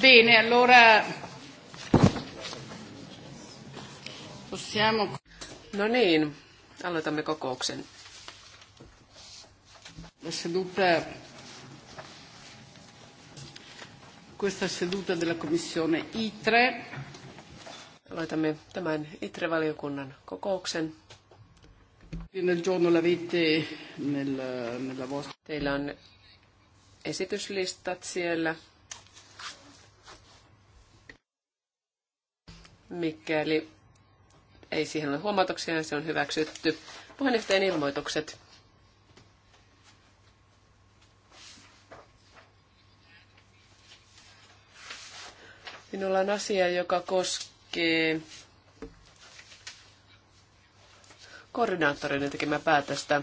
Bene, allora possiamo... No niin, aloitamme kokouksen. La seduta... Questa seduta della Commissione ITRE. Aloitamme tämän ITRE-valiokunnan kokouksen. Nel giorno l'avete nella vostra... Teillä on esityslistat siellä. Mikäli ei siihen ole huomautuksia, se on hyväksytty. Puheenjohtajan ilmoitukset. Minulla on asia, joka koskee koordinaattorin tekemää päätöstä.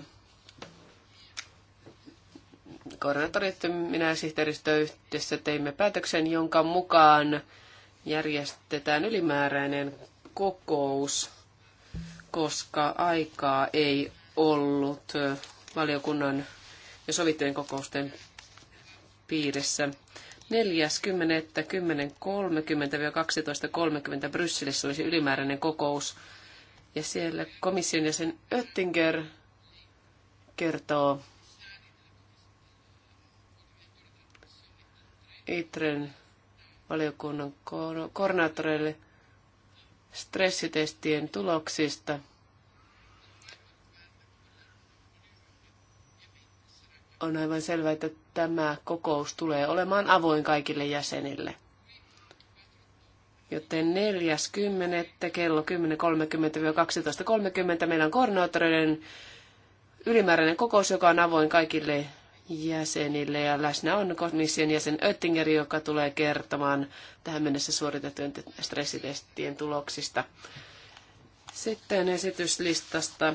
Koordinaattorit, minä ja sihteeristö yhdessä teimme päätöksen, jonka mukaan järjestetään ylimääräinen kokous, koska aikaa ei ollut valiokunnan ja sovittujen kokousten piirissä. 40.10.30-12.30 Brysselissä olisi ylimääräinen kokous. Ja siellä komission jäsen Oettinger kertoo Itren valiokunnan koordinaattoreille stressitestien tuloksista. On aivan selvää, että tämä kokous tulee olemaan avoin kaikille jäsenille. Joten 4.10. kello 10.30-12.30 meillä on koordinaattoreiden ylimääräinen kokous, joka on avoin kaikille jäsenille ja läsnä on komission jäsen Oettinger, joka tulee kertomaan tähän mennessä suoritettujen stressitestien tuloksista. Sitten esityslistasta.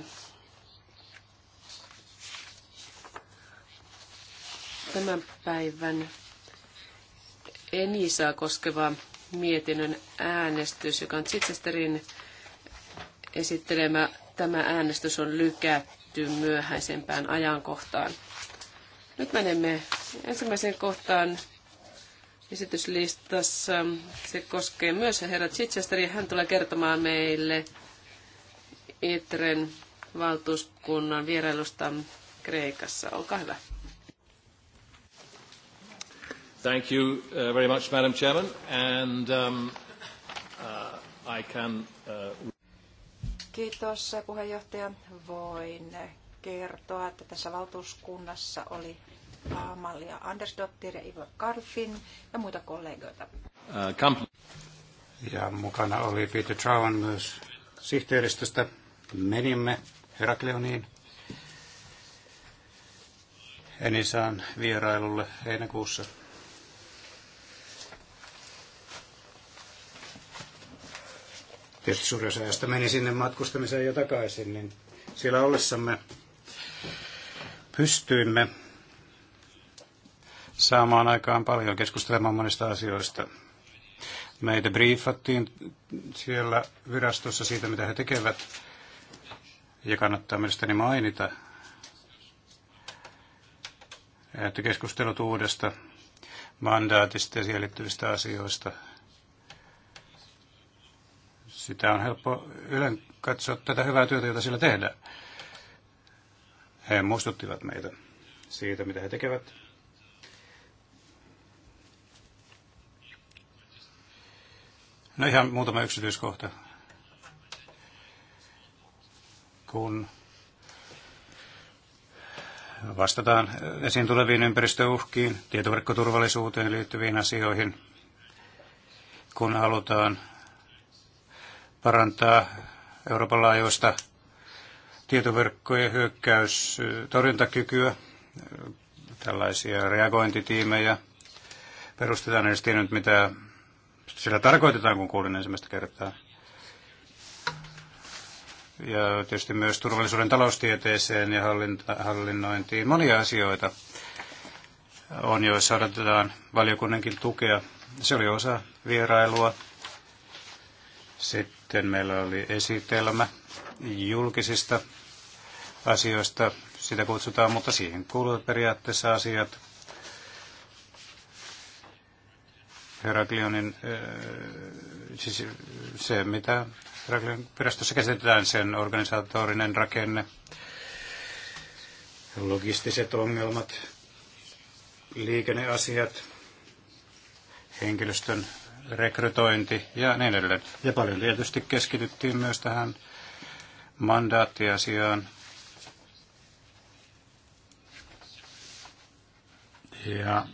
Tämän päivän Enisaa koskeva mietinnön äänestys, joka on Chichesterin esittelemä. Tämä äänestys on lykätty myöhäisempään ajankohtaan. Nyt menemme ensimmäiseen kohtaan esityslistassa. Se koskee myös herra Chichesteria. Hän tulee kertomaan meille Itren valtuuskunnan vierailusta Kreikassa. Olkaa hyvä. Thank you uh, very much, Madam Chairman. And um, uh, I can... Uh... Kiitos puheenjohtaja. Voin kertoa, että tässä valtuuskunnassa oli Amalia Andersdottir ja Ivo Karfin ja muita kollegoita. Äh, ja mukana oli Peter Trauan myös sihteeristöstä. Menimme Herakleoniin Enisaan vierailulle heinäkuussa. Tietysti suurin meni sinne matkustamiseen ja takaisin, niin siellä ollessamme pystyimme saamaan aikaan paljon keskustelemaan monista asioista. Meitä briefattiin siellä virastossa siitä, mitä he tekevät, ja kannattaa mielestäni mainita, että keskustelut uudesta mandaatista ja siihen liittyvistä asioista. Sitä on helppo ylen katsoa tätä hyvää työtä, jota sillä tehdään. He muistuttivat meitä siitä, mitä he tekevät. No ihan muutama yksityiskohta. Kun vastataan esiin tuleviin ympäristöuhkiin, tietoverkkoturvallisuuteen liittyviin asioihin, kun halutaan parantaa Euroopan laajuista tietoverkkojen hyökkäys, torjuntakykyä, tällaisia reagointitiimejä. Perustetaan edes tiennyt, mitä sillä tarkoitetaan, kun kuulin ensimmäistä kertaa. Ja tietysti myös turvallisuuden taloustieteeseen ja hallinnointiin. Monia asioita on, joissa odotetaan valiokunnankin tukea. Se oli osa vierailua. Sitten meillä oli esitelmä julkisista asioista, sitä kutsutaan, mutta siihen kuuluvat periaatteessa asiat. Heraklionin, äh, siis se mitä Heraklion virastossa käsitetään, sen organisatorinen rakenne, logistiset ongelmat, liikenneasiat, henkilöstön rekrytointi ja niin edelleen. Ja paljon tietysti keskityttiin myös tähän mandaattiasiaan. Ja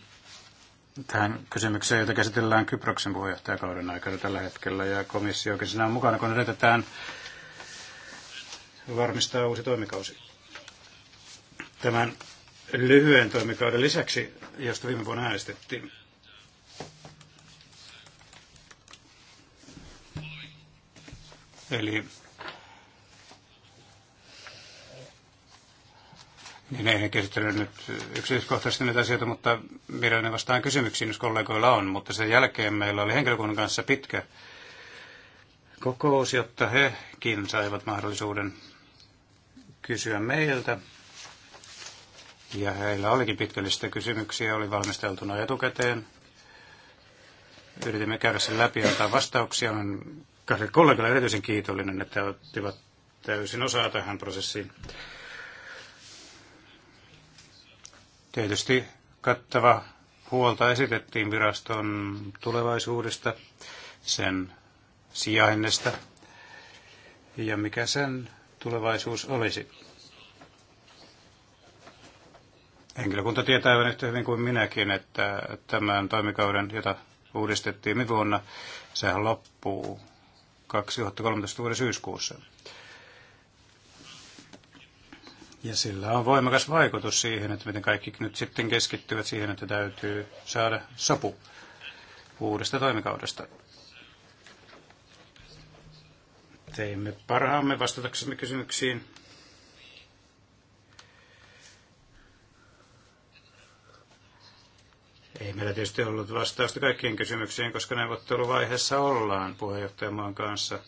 tähän kysymykseen, jota käsitellään Kyproksen puheenjohtajakauden aikana tällä hetkellä, ja komissiokin siinä on mukana, kun yritetään varmistaa uusi toimikausi. Tämän lyhyen toimikauden lisäksi, josta viime vuonna äänestettiin, Eli niin ei käsittele nyt yksityiskohtaisesti näitä asioita, mutta mielelläni vastaan kysymyksiin, jos kollegoilla on. Mutta sen jälkeen meillä oli henkilökunnan kanssa pitkä kokous, jotta hekin saivat mahdollisuuden kysyä meiltä. Ja heillä olikin pitkällistä kysymyksiä, oli valmisteltuna etukäteen. Yritimme käydä sen läpi ja antaa vastauksia. Olen kahdelle kollegalle erityisen kiitollinen, että ottivat täysin osaa tähän prosessiin. Tietysti kattava huolta esitettiin viraston tulevaisuudesta, sen sijainnesta ja mikä sen tulevaisuus olisi. Henkilökunta tietää aivan yhtä hyvin kuin minäkin, että tämän toimikauden, jota uudistettiin viime vuonna, sehän loppuu 2013 vuoden syyskuussa. Ja sillä on voimakas vaikutus siihen, että miten kaikki nyt sitten keskittyvät siihen, että täytyy saada sopu uudesta toimikaudesta. Teimme parhaamme vastataksemme kysymyksiin. Ei meillä tietysti ollut vastausta kaikkiin kysymyksiin, koska neuvotteluvaiheessa ollaan puheenjohtajamaan kanssa –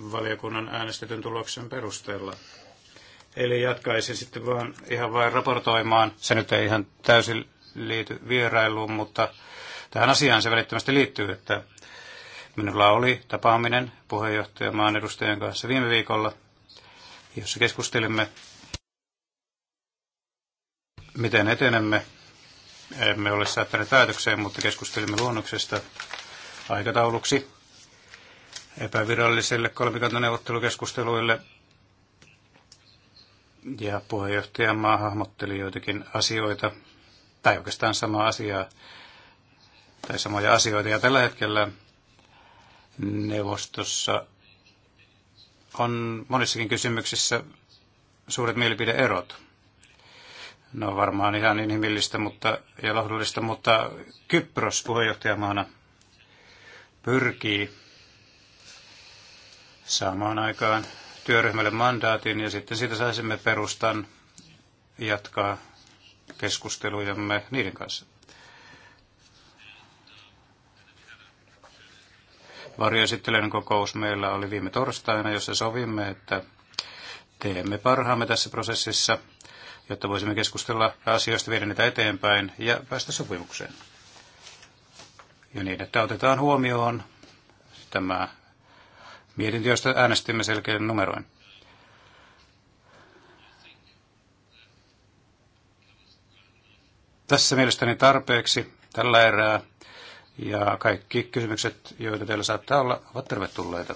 valiokunnan äänestetyn tuloksen perusteella. Eli jatkaisin sitten vaan ihan vain raportoimaan. Se nyt ei ihan täysin liity vierailuun, mutta tähän asiaan se välittömästi liittyy, että minulla oli tapaaminen maan edustajien kanssa viime viikolla, jossa keskustelimme, miten etenemme. Emme ole saattaneet päätökseen, mutta keskustelimme luonnoksesta aikatauluksi epävirallisille kolmikantaneuvottelukeskusteluille. Ja puheenjohtajamaa hahmotteli joitakin asioita, tai oikeastaan samaa asiaa, tai samoja asioita. Ja tällä hetkellä neuvostossa on monissakin kysymyksissä suuret mielipideerot. No varmaan ihan inhimillistä mutta, ja lohdullista, mutta Kypros puheenjohtajamaana pyrkii saamaan aikaan työryhmälle mandaatin ja sitten siitä saisimme perustan jatkaa keskustelujamme niiden kanssa. Varjoesittelijän kokous meillä oli viime torstaina, jossa sovimme, että teemme parhaamme tässä prosessissa, jotta voisimme keskustella asioista, viedä niitä eteenpäin ja päästä sopimukseen. Ja niin, että otetaan huomioon tämä Mietintö, äänestimme selkeän numeroin. Tässä mielestäni tarpeeksi tällä erää. Ja kaikki kysymykset, joita teillä saattaa olla, ovat tervetulleita.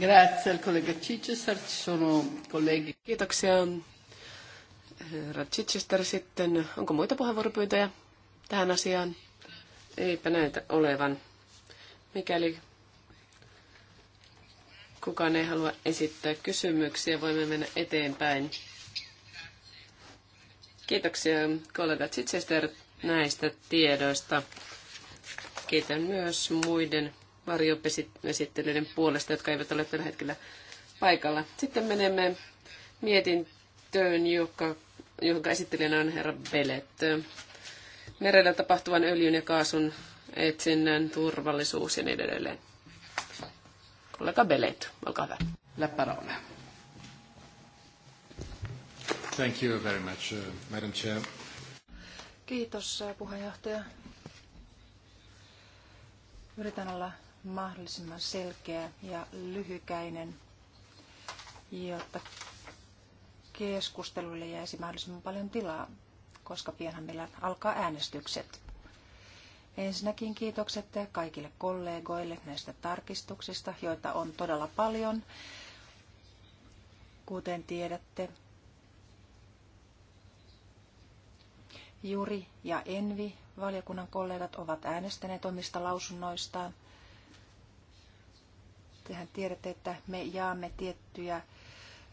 Grazie sono colleghi. Kiitoksia herra Chichester sitten. Onko muita puheenvuoropyyntöjä tähän asiaan? Eipä näitä olevan. Mikäli Kukaan ei halua esittää kysymyksiä. Voimme mennä eteenpäin. Kiitoksia kollega Chichester näistä tiedoista. Kiitän myös muiden varjopesittelyiden puolesta, jotka eivät ole tällä hetkellä paikalla. Sitten menemme mietintöön, joka, jonka esittelijänä on herra Belet. Merellä tapahtuvan öljyn ja kaasun etsinnän turvallisuus ja niin edelleen. Kollega Belet, olkaa hyvä. La parola. Thank you very much, uh, Madam Chair. Kiitos, uh, puheenjohtaja. Yritän olla mahdollisimman selkeä ja lyhykäinen, jotta keskustelulle jäisi mahdollisimman paljon tilaa, koska pianhan meillä alkaa äänestykset. Ensinnäkin kiitokset kaikille kollegoille näistä tarkistuksista, joita on todella paljon. Kuten tiedätte, Juri ja Envi, valiokunnan kollegat, ovat äänestäneet omista lausunnoistaan. Tehän tiedätte, että me jaamme tiettyjä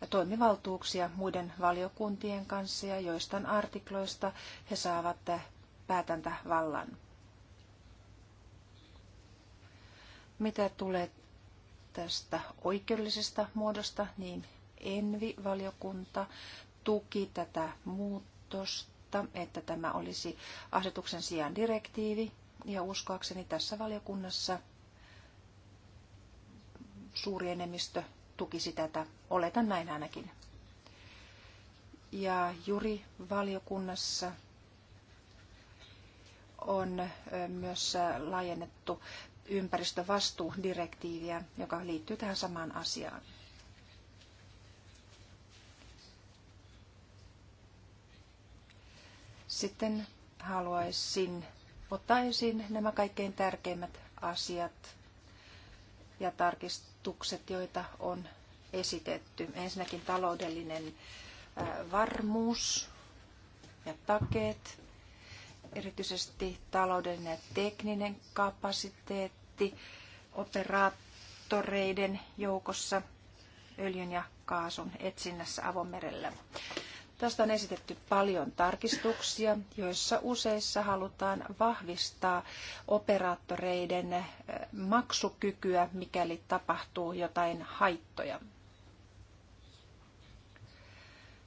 toimivaltuuksia muiden valiokuntien kanssa ja joistain artikloista he saavat päätäntävallan. Mitä tulee tästä oikeudellisesta muodosta, niin Envi-valiokunta tuki tätä muutosta, että tämä olisi asetuksen sijaan direktiivi. Ja uskoakseni tässä valiokunnassa suuri enemmistö tukisi tätä. Oletan näin ainakin. Ja juri valiokunnassa on myös laajennettu ympäristövastuudirektiiviä, joka liittyy tähän samaan asiaan. Sitten haluaisin ottaa esiin nämä kaikkein tärkeimmät asiat ja tarkistukset, joita on esitetty. Ensinnäkin taloudellinen varmuus ja takeet erityisesti taloudellinen ja tekninen kapasiteetti operaattoreiden joukossa öljyn ja kaasun etsinnässä avomerellä. Tästä on esitetty paljon tarkistuksia, joissa useissa halutaan vahvistaa operaattoreiden eh, maksukykyä, mikäli tapahtuu jotain haittoja.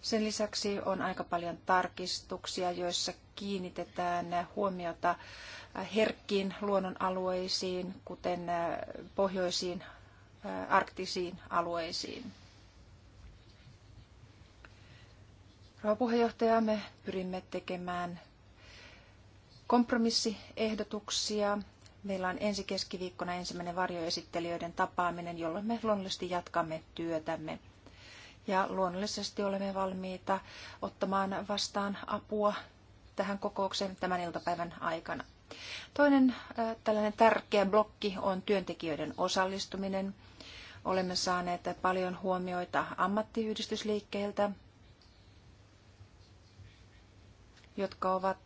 Sen lisäksi on aika paljon tarkistuksia, joissa kiinnitetään huomiota äh, herkkiin luonnonalueisiin, kuten äh, pohjoisiin äh, arktisiin alueisiin. Rauha puheenjohtaja, me pyrimme tekemään kompromissiehdotuksia. Meillä on ensi keskiviikkona ensimmäinen varjoesittelijöiden tapaaminen, jolloin me luonnollisesti jatkamme työtämme ja luonnollisesti olemme valmiita ottamaan vastaan apua tähän kokoukseen tämän iltapäivän aikana. Toinen tällainen tärkeä blokki on työntekijöiden osallistuminen. Olemme saaneet paljon huomioita ammattiyhdistysliikkeiltä, jotka ovat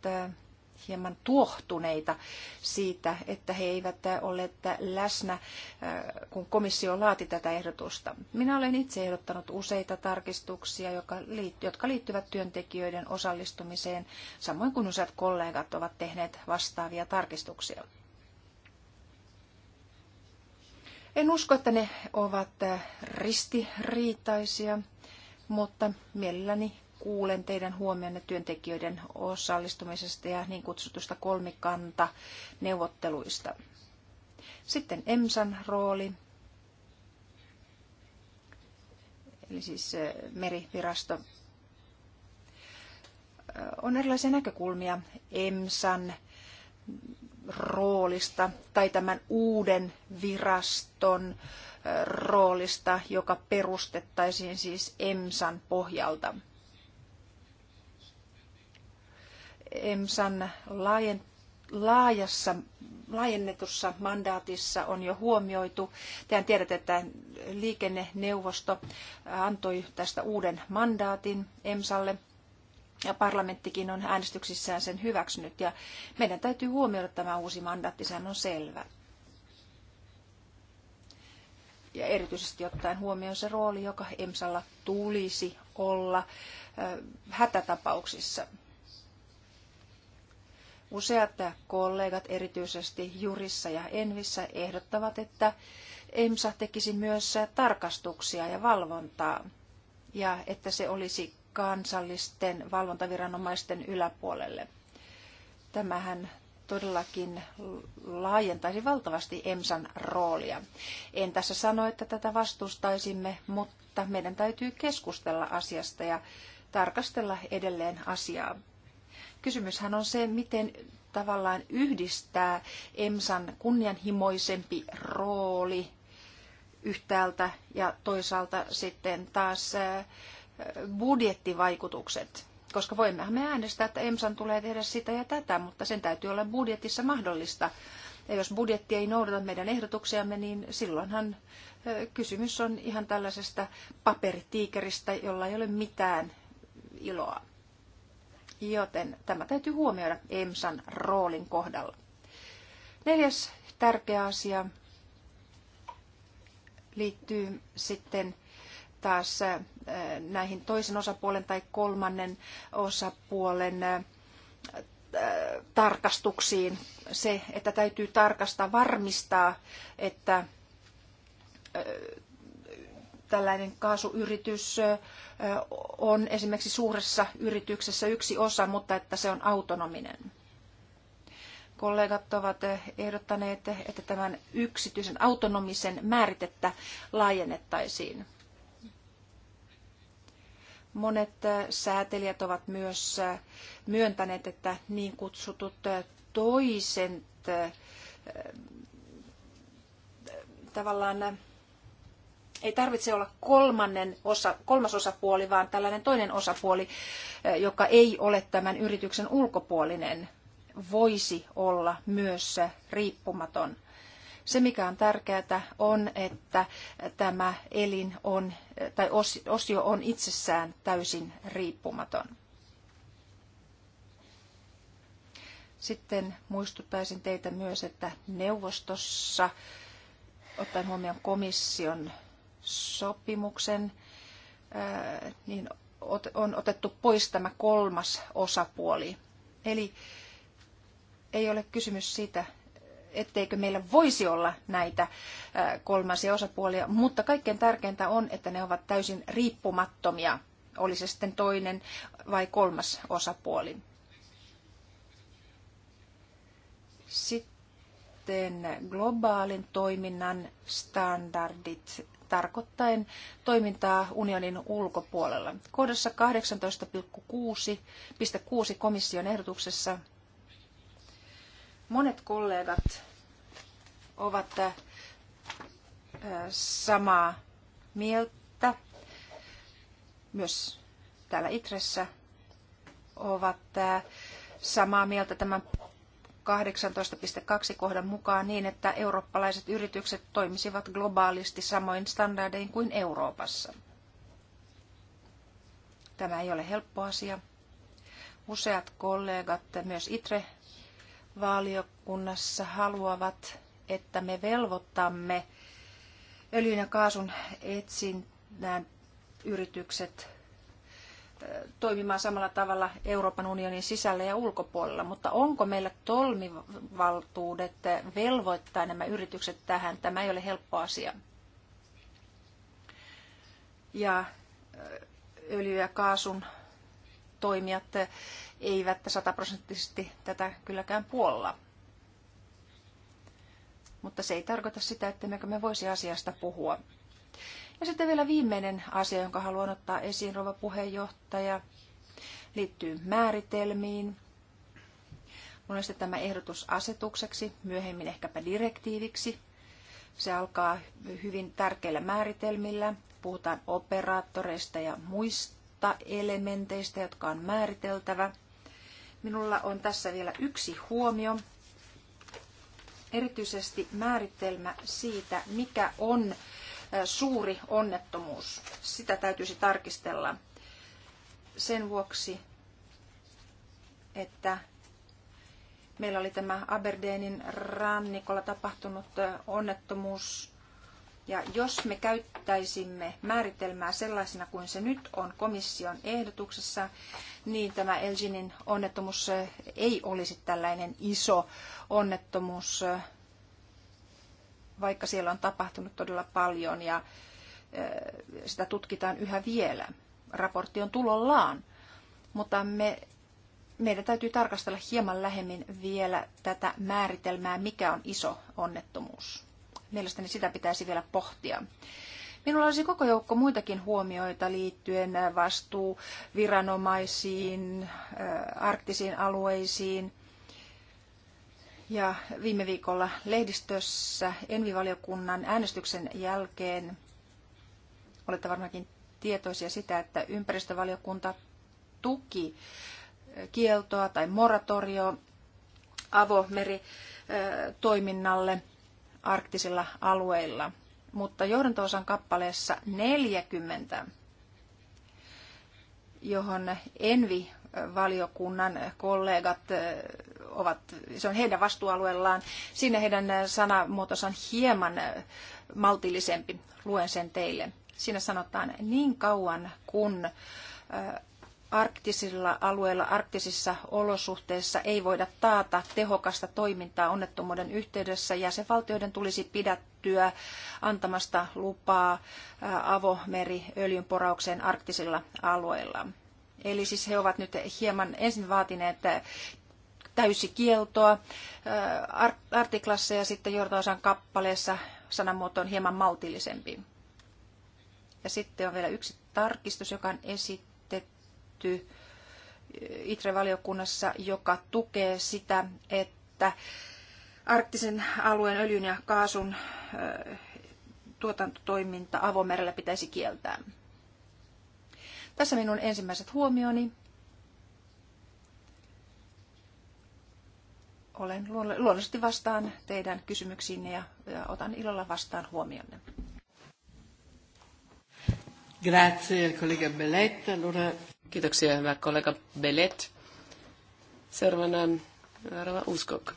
hieman tuohtuneita siitä, että he eivät ole läsnä, äh, kun komissio laati tätä ehdotusta. Minä olen itse ehdottanut useita tarkistuksia, jotka liittyvät työntekijöiden osallistumiseen, samoin kuin useat kollegat ovat tehneet vastaavia tarkistuksia. En usko, että ne ovat äh, ristiriitaisia, mutta mielelläni kuulen teidän huomionne työntekijöiden osallistumisesta ja niin kutsutusta kolmikanta neuvotteluista. Sitten EMSAn rooli, eli siis merivirasto. On erilaisia näkökulmia EMSAn roolista tai tämän uuden viraston roolista, joka perustettaisiin siis EMSAn pohjalta. EMSAn laajen, laajassa, laajennetussa mandaatissa on jo huomioitu. Tehän tiedätte, että liikenneneuvosto antoi tästä uuden mandaatin EMSalle ja parlamenttikin on äänestyksissään sen hyväksynyt ja meidän täytyy huomioida tämä uusi mandaatti, sehän on selvä. Ja erityisesti ottaen huomioon se rooli, joka EMSalla tulisi olla hätätapauksissa. Useat kollegat, erityisesti Jurissa ja Envissä, ehdottavat, että EMSA tekisi myös tarkastuksia ja valvontaa, ja että se olisi kansallisten valvontaviranomaisten yläpuolelle. Tämähän todellakin laajentaisi valtavasti EMSAn roolia. En tässä sano, että tätä vastustaisimme, mutta meidän täytyy keskustella asiasta ja tarkastella edelleen asiaa. Kysymyshän on se, miten tavallaan yhdistää EMSAn kunnianhimoisempi rooli yhtäältä ja toisaalta sitten taas budjettivaikutukset. Koska voimmehan me äänestää, että EMSAn tulee tehdä sitä ja tätä, mutta sen täytyy olla budjetissa mahdollista. Ja jos budjetti ei noudata meidän ehdotuksiamme, niin silloinhan kysymys on ihan tällaisesta paperitiikeristä, jolla ei ole mitään iloa joten tämä täytyy huomioida EMSAn roolin kohdalla. Neljäs tärkeä asia liittyy sitten taas näihin toisen osapuolen tai kolmannen osapuolen tarkastuksiin. Se, että täytyy tarkastaa, varmistaa, että tällainen kaasuyritys on esimerkiksi suuressa yrityksessä yksi osa, mutta että se on autonominen. Kollegat ovat ehdottaneet, että tämän yksityisen autonomisen määritettä laajennettaisiin. Monet säätelijät ovat myös myöntäneet, että niin kutsutut toisen tavallaan ei tarvitse olla kolmannen osa, kolmas osapuoli, vaan tällainen toinen osapuoli, eh, joka ei ole tämän yrityksen ulkopuolinen, voisi olla myös riippumaton. Se, mikä on tärkeää, on, että tämä elin on, eh, tai osio on itsessään täysin riippumaton. Sitten muistuttaisin teitä myös, että neuvostossa, ottaen huomioon komission sopimuksen, niin on otettu pois tämä kolmas osapuoli. Eli ei ole kysymys siitä, etteikö meillä voisi olla näitä kolmansia osapuolia, mutta kaikkein tärkeintä on, että ne ovat täysin riippumattomia, oli se sitten toinen vai kolmas osapuoli. Sitten globaalin toiminnan standardit tarkoittaen toimintaa unionin ulkopuolella. Kohdassa 18.6.6 komission ehdotuksessa monet kollegat ovat äh, samaa mieltä, myös täällä Itressä ovat äh, samaa mieltä tämän 18.2 kohdan mukaan niin, että eurooppalaiset yritykset toimisivat globaalisti samoin standardein kuin Euroopassa. Tämä ei ole helppo asia. Useat kollegat myös ITRE valiokunnassa haluavat, että me velvoittamme öljyn ja kaasun etsinnän yritykset toimimaan samalla tavalla Euroopan unionin sisällä ja ulkopuolella, mutta onko meillä toimivaltuudet velvoittaa nämä yritykset tähän? Tämä ei ole helppo asia. Ja öljy- ja kaasun toimijat eivät sataprosenttisesti tätä kylläkään puolla. Mutta se ei tarkoita sitä, että me voisi asiasta puhua. Ja sitten vielä viimeinen asia, jonka haluan ottaa esiin, rouva puheenjohtaja, liittyy määritelmiin. Monesti tämä ehdotus asetukseksi, myöhemmin ehkäpä direktiiviksi. Se alkaa hyvin tärkeillä määritelmillä. Puhutaan operaattoreista ja muista elementeistä, jotka on määriteltävä. Minulla on tässä vielä yksi huomio, erityisesti määritelmä siitä, mikä on suuri onnettomuus. Sitä täytyisi tarkistella sen vuoksi, että meillä oli tämä Aberdeenin rannikolla tapahtunut onnettomuus. Ja jos me käyttäisimme määritelmää sellaisena kuin se nyt on komission ehdotuksessa, niin tämä Elginin onnettomuus ei olisi tällainen iso onnettomuus, vaikka siellä on tapahtunut todella paljon ja sitä tutkitaan yhä vielä. Raportti on tulollaan, mutta me, meidän täytyy tarkastella hieman lähemmin vielä tätä määritelmää, mikä on iso onnettomuus. Mielestäni sitä pitäisi vielä pohtia. Minulla olisi koko joukko muitakin huomioita liittyen äh, vastuu viranomaisiin, äh, arktisiin alueisiin – ja viime viikolla lehdistössä Envivaliokunnan äänestyksen jälkeen olette varmaankin tietoisia sitä, että ympäristövaliokunta tuki kieltoa tai moratorio avomeritoiminnalle arktisilla alueilla. Mutta johdantoosan kappaleessa 40, johon Envi valiokunnan kollegat eh, ovat, se on heidän vastuualueellaan. Siinä heidän eh, sanamuotonsa on hieman eh, maltillisempi. Luen sen teille. Siinä sanotaan niin kauan, kun arktisilla alueilla, arktisissa olosuhteissa ei voida taata tehokasta toimintaa onnettomuuden yhteydessä. Jäsenvaltioiden tulisi pidättyä antamasta lupaa avomeriöljyn poraukseen arktisilla alueilla. Eli siis he ovat nyt hieman ensin vaatineet täysikieltoa artiklassa ja sitten johdatosan kappaleessa sanamuoto on hieman maltillisempi. Ja sitten on vielä yksi tarkistus, joka on esitetty ITRE-valiokunnassa, joka tukee sitä, että arktisen alueen öljyn ja kaasun tuotantotoiminta avomerellä pitäisi kieltää. Tässä minun ensimmäiset huomioni. Olen luonnollisesti vastaan teidän kysymyksiinne ja, otan ilolla vastaan huomionne. Grazie, kollega Belet. Allora... Kiitoksia, hyvä kollega Belet. Seuraavana Arva Uskok.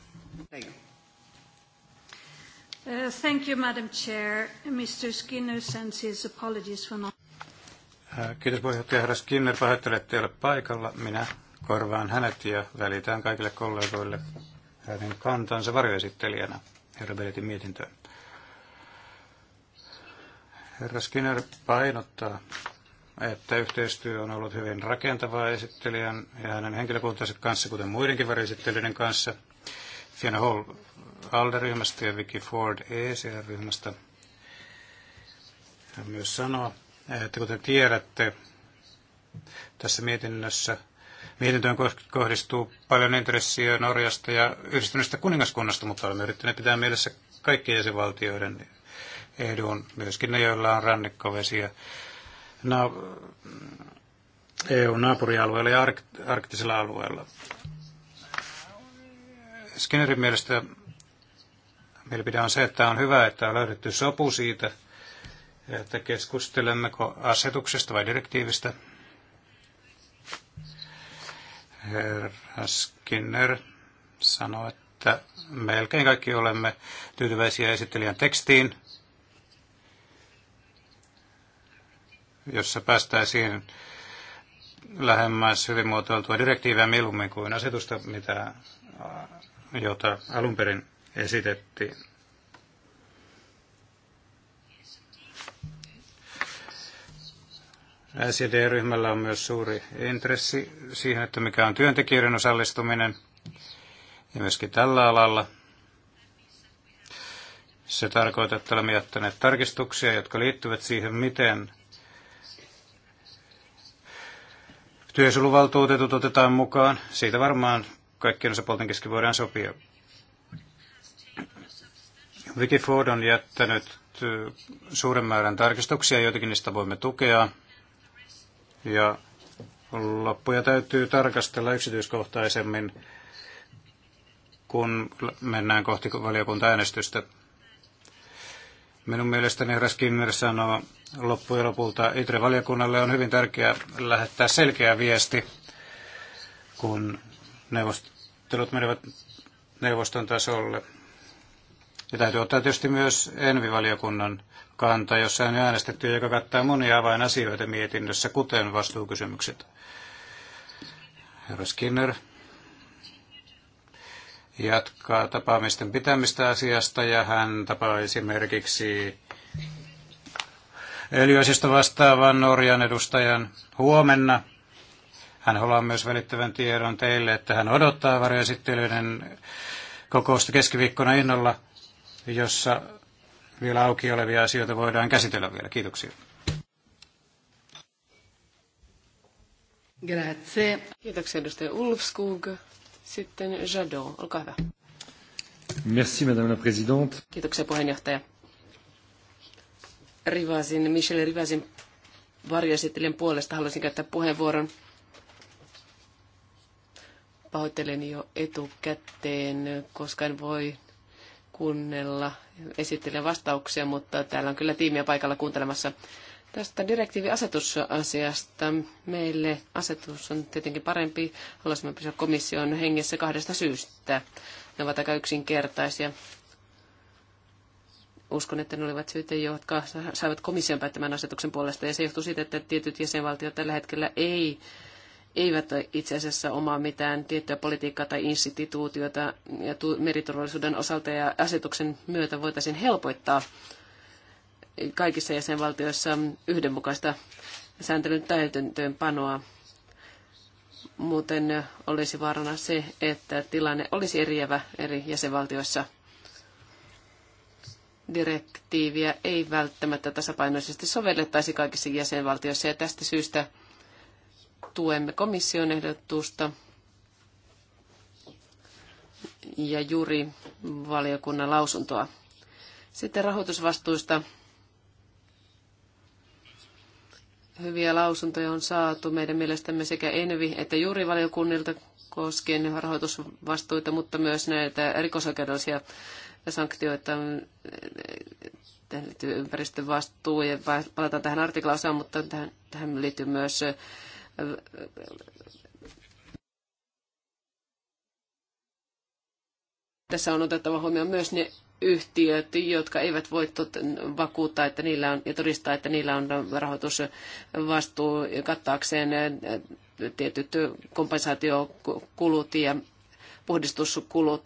Uh, thank you, Madam Chair. Mr. Skinner sends his apologies for not... Äh, kiitos puheenjohtaja herra Skinner. Pahoittelen, ei ole paikalla. Minä korvaan hänet ja välitän kaikille kollegoille hänen kantansa varjoesittelijänä herra Beletin mietintöön. Herra Skinner painottaa, että yhteistyö on ollut hyvin rakentavaa esittelijän ja hänen henkilökuntansa kanssa, kuten muidenkin varjoesittelijöiden kanssa. Fiona Hall alder ryhmästä ja Vicky Ford ECR-ryhmästä. Hän myös sanoo, että kuten tiedätte, tässä mietinnössä mietintöön kohdistuu paljon intressiä Norjasta ja yhdistyneestä kuningaskunnasta, mutta olemme yrittäneet pitää mielessä kaikkien jäsenvaltioiden edun, myöskin ne, joilla on rannikkovesiä na- EU-naapurialueella ja ark- arktisella alueella. Skinnerin mielestä mielipide on se, että on hyvä, että on löydetty sopu siitä – että keskustelemmeko asetuksesta vai direktiivistä. Herra Skinner sanoi, että melkein kaikki olemme tyytyväisiä esittelijän tekstiin, jossa päästäisiin lähemmäs hyvin muotoiltua direktiiviä mieluummin kuin asetusta, mitä, jota alun perin esitettiin. SED-ryhmällä on myös suuri intressi siihen, että mikä on työntekijöiden osallistuminen ja myöskin tällä alalla. Se tarkoittaa, että olemme jättäneet tarkistuksia, jotka liittyvät siihen, miten työsuluvaltuutetut otetaan mukaan. Siitä varmaan kaikkien osapuolten kesken voidaan sopia. Wikiford on jättänyt suuren määrän tarkistuksia, joitakin niistä voimme tukea. Ja loppuja täytyy tarkastella yksityiskohtaisemmin, kun mennään kohti valiokuntaäänestystä. Minun mielestäni herra Skinner sanoo loppujen lopulta ITRE-valiokunnalle on hyvin tärkeää lähettää selkeä viesti, kun neuvostelut menevät neuvoston tasolle. Ja täytyy ottaa tietysti myös ENVI-valiokunnan kanta, jossa on äänestetty ja joka kattaa monia avainasioita mietinnössä, kuten vastuukysymykset. Herra Skinner jatkaa tapaamisten pitämistä asiasta ja hän tapaa esimerkiksi öljyasioista vastaavan Norjan edustajan huomenna. Hän haluaa myös välittävän tiedon teille, että hän odottaa varjoesittelyiden kokousta keskiviikkona innolla, jossa vielä auki olevia asioita voidaan käsitellä vielä. Kiitoksia. Grazie. Kiitoksia edustaja Ulfskog. Sitten Jadot, olkaa hyvä. Merci, madame la présidente. Kiitoksia puheenjohtaja. Rivasin, Michel Rivasin varjoesittelijän puolesta haluaisin käyttää puheenvuoron. Pahoittelen jo etukäteen, koska en voi kuunnella esittelijän vastauksia, mutta täällä on kyllä tiimiä paikalla kuuntelemassa tästä direktiiviasetusasiasta. Meille asetus on tietenkin parempi. Haluaisimme pysyä komission hengessä kahdesta syystä. Ne ovat aika yksinkertaisia. Uskon, että ne olivat syytä, jotka saivat komission päättämään asetuksen puolesta. Ja se johtuu siitä, että tietyt jäsenvaltiot tällä hetkellä ei eivät itse asiassa omaa mitään tiettyä politiikkaa tai instituutiota ja meriturvallisuuden osalta ja asetuksen myötä voitaisiin helpoittaa kaikissa jäsenvaltioissa yhdenmukaista sääntelyn täytäntöönpanoa. Muuten olisi vaarana se, että tilanne olisi eriävä eri jäsenvaltioissa. Direktiiviä ei välttämättä tasapainoisesti sovellettaisi kaikissa jäsenvaltioissa ja tästä syystä tuemme komission ehdotusta ja juuri valiokunnan lausuntoa. Sitten rahoitusvastuista. Hyviä lausuntoja on saatu meidän mielestämme sekä Envi että juuri valiokunnilta koskien rahoitusvastuita, mutta myös näitä rikosoikeudellisia sanktioita tähän liittyy ympäristövastuu ja palataan tähän artiklaosaan, mutta tähän, tähän liittyy myös tässä on otettava huomioon myös ne yhtiöt, jotka eivät voi vakuuttaa että niillä on, ja todistaa, että niillä on rahoitusvastuu kattaakseen eh, tietyt kompensaatiokulut ja puhdistuskulut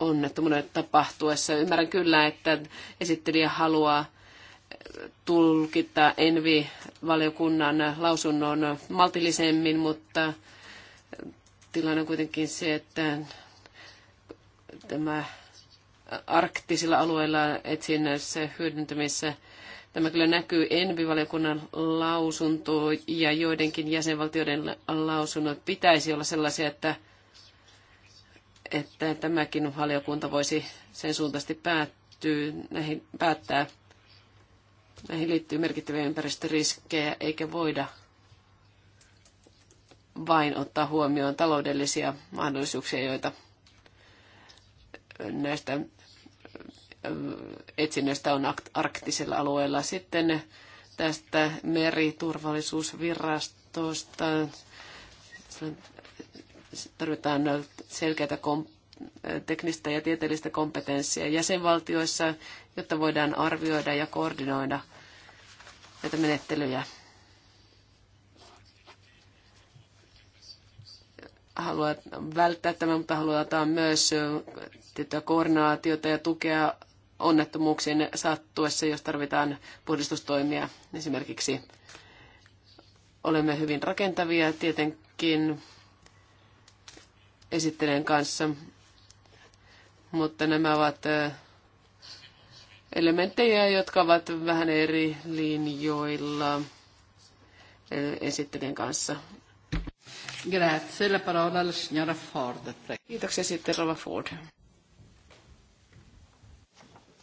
onnettomuuden tapahtuessa. Ymmärrän kyllä, että esittelijä haluaa tulkita Envi-valiokunnan lausunnon maltillisemmin, mutta tilanne on kuitenkin se, että tämä arktisilla alueilla etsinnässä hyödyntämissä Tämä kyllä näkyy ENVI-valiokunnan lausunto ja joidenkin jäsenvaltioiden lausunnot pitäisi olla sellaisia, että, että tämäkin valiokunta voisi sen suuntaisesti päättyä, näihin, päättää. Näihin liittyy merkittäviä ympäristöriskejä, eikä voida vain ottaa huomioon taloudellisia mahdollisuuksia, joita näistä etsinnöistä on arktisella alueella. Sitten tästä meriturvallisuusvirastosta tarvitaan selkeää teknistä ja tieteellistä kompetenssia jäsenvaltioissa, jotta voidaan arvioida ja koordinoida näitä menettelyjä. Haluaa välttää tämän, mutta halutaan myös tätä koordinaatiota ja tukea onnettomuuksien sattuessa, jos tarvitaan puhdistustoimia esimerkiksi. Olemme hyvin rakentavia tietenkin esittelen kanssa, mutta nämä ovat elementtejä, jotka ovat vähän eri linjoilla eh, esittelijän kanssa. Grazie, la parola alla signora Ford. Kiitoksia sitten Rova Ford.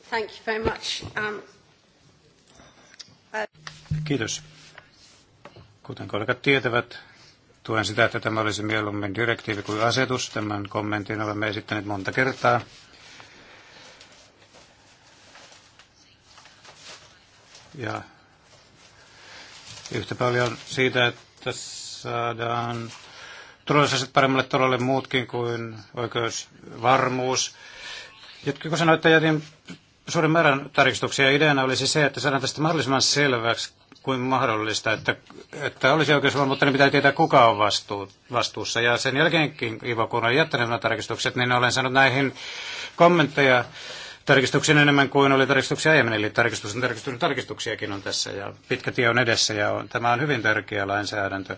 Thank you very much. Um, uh... Kiitos. Kuten kollegat tietävät, tuen sitä, että tämä olisi mieluummin direktiivi kuin asetus. Tämän kommentin olemme esittäneet monta kertaa. Ja yhtä paljon siitä, että saadaan turvallisuuset paremmalle tolalle muutkin kuin oikeusvarmuus. Jotkut sanoit, että jätin suuren määrän tarkistuksia. Ideana olisi se, että saadaan tästä mahdollisimman selväksi kuin mahdollista, että, että olisi oikeusvarmuutta, niin pitää tietää, kuka on vastuu, vastuussa. Ja sen jälkeenkin, Ivo, kun olen jättänyt nämä tarkistukset, niin olen saanut näihin kommentteja tarkistuksia enemmän kuin oli tarkistuksia aiemmin, eli tarkistus on tarkistunut tarkistuksiakin on tässä ja pitkä tie on edessä ja on, tämä on hyvin tärkeä lainsäädäntö.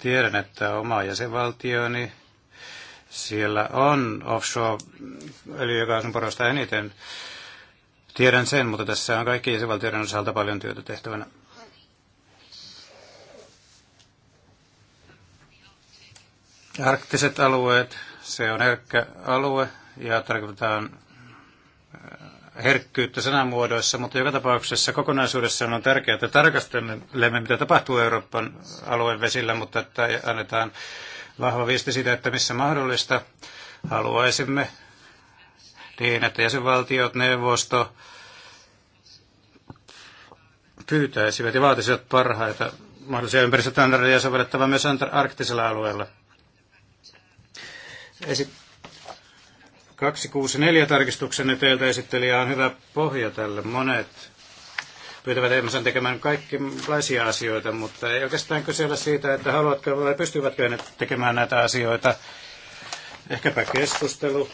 Tiedän, että oma jäsenvaltioni siellä on offshore öljykaasun porosta eniten. Tiedän sen, mutta tässä on kaikki jäsenvaltioiden osalta paljon työtä tehtävänä. Arktiset alueet, se on herkkä alue ja tarkoitetaan herkkyyttä sanamuodoissa, mutta joka tapauksessa kokonaisuudessaan on tärkeää, että tarkastelemme, mitä tapahtuu Euroopan alueen vesillä, mutta että annetaan vahva viesti siitä, että missä mahdollista haluaisimme niin, että jäsenvaltiot, neuvosto pyytäisivät ja vaatisivat parhaita mahdollisia ympäristötandardeja sovellettava myös arktisella alueella. Esittää. 264 tarkistuksenne teiltä esittelijä on hyvä pohja tälle. Monet pyytävät Emsan tekemään kaikenlaisia asioita, mutta ei oikeastaan kyse siitä, että haluatko vai pystyvätkö ne tekemään näitä asioita. Ehkäpä keskustelu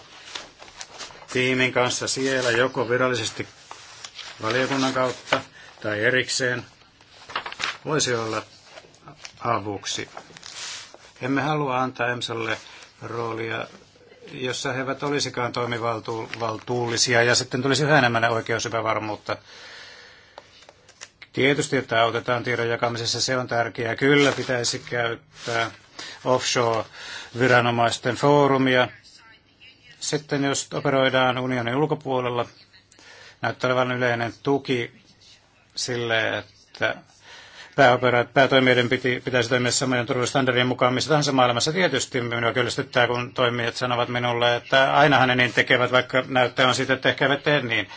tiimin kanssa siellä, joko virallisesti valiokunnan kautta tai erikseen, voisi olla avuksi. Emme halua antaa EMSalle roolia jossa he eivät olisikaan toimivaltuullisia ja sitten tulisi yhä enemmän epävarmuutta. Tietysti, että autetaan tiedon jakamisessa, se on tärkeää. Kyllä pitäisi käyttää offshore-viranomaisten foorumia. Sitten jos operoidaan unionin ulkopuolella, näyttää olevan yleinen tuki sille, että pääoperaat, päätoimijoiden piti, pitäisi toimia samojen turvallisuusstandardien mukaan missä tahansa maailmassa. Tietysti minua kyllästyttää, kun toimijat sanovat minulle, että ainahan ne niin tekevät, vaikka näyttää on siitä, että ehkä eivät tee niin.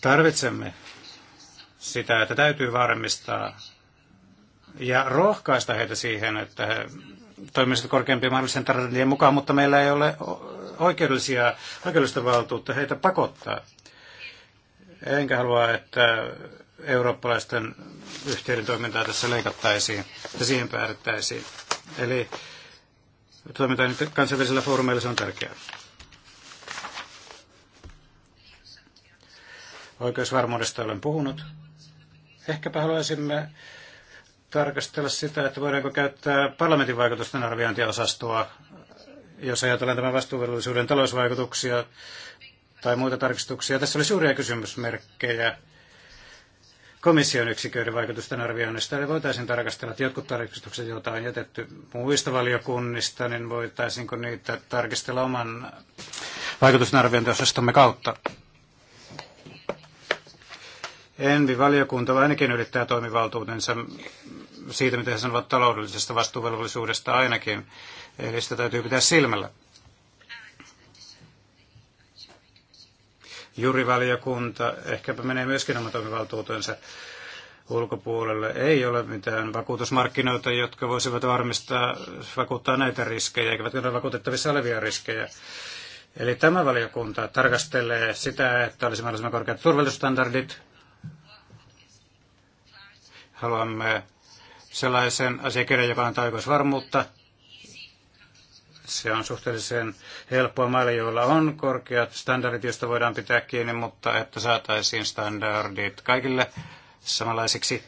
Tarvitsemme sitä, että täytyy varmistaa ja rohkaista heitä siihen, että he toimisivat korkeampien mahdollisen standardien mukaan, mutta meillä ei ole oikeudellisia, oikeudellista valtuutta heitä pakottaa. Enkä halua, että eurooppalaisten yhtiöiden toimintaa tässä leikattaisiin ja siihen päädyttäisiin. Eli toiminta nyt kansainvälisellä foorumeilla se on tärkeää. Oikeusvarmuudesta olen puhunut. Ehkäpä haluaisimme tarkastella sitä, että voidaanko käyttää parlamentin vaikutusten arviointiosastoa, jos ajatellaan tämän vastuuvelvollisuuden talousvaikutuksia tai muita tarkistuksia. Tässä oli suuria kysymysmerkkejä komission yksiköiden vaikutusten arvioinnista. Eli voitaisiin tarkastella, että jotkut tarkistukset, joita on jätetty muista valiokunnista, niin voitaisiinko niitä tarkistella oman vaikutusten arviointiosastomme kautta. Envi-valiokunta ainakin ylittää toimivaltuutensa siitä, mitä he sanovat taloudellisesta vastuuvelvollisuudesta ainakin. Eli sitä täytyy pitää silmällä. jurivaliokunta ehkäpä menee myöskin oma toimivaltuutensa ulkopuolelle. Ei ole mitään vakuutusmarkkinoita, jotka voisivat varmistaa, vakuuttaa näitä riskejä, eikä ole vakuutettavissa olevia riskejä. Eli tämä valiokunta tarkastelee sitä, että olisi mahdollisimman korkeat turvallisuusstandardit. Haluamme sellaisen asiakirjan, joka antaa oikeusvarmuutta se on suhteellisen helppoa maille, joilla on korkeat standardit, joista voidaan pitää kiinni, mutta että saataisiin standardit kaikille samanlaisiksi,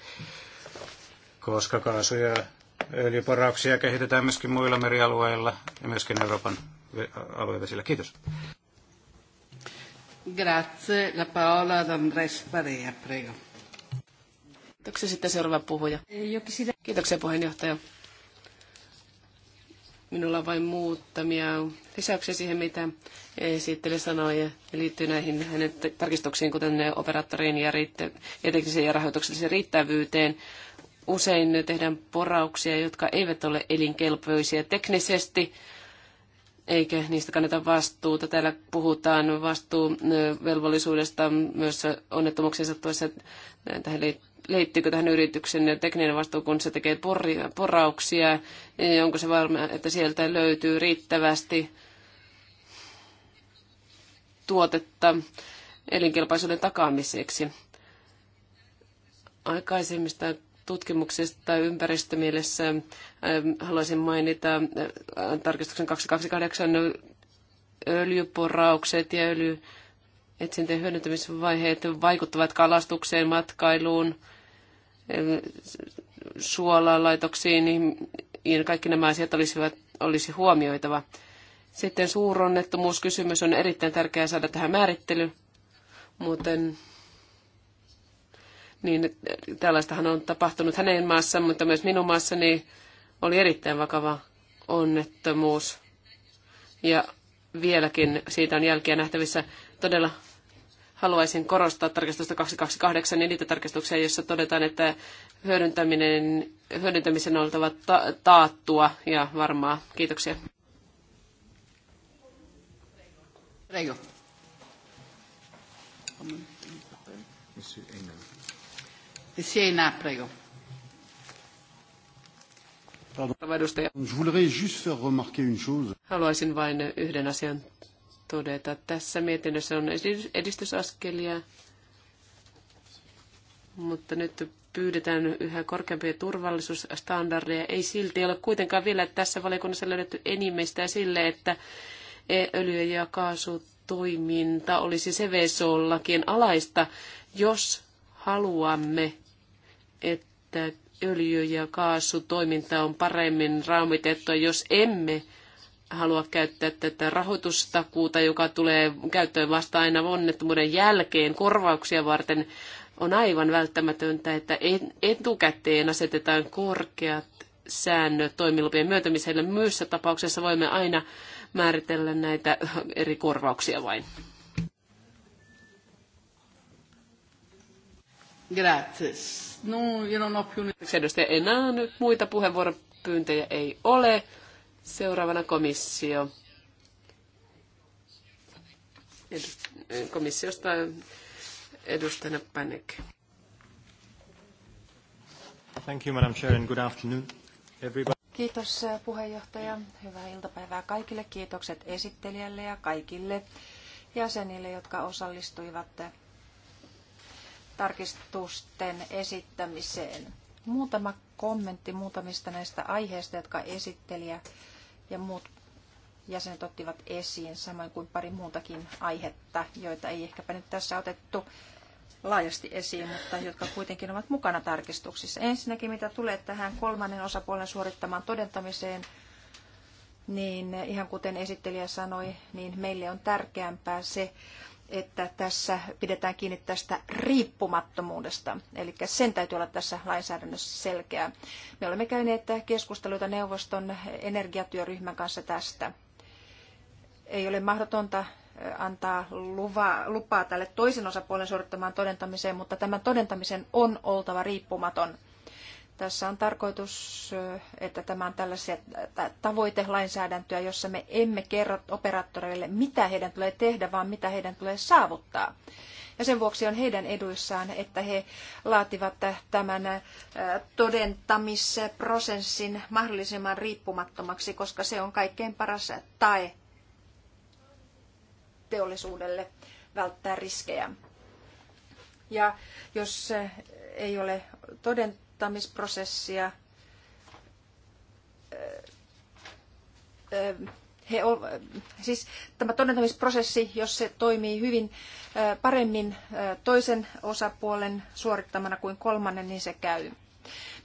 koska kaasu- ja öljyporauksia kehitetään myöskin muilla merialueilla ja myöskin Euroopan aluevesillä. Kiitos. Grazie. La parola ad Andres Parea, prego. Kiitoksia sitten seuraava puhuja. Eh, Kiitoksia puheenjohtaja. Minulla on vain muutamia lisäyksiä siihen, mitä esittelijä sanoi, ja liittyy näihin hänen tarkistuksiin, kuten operaattoriin ja, ja teknisen ja rahoituksellisen riittävyyteen. Usein tehdään porauksia, jotka eivät ole elinkelpoisia teknisesti, eikä niistä kanneta vastuuta. Täällä puhutaan vastuuvelvollisuudesta myös onnettomuuksien sattuessa. Tähän liittyy liittyykö tähän yrityksen tekninen vastuu, kun se tekee porauksia, ja niin onko se varma, että sieltä löytyy riittävästi tuotetta elinkelpoisuuden takaamiseksi. Aikaisemmista tutkimuksista ympäristömielessä ähm, haluaisin mainita äh, tarkistuksen 228 öljyporaukset ja öljy etsintöjen hyödyntämisvaiheet vaikuttavat kalastukseen, matkailuun, suolalaitoksiin, niin kaikki nämä asiat olisivat, olisi huomioitava. Sitten suuronnettomuuskysymys on erittäin tärkeää saada tähän määrittely, muuten niin tällaistahan on tapahtunut hänen maassa mutta myös minun maassani oli erittäin vakava onnettomuus. Ja vieläkin siitä on jälkiä nähtävissä todella haluaisin korostaa tarkistusta 228 ja niitä tarkistuksia, joissa todetaan, että hyödyntäminen, hyödyntämisen on oltava ta- taattua ja varmaa. Kiitoksia. Reijo. Monsieur Engel. prego. Pardon. Je voudrais juste faire remarquer une chose. Haluaisin vain yhden asian todeta. Tässä mietinnössä on edistysaskelia, mutta nyt pyydetään yhä korkeampia turvallisuusstandardeja. Ei silti ole kuitenkaan vielä tässä valiokunnassa löydetty enimmäistä sille, että öljy- ja kaasutoiminta olisi CVSO-lakien alaista, jos haluamme, että öljy- ja kaasutoiminta on paremmin raumitettua, jos emme halua käyttää tätä rahoitustakuuta, joka tulee käyttöön vasta aina onnettomuuden jälkeen korvauksia varten, on aivan välttämätöntä, että etukäteen asetetaan korkeat säännöt toimilupien myöntämiselle. Myössä tapauksessa voimme aina määritellä näitä eri korvauksia vain. Grazie. No, io non ho Edustaja enää nyt muita puheenvuoropyyntöjä ei ole. Seuraavana komissio. Komissiosta edustajana Panek. Thank you, Madam Chair, and good afternoon, everybody. Kiitos eh, puheenjohtaja. Hyvää iltapäivää kaikille. Kiitokset esittelijälle ja kaikille jäsenille, jotka osallistuivat tarkistusten esittämiseen. Muutama kommentti muutamista näistä aiheista, jotka esittelijä ja muut jäsenet ottivat esiin, samoin kuin pari muutakin aihetta, joita ei ehkäpä nyt tässä otettu laajasti esiin, mutta jotka kuitenkin ovat mukana tarkistuksissa. Ensinnäkin mitä tulee tähän kolmannen osapuolen suorittamaan todentamiseen, niin ihan kuten esittelijä sanoi, niin meille on tärkeämpää se, että tässä pidetään kiinni tästä riippumattomuudesta. Eli sen täytyy olla tässä lainsäädännössä selkeää. Me olemme käyneet keskusteluita neuvoston energiatyöryhmän kanssa tästä. Ei ole mahdotonta antaa luva, lupaa tälle toisen osapuolen suorittamaan todentamiseen, mutta tämän todentamisen on oltava riippumaton – tässä on tarkoitus, että tämä on tällaisia tavoitelainsäädäntöä, jossa me emme kerro operaattoreille, mitä heidän tulee tehdä, vaan mitä heidän tulee saavuttaa. Ja sen vuoksi on heidän eduissaan, että he laativat tämän todentamisprosessin mahdollisimman riippumattomaksi, koska se on kaikkein paras tae teollisuudelle välttää riskejä. Ja jos ei ole todentamista, karkottamisprosessia. He, siis tämä todentamisprosessi, jos se toimii hyvin paremmin toisen osapuolen suorittamana kuin kolmannen, niin se käy.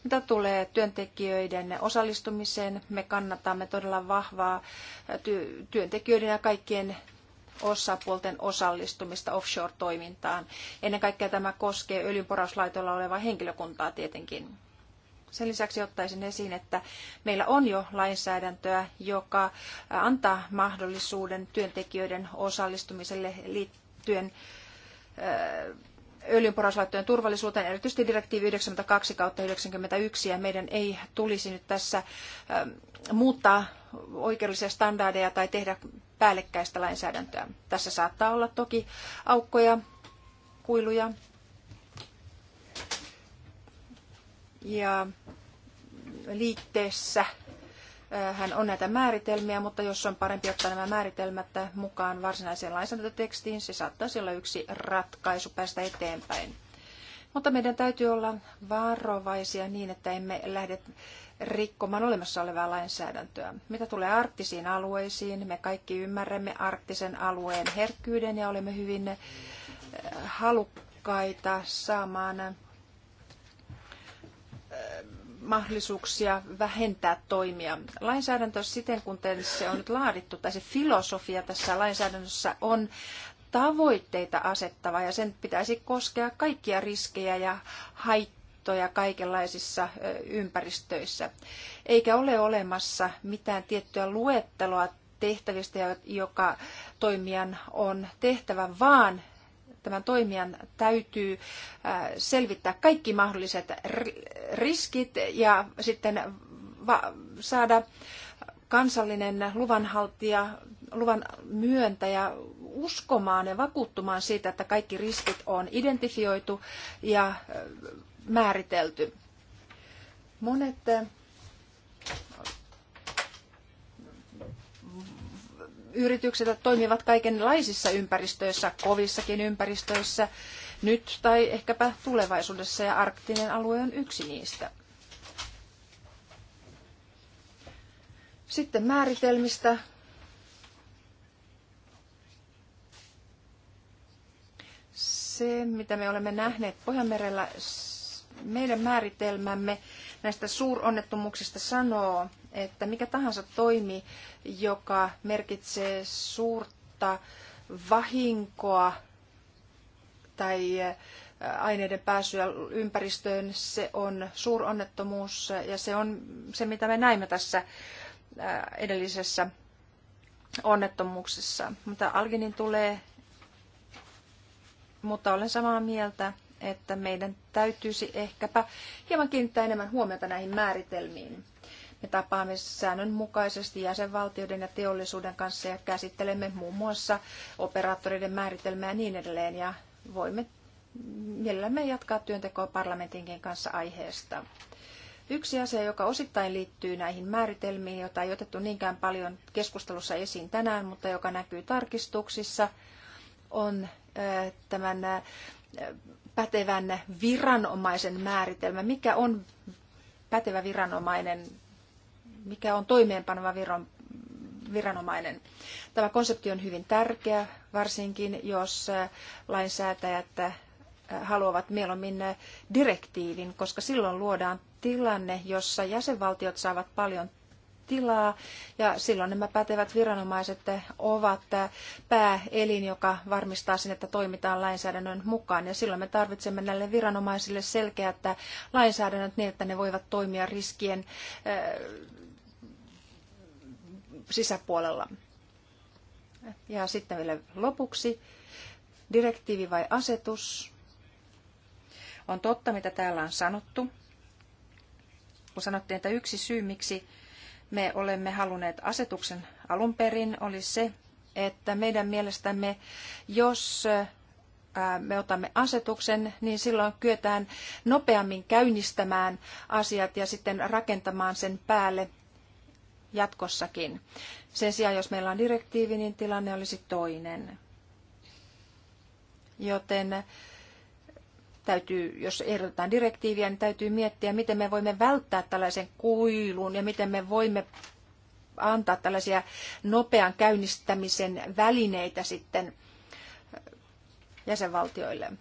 Mitä tulee työntekijöiden osallistumiseen, me kannatamme todella vahvaa työntekijöiden ja kaikkien osapuolten osallistumista offshore-toimintaan. Ennen kaikkea tämä koskee öljynporauslaitolla olevaa henkilökuntaa tietenkin. Sen lisäksi ottaisin esiin, että meillä on jo lainsäädäntöä, joka antaa mahdollisuuden työntekijöiden osallistumiselle liittyen öljynporauslaittojen turvallisuuteen, erityisesti direktiivi 92-91, ja meidän ei tulisi nyt tässä muuttaa oikeudellisia standardeja tai tehdä päällekkäistä lainsäädäntöä. Tässä saattaa olla toki aukkoja, kuiluja. Ja liitteessä äh, hän on näitä määritelmiä, mutta jos on parempi ottaa nämä määritelmät mukaan varsinaiseen lainsäädäntötekstiin, se saattaisi olla yksi ratkaisu päästä eteenpäin. Mutta meidän täytyy olla varovaisia niin, että emme lähde rikkomaan olemassa olevaa lainsäädäntöä. Mitä tulee arktisiin alueisiin, me kaikki ymmärrämme arktisen alueen herkkyyden ja olemme hyvin eh, halukkaita saamaan eh, mahdollisuuksia vähentää toimia. Lainsäädäntö siten, kun se on nyt laadittu, tai se filosofia tässä lainsäädännössä on tavoitteita asettava ja sen pitäisi koskea kaikkia riskejä ja haittoja haittoja kaikenlaisissa ympäristöissä. Eikä ole olemassa mitään tiettyä luetteloa tehtävistä, joka toimijan on tehtävä, vaan tämän toimijan täytyy selvittää kaikki mahdolliset riskit ja sitten saada kansallinen luvanhaltija, luvan myöntäjä uskomaan ja vakuuttumaan siitä, että kaikki riskit on identifioitu ja määritelty. Monet eh, yritykset toimivat kaikenlaisissa ympäristöissä, kovissakin ympäristöissä, nyt tai ehkäpä tulevaisuudessa, ja arktinen alue on yksi niistä. Sitten määritelmistä. Se, mitä me olemme nähneet Pohjanmerellä, meidän määritelmämme näistä suuronnettomuuksista sanoo, että mikä tahansa toimi, joka merkitsee suurta vahinkoa tai aineiden pääsyä ympäristöön, se on suuronnettomuus ja se on se, mitä me näimme tässä edellisessä onnettomuuksessa. Mutta Alginin tulee, mutta olen samaa mieltä että meidän täytyisi ehkäpä hieman kiinnittää enemmän huomiota näihin määritelmiin. Me tapaamme säännönmukaisesti jäsenvaltioiden ja teollisuuden kanssa ja käsittelemme muun muassa operaattoreiden määritelmää ja niin edelleen. Ja voimme mielellämme jatkaa työntekoa parlamentinkin kanssa aiheesta. Yksi asia, joka osittain liittyy näihin määritelmiin, jota ei otettu niinkään paljon keskustelussa esiin tänään, mutta joka näkyy tarkistuksissa, on tämän pätevän viranomaisen määritelmä. Mikä on pätevä viranomainen? Mikä on toimeenpanova viron, viranomainen? Tämä konsepti on hyvin tärkeä, varsinkin jos äh, lainsäätäjät äh, haluavat mieluummin äh, direktiivin, koska silloin luodaan tilanne, jossa jäsenvaltiot saavat paljon tilaa ja silloin nämä pätevät viranomaiset ovat pääelin, joka varmistaa sen, että toimitaan lainsäädännön mukaan. Ja silloin me tarvitsemme näille viranomaisille selkeät lainsäädännöt niin, että ne voivat toimia riskien eh, sisäpuolella. Ja sitten vielä lopuksi, direktiivi vai asetus? On totta, mitä täällä on sanottu. Kun sanottiin, että yksi syy, miksi me olemme halunneet asetuksen alun perin, oli se, että meidän mielestämme, jos me otamme asetuksen, niin silloin kyetään nopeammin käynnistämään asiat ja sitten rakentamaan sen päälle jatkossakin. Sen sijaan, jos meillä on direktiivi, niin tilanne olisi toinen. Joten täytyy, jos ehdotetaan direktiiviä, niin täytyy miettiä, miten me voimme välttää tällaisen kuilun ja miten me voimme antaa tällaisia nopean käynnistämisen välineitä sitten jäsenvaltioille.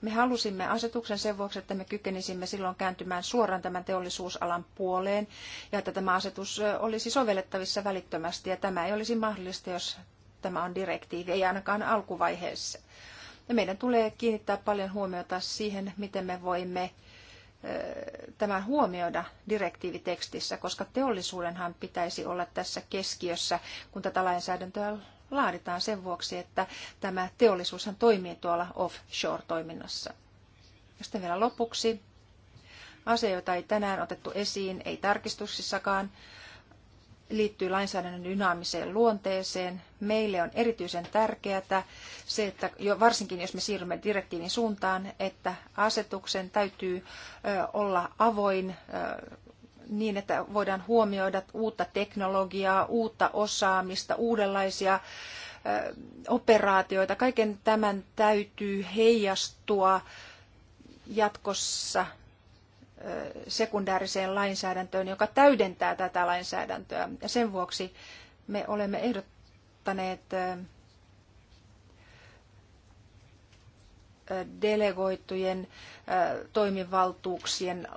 Me halusimme asetuksen sen vuoksi, että me kykenisimme silloin kääntymään suoraan tämän teollisuusalan puoleen ja että tämä asetus olisi sovellettavissa välittömästi ja tämä ei olisi mahdollista, jos tämä on direktiivi, ei ainakaan alkuvaiheessa. Ja meidän tulee kiinnittää paljon huomiota siihen, miten me voimme tämän huomioida direktiivitekstissä, koska teollisuudenhan pitäisi olla tässä keskiössä, kun tätä lainsäädäntöä laaditaan sen vuoksi, että tämä teollisuushan toimii tuolla offshore-toiminnassa. Ja sitten vielä lopuksi. Asia, jota ei tänään otettu esiin, ei tarkistuksissakaan, liittyy lainsäädännön dynaamiseen luonteeseen. Meille on erityisen tärkeää se, että jo varsinkin jos me siirrymme direktiivin suuntaan, että asetuksen täytyy olla avoin niin, että voidaan huomioida uutta teknologiaa, uutta osaamista, uudenlaisia operaatioita. Kaiken tämän täytyy heijastua jatkossa sekundääriseen lainsäädäntöön, joka täydentää tätä lainsäädäntöä. Ja sen vuoksi me olemme ehdottaneet delegoitujen toimivaltuuksien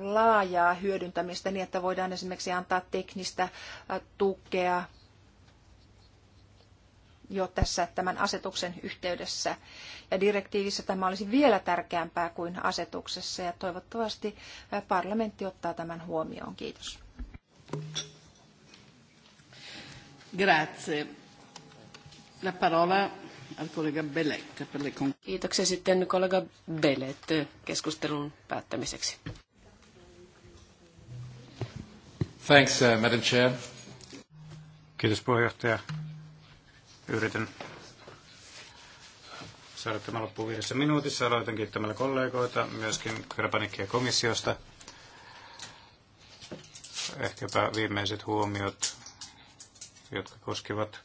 laajaa hyödyntämistä niin, että voidaan esimerkiksi antaa teknistä tukea jo tässä tämän asetuksen yhteydessä direktiivissä tämä olisi vielä tärkeämpää kuin asetuksessa ja toivottavasti parlamentti ottaa tämän huomioon. Kiitos. Grazie. La parola al collega Belet per le con. Kiitoksia sitten kollega Belet keskustelun päättämiseksi. Thanks, uh, Madam Chair. Kiitos puheenjohtaja. Yritän saada tämä loppuun viidessä minuutissa. Aloitan kiittämällä kollegoita, myöskin Krapanikkia komissiosta. Ehkäpä viimeiset huomiot, jotka koskivat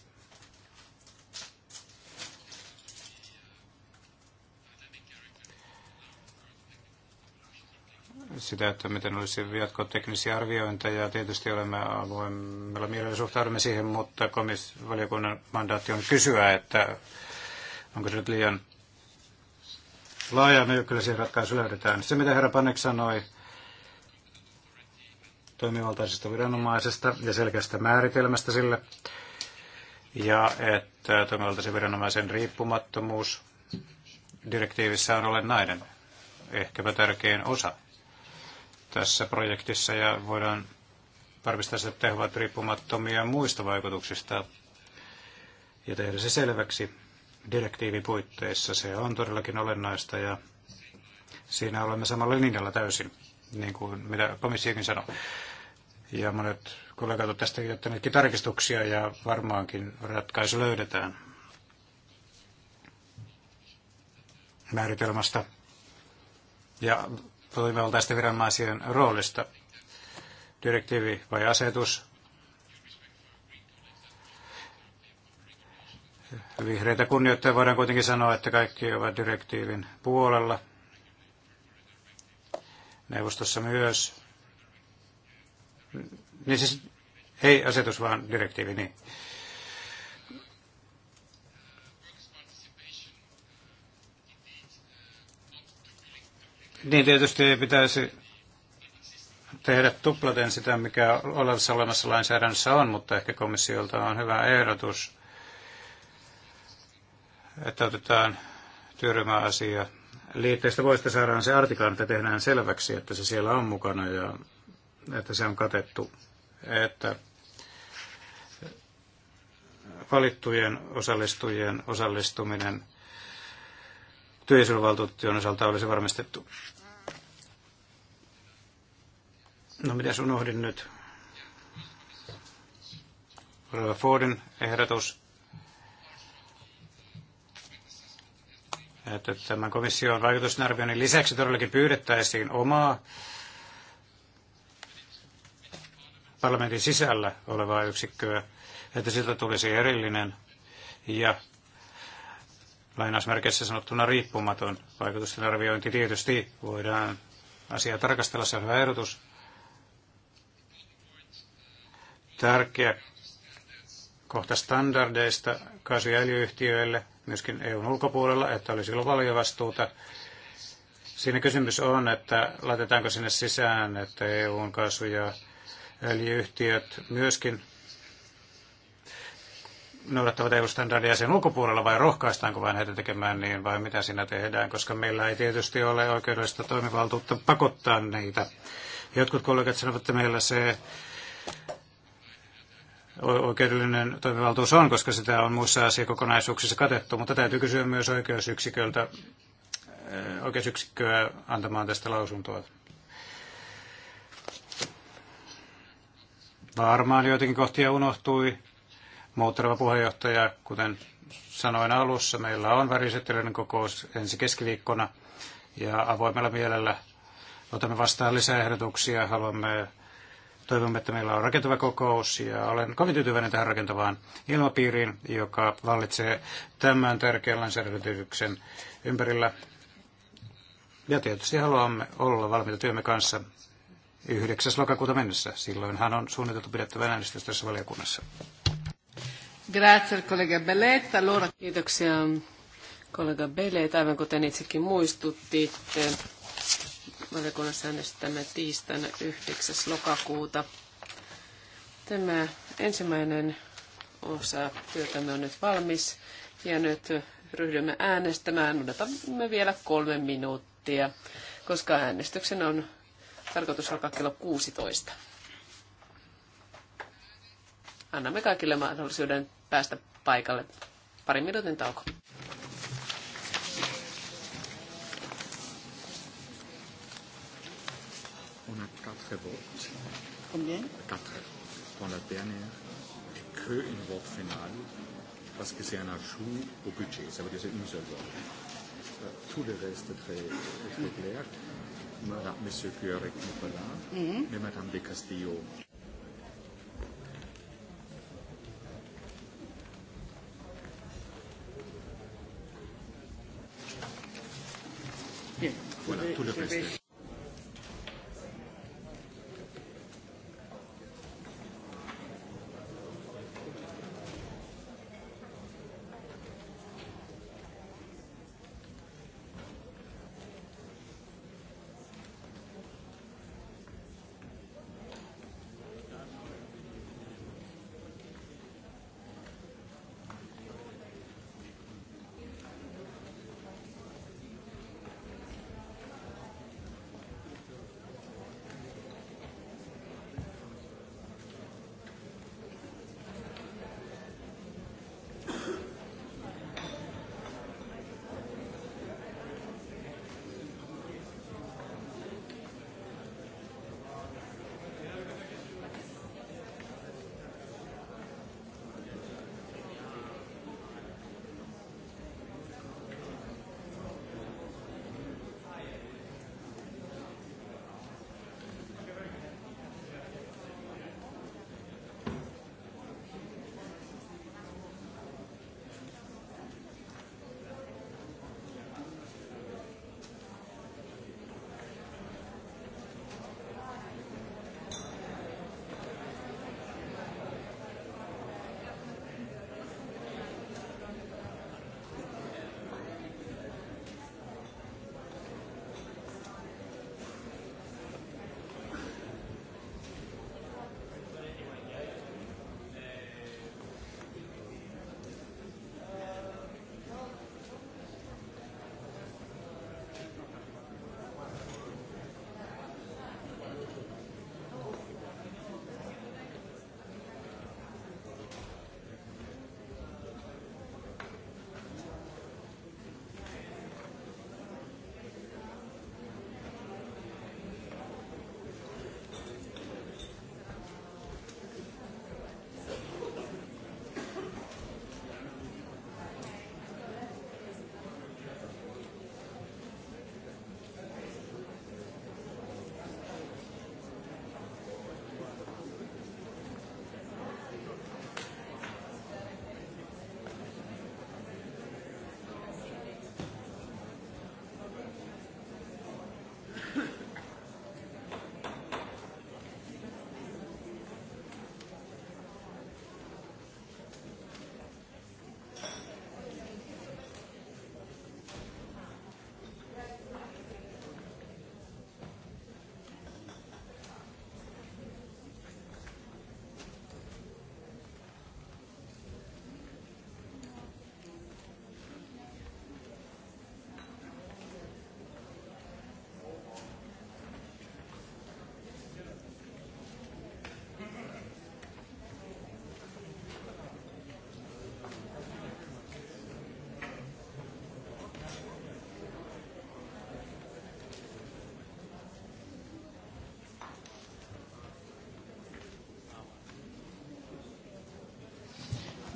sitä, että miten olisi jatkoteknisiä arviointeja. Tietysti olemme avoimella mielellä suhtaudumme siihen, mutta komis- valiokunnan mandaatti on kysyä, että Onko se nyt liian laaja, no kyllä siihen ratkaisu löydetään. Se, mitä herra Panek sanoi toimivaltaisesta viranomaisesta ja selkeästä määritelmästä sille, ja että toimivaltaisen viranomaisen riippumattomuus direktiivissä on olennainen, ehkäpä tärkein osa tässä projektissa, ja voidaan varmistaa, että he ovat riippumattomia muista vaikutuksista ja tehdä se selväksi direktiivin puitteissa. Se on todellakin olennaista ja siinä olemme samalla linjalla täysin, niin kuin mitä komissiokin sanoi. Ja monet kollegat ovat tästä kirjoittaneetkin tarkistuksia ja varmaankin ratkaisu löydetään määritelmästä ja toimivaltaisten viranomaisien roolista. Direktiivi vai asetus Vihreitä kunnioittaja voidaan kuitenkin sanoa, että kaikki ovat direktiivin puolella. Neuvostossa myös. Niin siis ei asetus, vaan direktiivi, niin. Niin tietysti ei pitäisi tehdä tuplaten sitä, mikä olemassa olemassa lainsäädännössä on, mutta ehkä komissiolta on hyvä ehdotus että otetaan työryhmäasia liitteestä voista saadaan se artiklan, että tehdään selväksi, että se siellä on mukana ja että se on katettu, että valittujen osallistujien osallistuminen työisuusvaltuutettujen osalta olisi varmistettu. No sun ohdin nyt? Fordin ehdotus että tämän komission vaikutusarvioinnin lisäksi todellakin pyydettäisiin omaa parlamentin sisällä olevaa yksikköä, että siltä tulisi erillinen ja lainausmerkeissä sanottuna riippumaton vaikutusten arviointi. Tietysti voidaan asiaa tarkastella, se on hyvä ehdotus. Tärkeä kohta standardeista kaasu- ja öljyyhtiöille, myöskin EUn ulkopuolella, että olisi globaalia vastuuta. Siinä kysymys on, että laitetaanko sinne sisään, että EUn kaasu- ja öljyyhtiöt myöskin noudattavat EU-standardia sen ulkopuolella vai rohkaistaanko vain heitä tekemään niin vai mitä siinä tehdään, koska meillä ei tietysti ole oikeudellista toimivaltuutta pakottaa niitä. Jotkut kollegat sanovat, että meillä se oikeudellinen toimivaltuus on, koska sitä on muissa asiakokonaisuuksissa katettu, mutta täytyy kysyä myös oikeusyksiköltä, eh, oikeusyksikköä antamaan tästä lausuntoa. Varmaan joitakin kohtia unohtui. Muuttava puheenjohtaja, kuten sanoin alussa, meillä on värisettelyinen kokous ensi keskiviikkona ja avoimella mielellä otamme vastaan lisää ehdotuksia. Haluamme Toivomme, että meillä on rakentava kokous ja olen kovin tyytyväinen tähän rakentavaan ilmapiiriin, joka vallitsee tämän tärkeän lainsäädäntötyksen ympärillä. Ja tietysti haluamme olla valmiita työmme kanssa 9. lokakuuta mennessä. Silloinhan on suunniteltu pidettävän äänestys tässä valiokunnassa. Grazie, kollega Kiitoksia, kollega Bellet. Aivan kuten itsekin muistuttitte, valiokunnassa äänestämme tiistaina 9. lokakuuta. Tämä ensimmäinen osa työtämme on nyt valmis ja nyt ryhdymme äänestämään. Odotamme vielä kolme minuuttia, koska äänestyksen on tarkoitus alkaa kello 16. Annamme kaikille mahdollisuuden päästä paikalle. Pari minuutin tauko. on a quatre votes. Combien Quatre. Dans la dernière, et que une vote finale, parce que c'est un ajout au budget. Ça veut dire c'est une seule vote. Tout le reste est très, très clair. Madame, Monsieur Cuyorek n'est pas là, mm -hmm. mais Madame de Castillo Voilà, tout le reste.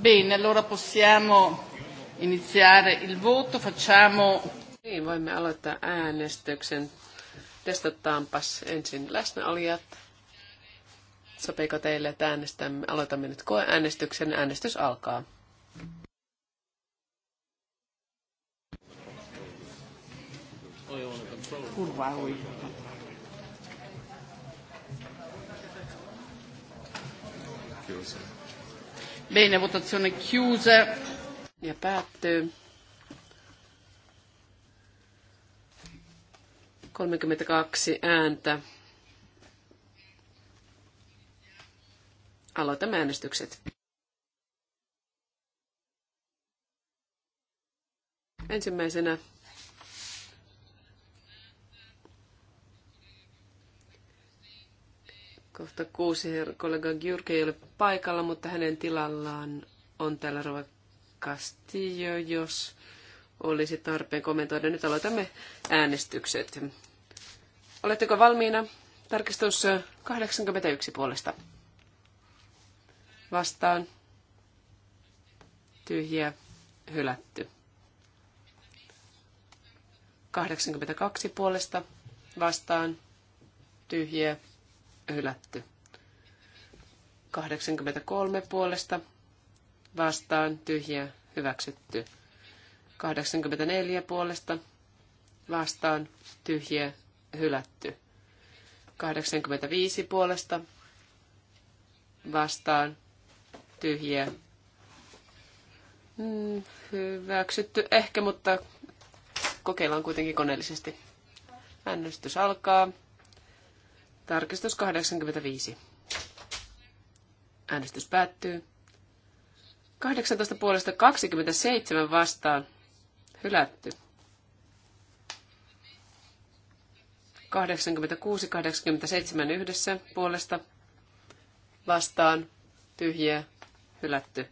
Bene, allora possiamo iniziare il voto, facciamo... Niin, voimme aloittaa äänestyksen. Testataanpas ensin läsnäolijat. Sopiiko teille, että äänestämme, aloitamme nyt koeäänestyksen. Äänestys alkaa. Bene, votazione chiusa. Ja päättyy. 32 ääntä. Aloitamme äänestykset. Ensimmäisenä Kohta kuusi kollega Gyurke ei ole paikalla, mutta hänen tilallaan on täällä Rova Castillo, jos olisi tarpeen kommentoida. Nyt aloitamme äänestykset. Oletteko valmiina? Tarkistus 81 puolesta. Vastaan. tyhjä, Hylätty. 82 puolesta. Vastaan. tyhjä hylätty. 83 puolesta vastaan tyhjä hyväksytty. 84 puolesta vastaan tyhjä hylätty. 85 puolesta vastaan tyhjä mm, hyväksytty ehkä, mutta kokeillaan kuitenkin koneellisesti. Äänestys alkaa. Tarkistus 85. Äänestys päättyy. 18 puolesta 27 vastaan. Hylätty. 86-87 yhdessä puolesta vastaan. Tyhjiä. Hylätty.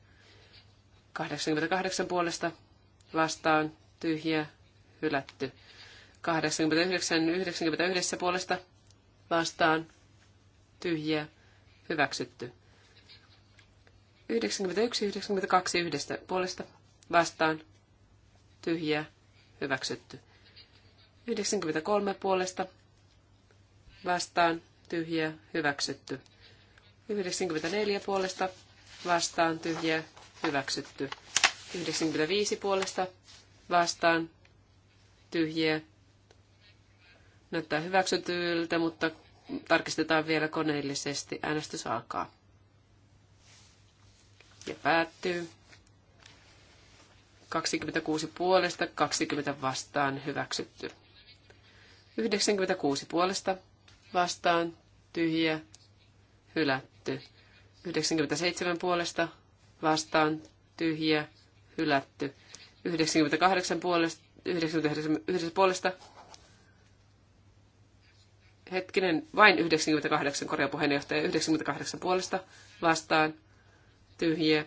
88 puolesta vastaan. Tyhjiä. Hylätty. 89-91 puolesta vastaan tyhjiä hyväksytty. 91-92 yhdestä puolesta vastaan tyhjiä hyväksytty. 93 puolesta vastaan tyhjiä hyväksytty. 94 puolesta vastaan tyhjiä hyväksytty. 95 puolesta vastaan tyhjiä Näyttää hyväksytyltä, mutta tarkistetaan vielä koneellisesti. Äänestys alkaa. Ja päättyy. 26 puolesta, 20 vastaan hyväksytty. 96 puolesta vastaan tyhjä, hylätty. 97 puolesta vastaan tyhjä, hylätty. 98 puolesta, 99 puolesta hetkinen, vain 98 puheenjohtaja, 98 puolesta vastaan, tyhjiä,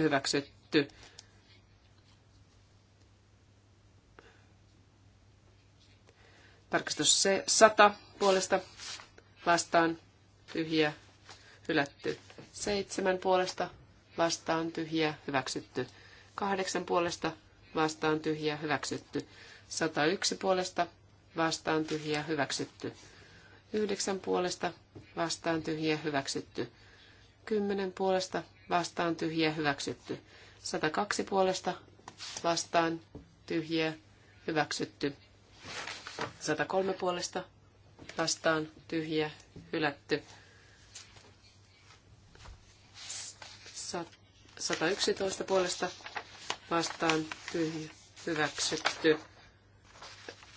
hyväksytty. Tarkistus se 100 puolesta vastaan, tyhjiä, hylätty. 7 puolesta vastaan, tyhjiä, hyväksytty. 8 puolesta vastaan, tyhjiä, hyväksytty. 101 puolesta vastaan, tyhjiä, hyväksytty. Yhdeksän puolesta vastaan tyhjiä hyväksytty. Kymmenen puolesta vastaan tyhjiä hyväksytty. 102 puolesta vastaan tyhjiä hyväksytty. 103 puolesta vastaan tyhjiä hylätty. 111 puolesta vastaan tyhjiä hyväksytty.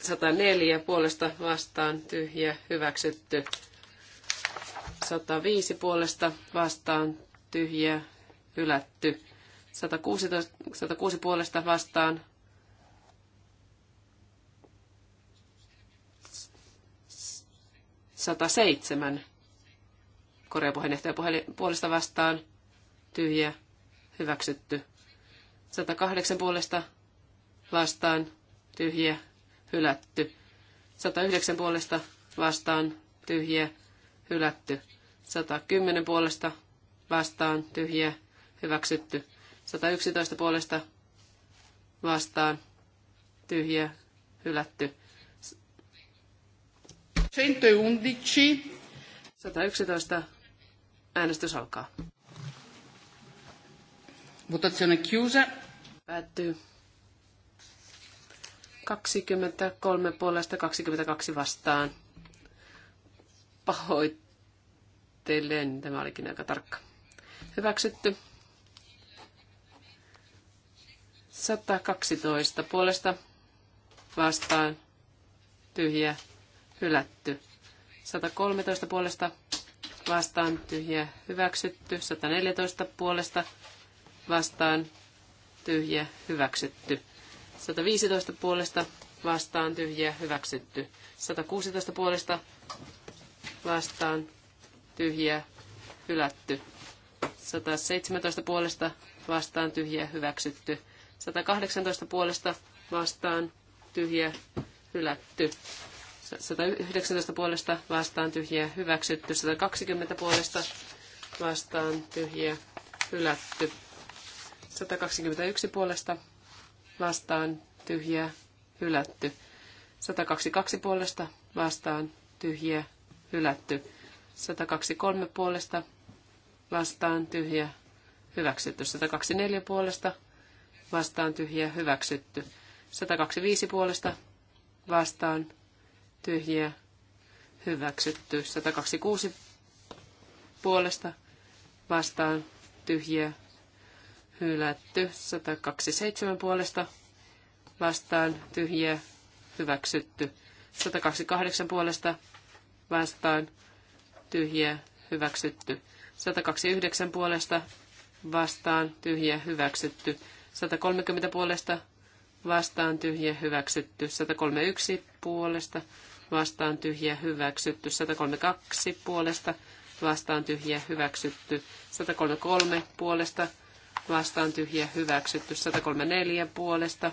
104 puolesta vastaan tyhjä hyväksytty. 105 puolesta vastaan tyhjä hylätty. 116, 106 puolesta vastaan Sataseitsemän Korean puheenjohtajan puolesta vastaan tyhjä hyväksytty. 108 puolesta vastaan tyhjä hylätty. 109 puolesta vastaan tyhjiä, hylätty. 110 puolesta vastaan tyhjiä, hyväksytty. 111 puolesta vastaan tyhjiä, hylätty. 111. 111. Äänestys alkaa. Votazione chiusa. Päättyy. 23 puolesta 22 vastaan. Pahoittelen, tämä olikin aika tarkka. Hyväksytty. 112 puolesta vastaan tyhjä hylätty. 113 puolesta vastaan tyhjä hyväksytty. 114 puolesta vastaan tyhjä hyväksytty. 115 puolesta vastaan tyhjiä hyväksytty. 116 puolesta vastaan tyhjiä hylätty. 117 puolesta vastaan tyhjiä hyväksytty. 118 puolesta vastaan tyhjiä hylätty. 119 puolesta vastaan tyhjiä hyväksytty. 120 puolesta vastaan tyhjiä hylätty. 121 puolesta vastaan tyhjää hylätty. 122 puolesta vastaan tyhjää hylätty. 123 puolesta vastaan tyhjä hyväksytty. 124 puolesta vastaan tyhjä hyväksytty. 125 puolesta vastaan tyhjä hyväksytty. 126 puolesta vastaan tyhjä hylätty. 127 puolesta vastaan tyhjiä hyväksytty. 128 puolesta vastaan tyhjiä hyväksytty. 129 puolesta vastaan tyhjiä hyväksytty. 130 puolesta vastaan tyhjiä hyväksytty. 131 puolesta vastaan tyhjiä hyväksytty. 132 puolesta vastaan tyhjiä hyväksytty. 133 puolesta vastaan tyhjä hyväksytty 134 puolesta,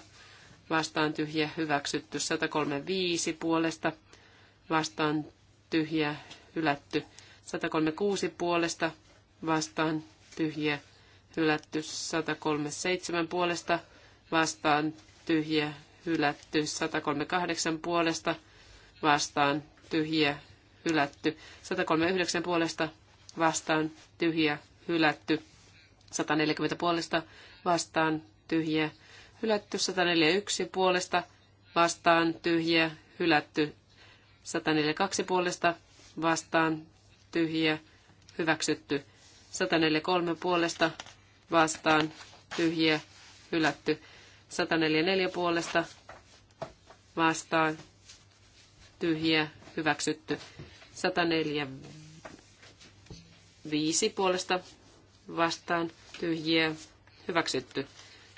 vastaan tyhjä hyväksytty 135 puolesta, vastaan tyhjä hylätty 136 puolesta, vastaan tyhjä hylätty 137 puolesta, vastaan tyhjä hylätty 138 puolesta, vastaan tyhjä hylätty 139 puolesta, vastaan tyhjä hylätty 140 puolesta vastaan tyhjiä hylätty, 141 puolesta vastaan tyhjiä hylätty, 142 puolesta vastaan tyhjiä hyväksytty, 143 puolesta vastaan tyhjiä hylätty, 144 puolesta vastaan tyhjiä hyväksytty, 104 5 puolesta vastaan tyhjiä hyväksytty.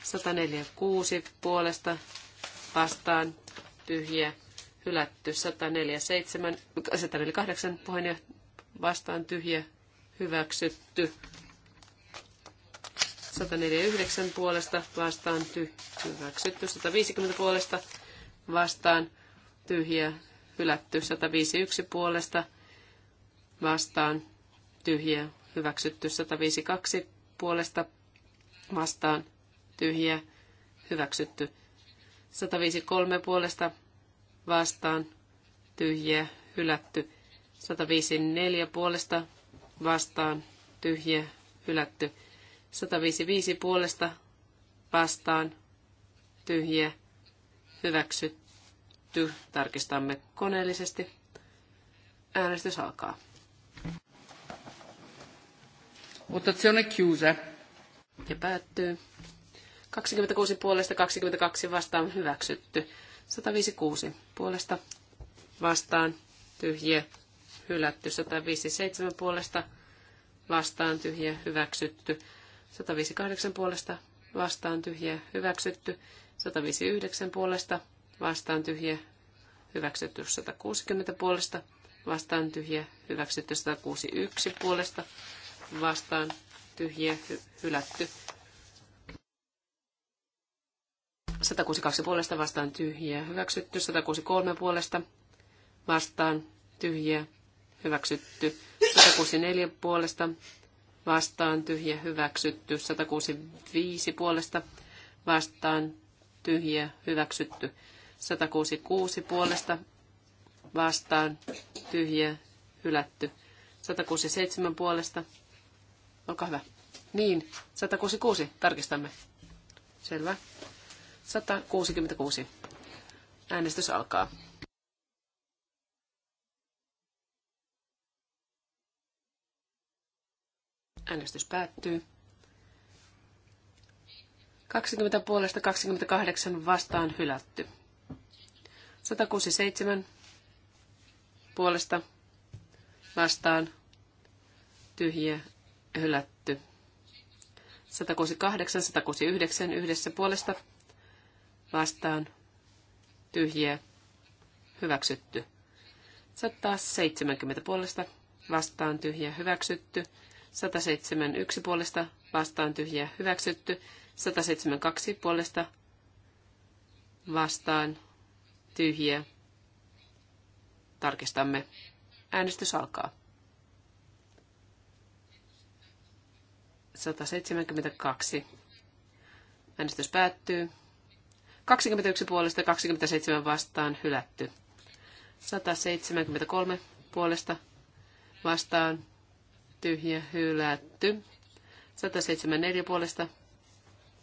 146 puolesta vastaan tyhjiä hylätty. 147, 148 puheenjohtaja vastaan tyhjiä hyväksytty. 149 puolesta vastaan ty, hyväksytty, 150 puolesta vastaan tyhjä, hylätty, 151 puolesta vastaan tyhjä, hyväksytty 152 puolesta vastaan tyhjiä hyväksytty 153 puolesta vastaan tyhjiä hylätty 154 puolesta vastaan tyhjiä hylätty 155 puolesta vastaan tyhjiä hyväksytty tarkistamme koneellisesti äänestys alkaa Votazione chiusa. Ja päättyy. 26 puolesta 22 vastaan hyväksytty. 156 puolesta vastaan tyhjä hylätty. 157 puolesta vastaan tyhjä hyväksytty. 158 puolesta vastaan tyhjä hyväksytty. 159 puolesta vastaan tyhjä hyväksytty. 160 puolesta vastaan tyhjä hyväksytty. 161 puolesta vastaan tyhjiä hy- hylätty. 162 puolesta vastaan tyhjiä hyväksytty. 163 puolesta vastaan tyhjiä hyväksytty. 164 puolesta vastaan tyhjiä hyväksytty. 165 puolesta vastaan tyhjiä hyväksytty. 166 puolesta vastaan tyhjiä hylätty. 167 puolesta Olkaa hyvä. Niin, 166. Tarkistamme. Selvä. 166. Äänestys alkaa. Äänestys päättyy. 20 puolesta 28 vastaan hylätty. 167 puolesta vastaan tyhjiä hylätty. 168, 169 yhdessä puolesta vastaan tyhjiä hyväksytty. 170 puolesta vastaan tyhjiä hyväksytty. 171 puolesta vastaan tyhjiä hyväksytty. 172 puolesta vastaan tyhjiä. Tarkistamme. Äänestys alkaa. 172. Äänestys päättyy. 21 puolesta 27 vastaan hylätty. 173 puolesta vastaan tyhjä hylätty. 174 puolesta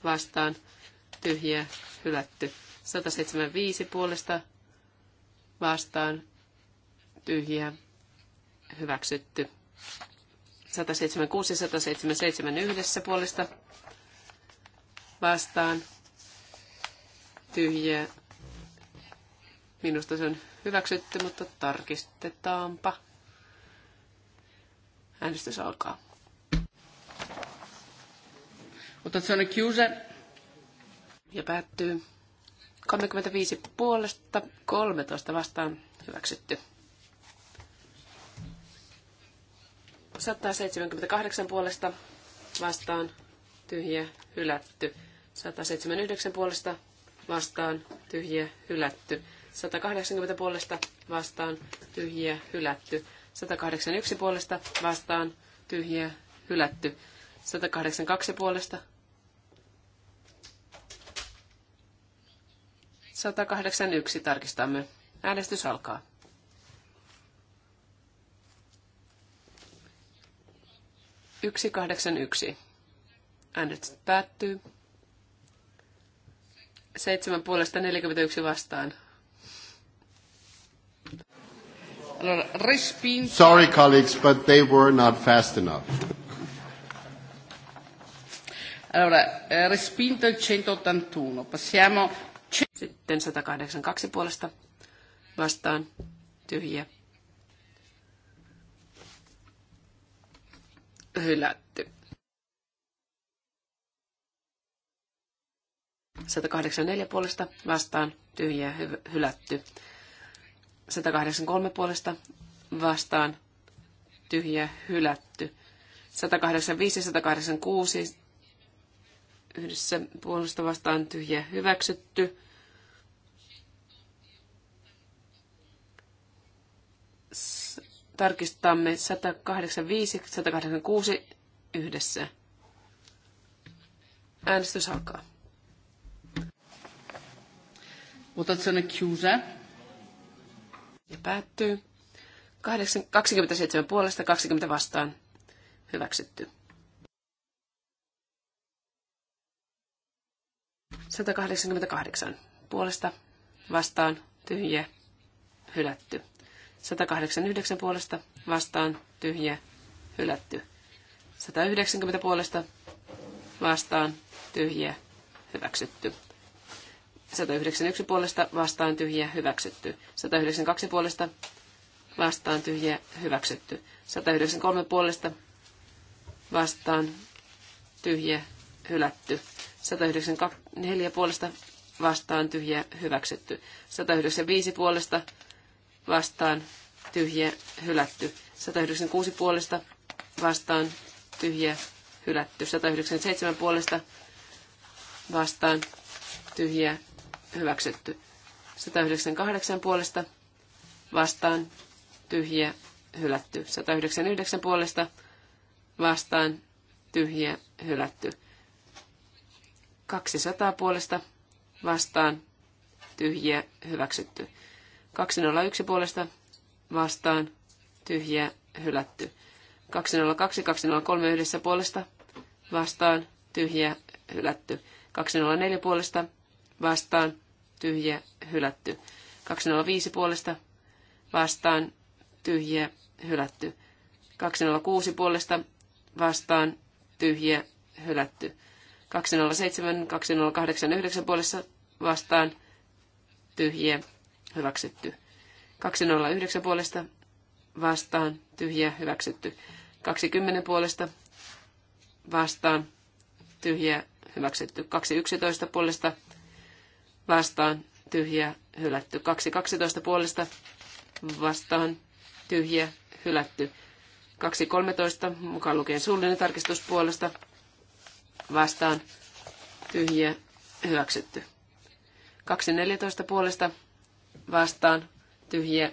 vastaan tyhjä hylätty. 175 puolesta vastaan tyhjä hyväksytty. 176 ja 177 yhdessä puolesta vastaan. tyhjä Minusta se on hyväksytty, mutta tarkistetaanpa. Äänestys alkaa. on chiusa. Ja päättyy 35 puolesta, 13 vastaan hyväksytty. 178 puolesta vastaan tyhjä hylätty. 179 puolesta vastaan tyhjä hylätty. 180 puolesta vastaan tyhjä hylätty. 181 puolesta vastaan tyhjä hylätty. 182 puolesta 181 tarkistamme. Äänestys alkaa. 181. Äänestys päättyy. 7 puolesta 41 vastaan. Sorry colleagues, but they were not fast enough. Allora, eh, respinto il 181. Passiamo... Sitten 182 puolesta vastaan. Tyhjiä. hylätty. 184 puolesta vastaan tyhjää hy- hylätty. 183 puolesta vastaan tyhjää hylätty. 185 ja 186 yhdessä puolesta vastaan tyhjä hyväksytty. tarkistamme 185, 186 yhdessä. Äänestys alkaa. Votazione chiusa. Ja päättyy. 27 puolesta 20 vastaan. Hyväksytty. 188 puolesta vastaan tyhjä, hylätty. 189 puolesta vastaan tyhjä hylätty. 190 puolesta vastaan tyhjä hyväksytty. 191 puolesta vastaan tyhjä hyväksytty. 192 puolesta vastaan tyhjä hyväksytty. 193 puolesta vastaan tyhjä hylätty. 194 puolesta vastaan tyhjä hyväksytty. 195 puolesta vastaan tyhjä hylätty. 196 puolesta vastaan tyhjä hylätty. 197 puolesta vastaan tyhjä hyväksytty. 198 puolesta vastaan tyhjä hylätty. 199 puolesta vastaan tyhjä hylätty. 200 puolesta vastaan tyhjä hyväksytty. 201 puolesta vastaan tyhjä hylätty. 202, 203 yhdessä puolesta vastaan tyhjä hylätty. 204 puolesta vastaan tyhjä hylätty. 205 puolesta vastaan tyhjä hylätty. 206 puolesta vastaan tyhjä hylätty. 207, 208, 9 puolesta vastaan tyhjä hyväksytty. 209 puolesta vastaan, tyhjä, hyväksytty. 20 puolesta vastaan, tyhjä, hyväksytty. 211 puolesta vastaan, tyhjä, hylätty. 212 puolesta vastaan, tyhjä, hylätty. 213 mukaan lukien suullinen tarkistus puolesta vastaan, tyhjä, hyväksytty. 214 puolesta vastaan tyhjä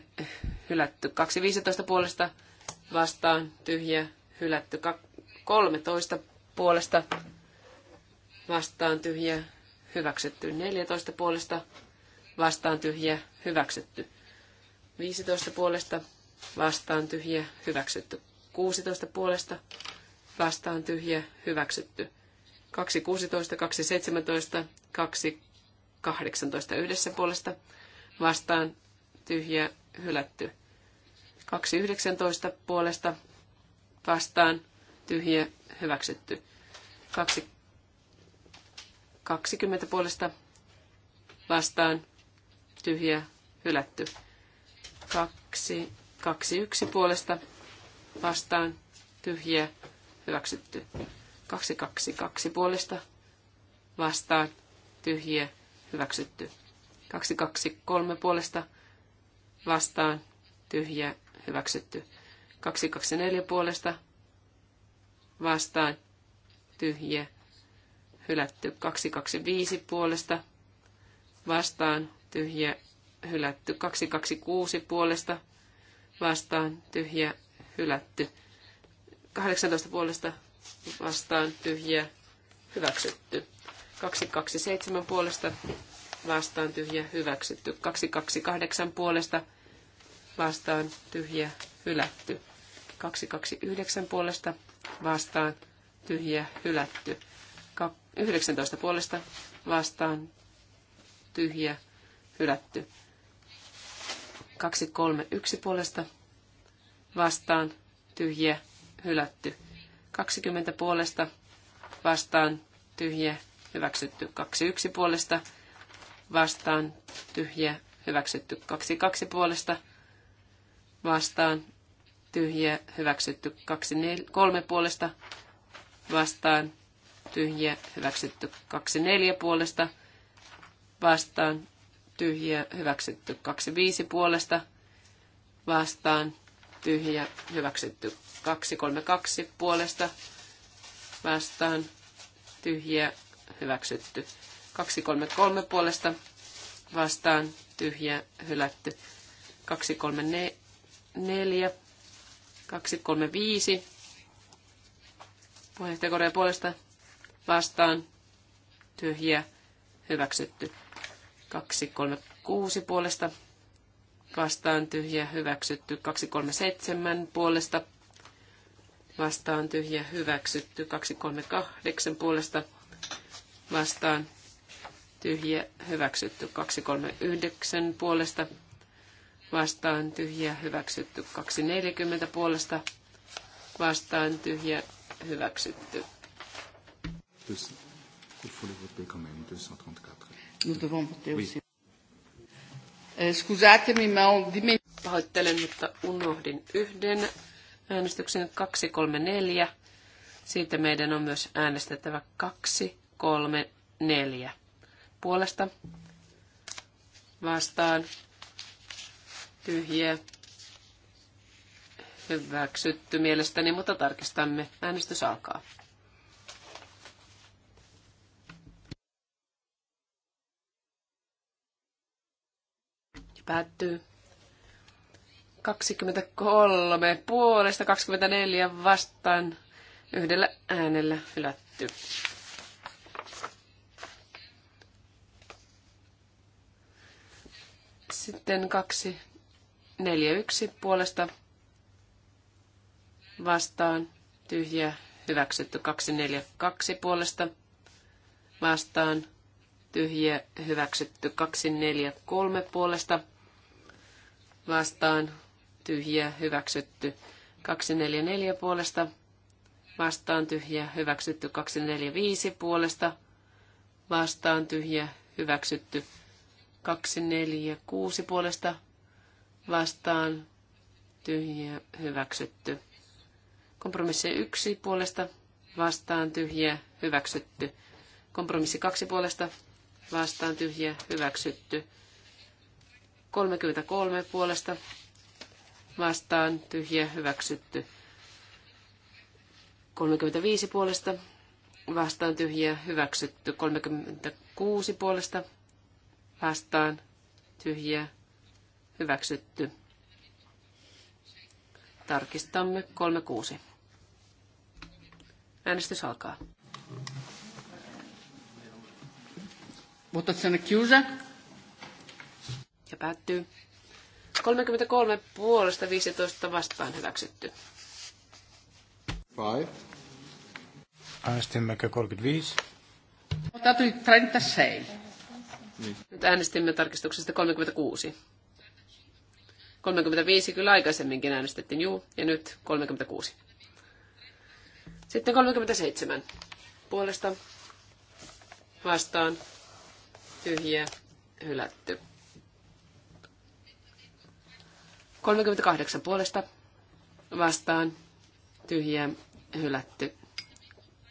hylätty. 2.15 puolesta vastaan tyhjä hylätty. 13 puolesta vastaan tyhjä hyväksytty. 14 puolesta vastaan tyhjä hyväksytty. 15 puolesta vastaan tyhjä hyväksytty. 16 puolesta vastaan tyhjä hyväksytty. 2.16, 2.17, 2.18 yhdessä puolesta vastaan tyhjä hylätty. 2.19 puolesta vastaan tyhjä hyväksytty. 2.20 puolesta vastaan tyhjä hylätty. 2.21 puolesta vastaan tyhjä hyväksytty. 2.22 puolesta vastaan tyhjä hyväksytty. 223 puolesta vastaan tyhjä hyväksytty. 224 puolesta vastaan tyhjä hylätty. 225 puolesta vastaan tyhjä hylätty. 226 puolesta vastaan tyhjä hylätty. 18 puolesta vastaan tyhjä hyväksytty. 227 puolesta vastaan tyhjä hyväksytty. 228 puolesta vastaan tyhjä hylätty. 229 puolesta vastaan tyhjä hylätty. 19 puolesta vastaan tyhjä hylätty. 231 puolesta vastaan tyhjä hylätty. 20 puolesta vastaan tyhjä hyväksytty. 21 puolesta vastaan, tyhjä, vastaan tyhjä hyväksytty. kaksi puolesta vastaan tyhjä hyväksytty. kolme puolesta vastaan tyhjä hyväksytty. neljä puolesta vastaan tyhjä hyväksytty. viisi puolesta vastaan tyhjä hyväksytty. kaksi puolesta vastaan tyhjä hyväksytty. 233 puolesta vastaan tyhjä hylätty. 234, 235 puheenjohtajakorjan puolesta vastaan tyhjä hyväksytty. 236 puolesta vastaan tyhjä hyväksytty. 237 puolesta vastaan tyhjä hyväksytty. 238 puolesta vastaan tyhjä hyväksytty 239 puolesta vastaan tyhjä hyväksytty 240 puolesta vastaan tyhjä hyväksytty. Euh, Pahoittelen, mutta unohdin yhden äänestyksen 234. Siitä meidän on myös äänestettävä 234 puolesta vastaan tyhjiä hyväksytty mielestäni, mutta tarkistamme. Äänestys alkaa. Päättyy. 23 puolesta, 24 vastaan, yhdellä äänellä hylätty. Sitten 2, 4, 1 puolesta vastaan tyhjä hyväksytty. 2, 4, 2 puolesta vastaan tyhjä hyväksytty. 2, 4, 3 puolesta vastaan tyhjä hyväksytty. 2, 4, 4 puolesta vastaan tyhjä hyväksytty. 2, 4, 5 puolesta vastaan tyhjä hyväksytty. 2, 4, 6 puolesta vastaan tyhjiä hyväksytty. Kompromissi 1 puolesta vastaan tyhjiä hyväksytty. Kompromissi 2 puolesta vastaan tyhjiä hyväksytty. 33 puolesta vastaan tyhjiä hyväksytty. 35 puolesta vastaan tyhjiä hyväksytty. 36 puolesta vastaan tyhjiä hyväksytty. Tarkistamme 36. Äänestys alkaa. Votazione chiusa. Ja päättyy. 33 puolesta 15 vastaan hyväksytty. Five. Äänestimmekö 35? Votato 36. Nyt äänestimme tarkistuksesta 36. 35 kyllä aikaisemminkin äänestettiin, juu, ja nyt 36. Sitten 37. Puolesta vastaan tyhjiä hylätty. 38 puolesta vastaan tyhjiä hylätty.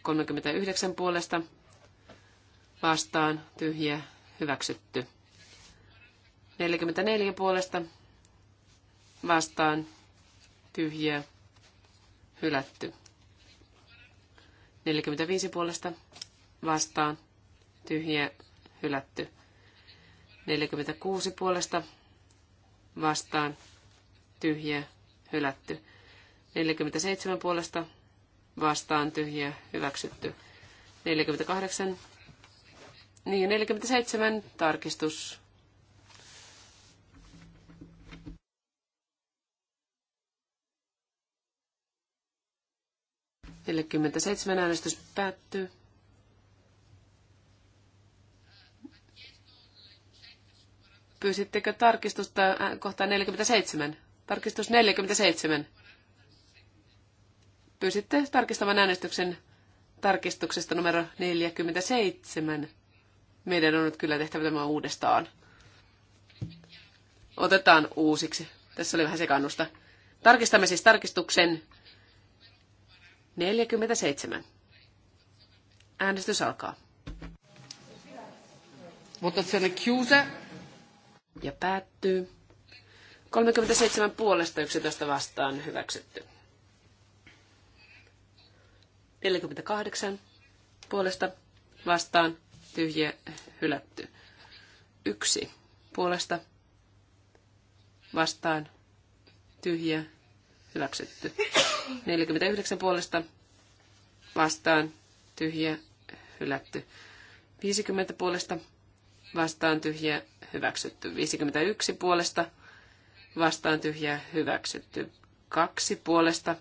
39 puolesta vastaan tyhjiä hyväksytty. 44 puolesta vastaan tyhjiä hylätty. 45 puolesta vastaan tyhjiä hylätty. 46 puolesta vastaan tyhjiä hylätty. 47 puolesta vastaan tyhjiä hyväksytty. 48 niin, 47 tarkistus. Neljäkymmentäseitsemän äänestys päättyy. Pyysittekö tarkistusta kohtaan 47? Tarkistus 47. Pyysitte tarkistavan äänestyksen tarkistuksesta numero 47 meidän on nyt kyllä tehtävä tämä uudestaan. Otetaan uusiksi. Tässä oli vähän sekannusta. Tarkistamme siis tarkistuksen 47. Äänestys alkaa. Votazione chiusa. Ja päättyy. 37 puolesta 11 vastaan hyväksytty. 48 puolesta vastaan tyhjä, hylätty. Yksi puolesta vastaan tyhjä, hyväksytty. 49 puolesta vastaan tyhjä, hylätty. 50 puolesta vastaan tyhjä, hyväksytty. 51 puolesta vastaan tyhjä, hyväksytty. kaksi puolesta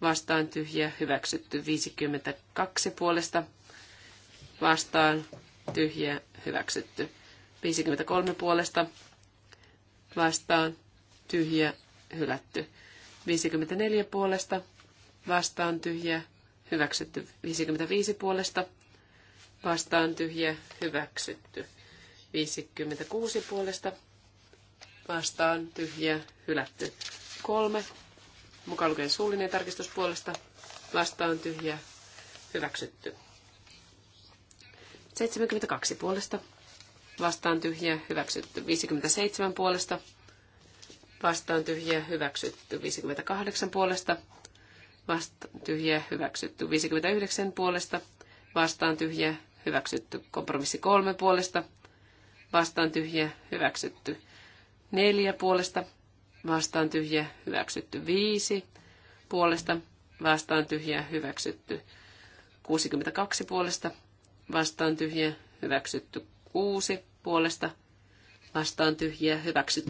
vastaan tyhjä, hyväksytty. 52 puolesta vastaan tyhjä hyväksytty. 53 puolesta vastaan tyhjä hylätty. 54 puolesta vastaan tyhjä hyväksytty. 55 puolesta vastaan tyhjä hyväksytty. 56 puolesta vastaan tyhjä hylätty. 3 mukaan lukien suullinen tarkistus puolesta vastaan tyhjä hyväksytty. 72 puolesta. Vastaan tyhjä, hyväksytty 57 puolesta. Vastaan tyhjä, hyväksytty 58 puolesta. Vastaan tyhjä, hyväksytty 59 puolesta. Vastaan tyhjä, hyväksytty kompromissi 3 puolesta. Vastaan tyhjä, hyväksytty 4 puolesta. Vastaan tyhjä, hyväksytty 5 puolesta. Vastaan tyhjä, hyväksytty 62 puolesta vastaan tyhjiä, hyväksytty. Kuusi puolesta vastaan tyhjiä, hyväksytty.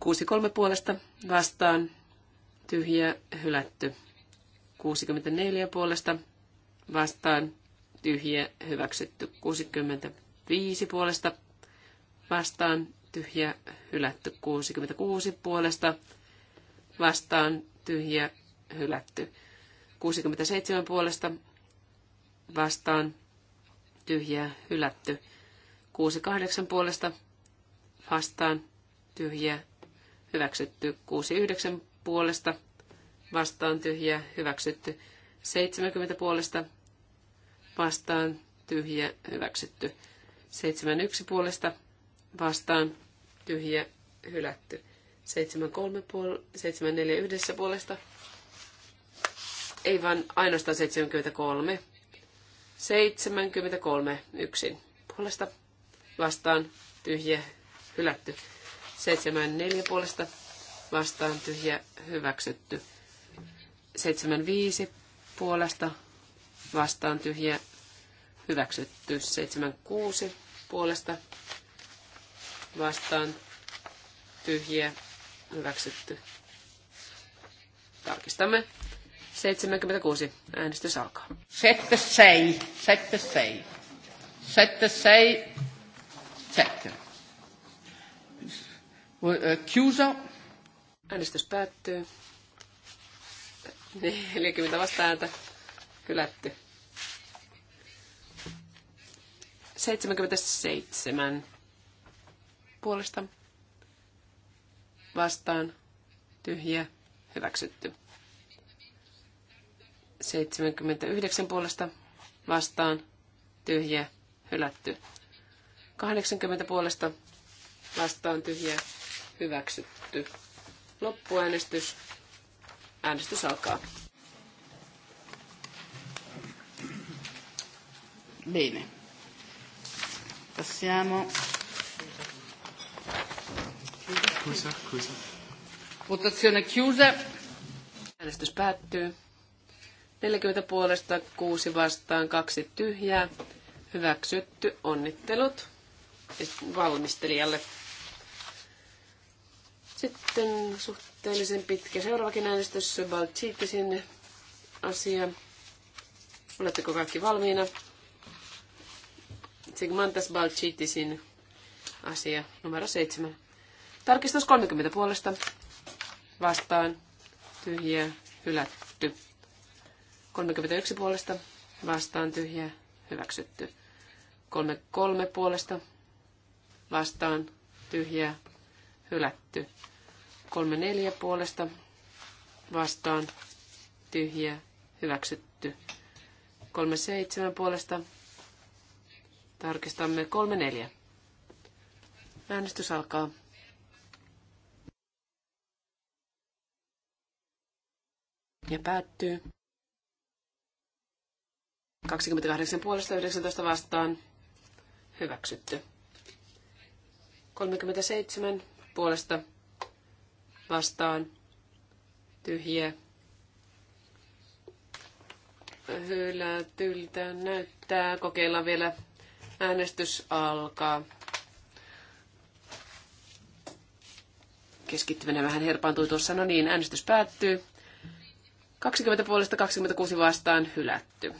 Kuusi kolme puolesta vastaan tyhjiä, hylätty. 64 puolesta vastaan tyhjiä, hyväksytty. 65 puolesta vastaan tyhjä, hylätty. 66 puolesta vastaan tyhjä, hylätty. 67 puolesta vastaan tyhjää hylätty. 6-8 puolesta vastaan tyhjää hyväksytty. 6-9 puolesta vastaan tyhjää hyväksytty. 70 puolesta vastaan tyhjä hyväksytty. 71 puolesta vastaan tyhjä hylätty. 73 puol- 74 yhdessä puolesta. Ei vaan ainoastaan 73 73 yksin. Puolesta vastaan tyhjä hylätty. 74 puolesta vastaan tyhjä hyväksytty. 75 puolesta vastaan tyhjä hyväksytty. 76 puolesta vastaan tyhjä hyväksytty. Tarkistamme 76. Äänestys alkaa. 76. 76. Äänestys päättyy. 40 ääntä. Hylätty. 77 puolesta vastaan tyhjä hyväksytty. 79 puolesta vastaan tyhjä hylätty. 80 puolesta vastaan tyhjä hyväksytty. Loppuäänestys. Äänestys alkaa. Bene. Passiamo. Chiusa, chiusa. Votazione chiusa. Äänestys päättyy. 40 puolesta, 6 vastaan, 2 tyhjää. Hyväksytty. Onnittelut valmistelijalle. Sitten suhteellisen pitkä seuraavakin äänestys, Baltiitisin asia. Oletteko kaikki valmiina? Sigmantas Balchitisin asia numero 7. Tarkistus 30 puolesta. Vastaan. Tyhjä. Hylätty. 31 puolesta vastaan tyhjä, hyväksytty. 33 puolesta vastaan tyhjä, hylätty. 34 puolesta vastaan tyhjä, hyväksytty. 37 puolesta tarkistamme 34. Äänestys alkaa. Ja päättyy. 28 puolesta 19 vastaan hyväksytty. 37 puolesta vastaan tyhjiä. Hylätyltä näyttää. Kokeillaan vielä. Äänestys alkaa. Keskittyminen vähän herpaantui tuossa. No niin, äänestys päättyy. 20 puolesta 26 vastaan hylätty.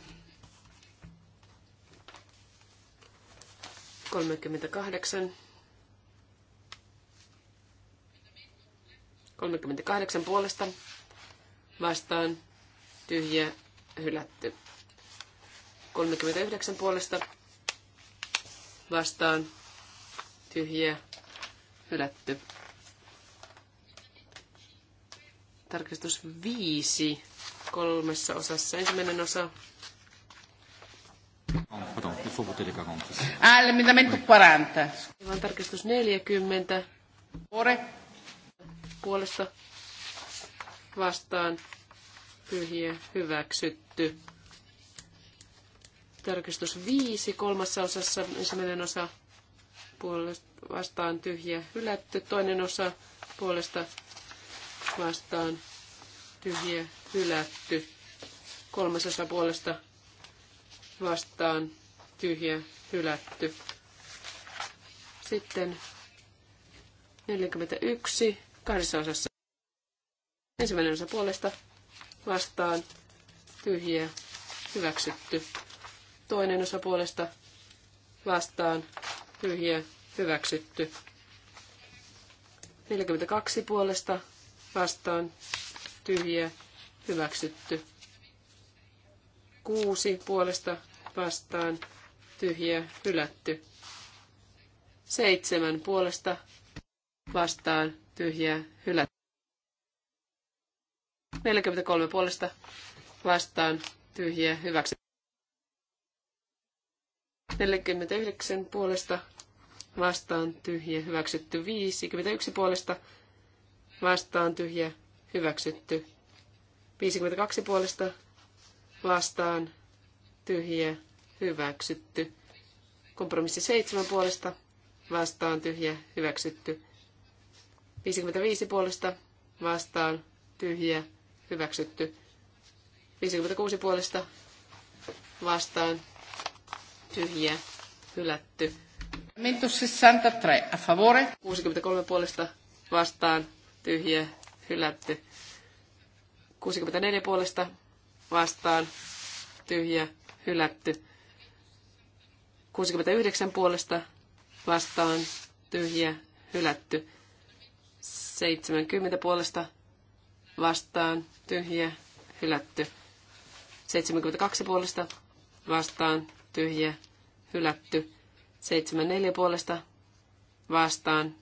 38. 38 puolesta vastaan tyhjä hylätty. 39 puolesta vastaan tyhjä hylätty. Tarkistus 5 kolmessa osassa. Ensimmäinen osa. Oh, faut voter 40. Ah, l'emendamento 40. Vaan 40. Ore. Puolesta vastaan pyhiä hyväksytty. Tarkistus 5 kolmassa osassa. Ensimmäinen osa puolesta vastaan tyhjä hylätty. Toinen osa puolesta vastaan tyhjä hylätty. Kolmas osa puolesta vastaan tyhjä, hylätty. Sitten 41 kahdessa osassa. Ensimmäinen osa puolesta vastaan tyhjä, hyväksytty. Toinen osa puolesta vastaan tyhjä, hyväksytty. 42 puolesta vastaan tyhjä, hyväksytty. 6 puolesta vastaan tyhjiä, hylätty. Seitsemän puolesta vastaan, tyhjiä, hylätty. 43 puolesta vastaan, tyhjiä, hyväksy. 49 puolesta vastaan, tyhjä hyväksytty. 51 puolesta vastaan, tyhjä hyväksytty. 52 puolesta vastaan, tyhjä hyväksytty. Kompromissi 7 puolesta vastaan tyhjä hyväksytty. 55 puolesta vastaan tyhjä hyväksytty. 56 puolesta vastaan tyhjä hylätty. Mento 63 a favore. 63 puolesta vastaan tyhjä hylätty. 64 puolesta vastaan tyhjä hylätty. 69 puolesta vastaan tyhjiä hylätty. 70 puolesta vastaan tyhjiä hylätty. 72 puolesta vastaan tyhjiä hylätty. 74 puolesta vastaan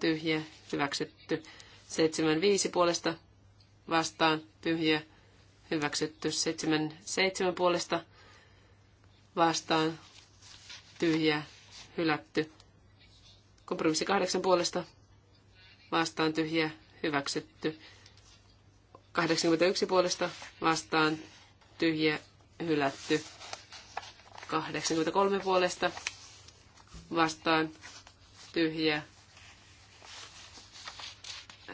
tyhjiä hyväksytty. 75 puolesta vastaan tyhjiä hyväksytty. 77 puolesta vastaan tyhjä, hylätty. Kompromissi kahdeksan puolesta vastaan tyhjä, hyväksytty. 81 puolesta vastaan tyhjä hylätty. 83 puolesta vastaan tyhjä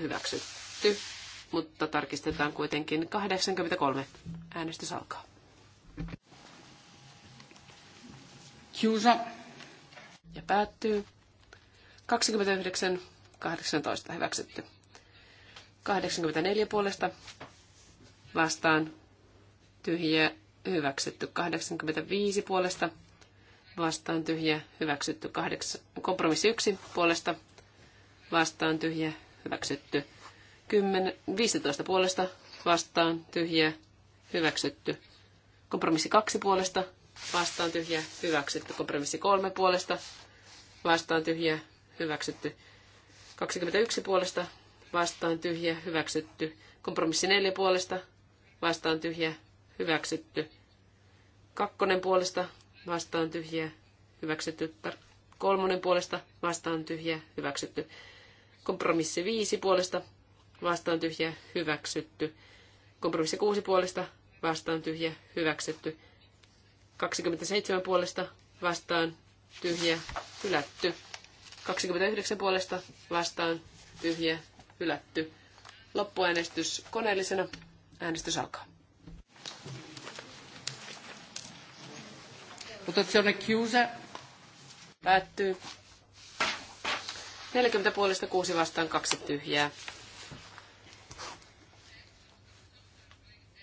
hyväksytty, mutta tarkistetaan kuitenkin 83. Äänestys alkaa. Kiusa Ja päättyy. 29, 18 hyväksytty. 84 puolesta vastaan tyhjä hyväksytty. 85 puolesta vastaan tyhjä hyväksytty. 8, kompromissi 1 puolesta vastaan tyhjä hyväksytty. 10, 15 puolesta vastaan tyhjä hyväksytty. Kompromissi 2 puolesta vastaan tyhjä, hyväksytty. Kompromissi kolme puolesta, vastaan tyhjä, hyväksytty. 21 puolesta, vastaan tyhjä, hyväksytty. Kompromissi neljä puolesta, vastaan tyhjä, hyväksytty. Kakkonen puolesta, vastaan tyhjä, hyväksytty. Kolmonen puolesta, vastaan tyhjä, hyväksytty. Kompromissi viisi puolesta, vastaan tyhjä, hyväksytty. Kompromissi kuusi puolesta, vastaan tyhjä, hyväksytty. 27 puolesta vastaan tyhjä hylätty. 29 puolesta vastaan tyhjä hylätty. Loppuäänestys koneellisena. Äänestys alkaa. Votazione chiusa. Päättyy. 40 puolesta 6 vastaan 2 tyhjää.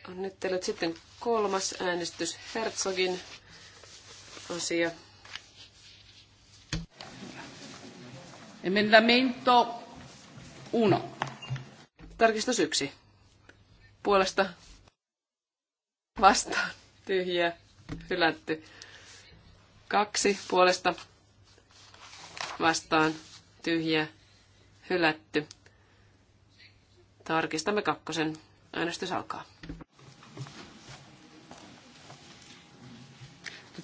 Onnittelut. Sitten kolmas äänestys Herzogin asia. Emendamento uno. Tarkistus yksi. Puolesta vastaan tyhjä, hylätty. Kaksi puolesta vastaan tyhjä, hylätty. Tarkistamme kakkosen. Äänestys alkaa.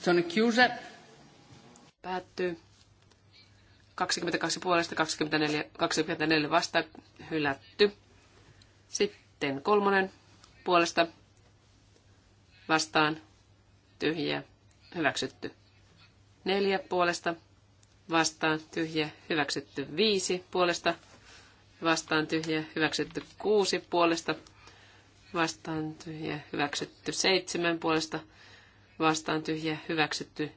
on chiusa. Päättyy. 22 puolesta 24, 24 vasta hylätty. Sitten kolmonen puolesta vastaan tyhjä hyväksytty. Neljä puolesta vastaan tyhjä hyväksytty. Viisi puolesta vastaan tyhjä hyväksytty. Kuusi puolesta vastaan tyhjä hyväksytty. Seitsemän puolesta vastaan tyhjä hyväksytty.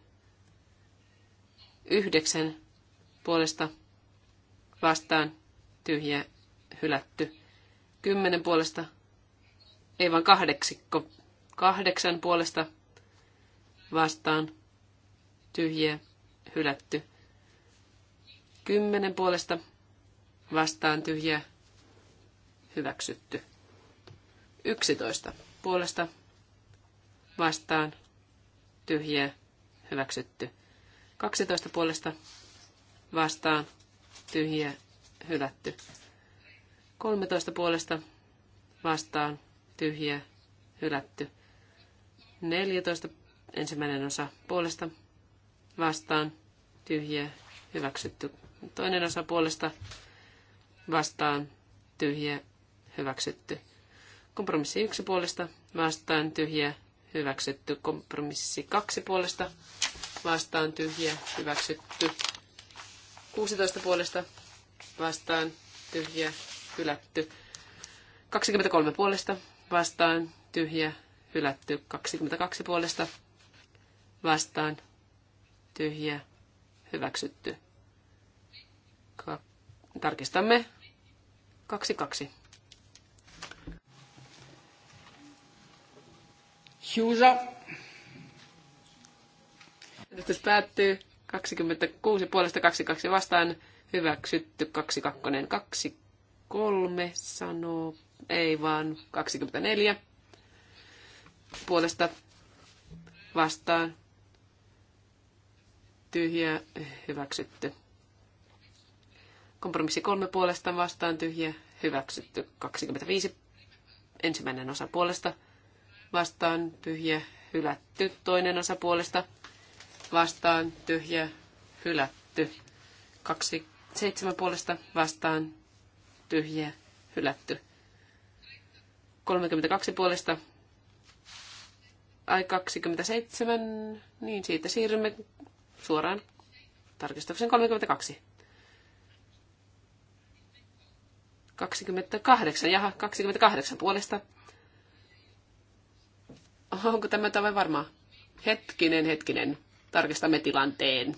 Yhdeksän puolesta vastaan tyhjä hylätty. Kymmenen puolesta, ei vaan kahdeksikko, kahdeksan puolesta vastaan tyhjä hylätty. Kymmenen puolesta vastaan tyhjä hyväksytty. Yksitoista puolesta vastaan tyhjiä, hyväksytty. 12 puolesta vastaan, tyhjiä, hylätty. 13 puolesta vastaan, tyhjiä, hylätty. 14 ensimmäinen osa puolesta vastaan, tyhjiä, hyväksytty. Toinen osa puolesta vastaan, tyhjiä, hyväksytty. Kompromissi yksi puolesta vastaan, tyhjiä, hyväksytty. Kompromissi kaksi puolesta vastaan tyhjä, hyväksytty. 16 puolesta vastaan tyhjä, hylätty. 23 puolesta vastaan tyhjä, hylätty. 22 puolesta vastaan tyhjä, hyväksytty. Ka- tarkistamme. 22. Chiusa. Äänestys päättyy. 26 puolesta 22 vastaan. Hyväksytty 22. 23 sanoo. Ei vaan 24 puolesta vastaan. Tyhjä hyväksytty. Kompromissi kolme puolesta vastaan tyhjä hyväksytty. 25 ensimmäinen osa puolesta vastaan tyhjä hylätty. Toinen osa puolesta vastaan tyhjä hylätty. Kaksi, seitsemän puolesta vastaan tyhjä hylätty. 32 puolesta ai 27, niin siitä siirrymme suoraan tarkistuksen 32. 28, jaha, 28 puolesta Onko tämä tavoin varma? Hetkinen, hetkinen. Tarkistamme tilanteen.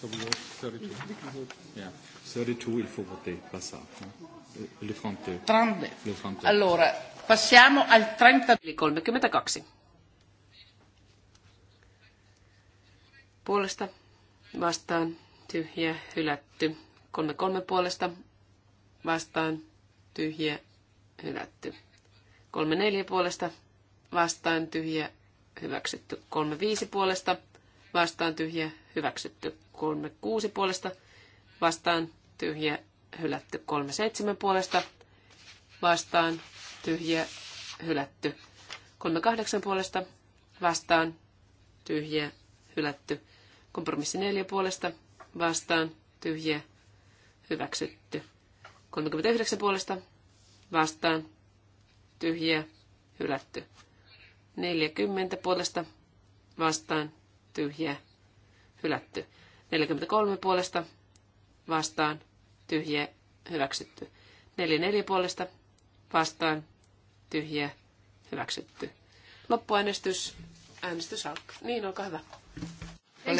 So we 32. Yeah. 32 il faut voter, pas ça. Le 32. Allora, passiamo al 30. Eli 32. Puolesta vastaan tyhjä hylätty. 33 puolesta vastaan tyhjä hylätty. 34 puolesta vastaan tyhjä hyväksytty. 35 puolesta vastaan tyhjä hyväksytty. 36 puolesta vastaan tyhjä hylätty. 37 puolesta vastaan tyhjä hylätty. 38 puolesta vastaan tyhjä hylätty. Kompromissi 4 puolesta vastaan tyhjä hyväksytty. 39 puolesta vastaan tyhjä hylätty. 40 puolesta vastaan tyhjää hylätty. 43 puolesta vastaan tyhjää hyväksytty. 44 puolesta vastaan tyhjää hyväksytty. Loppuäänestys. Äänestys alkaa. Niin, olkaa hyvä.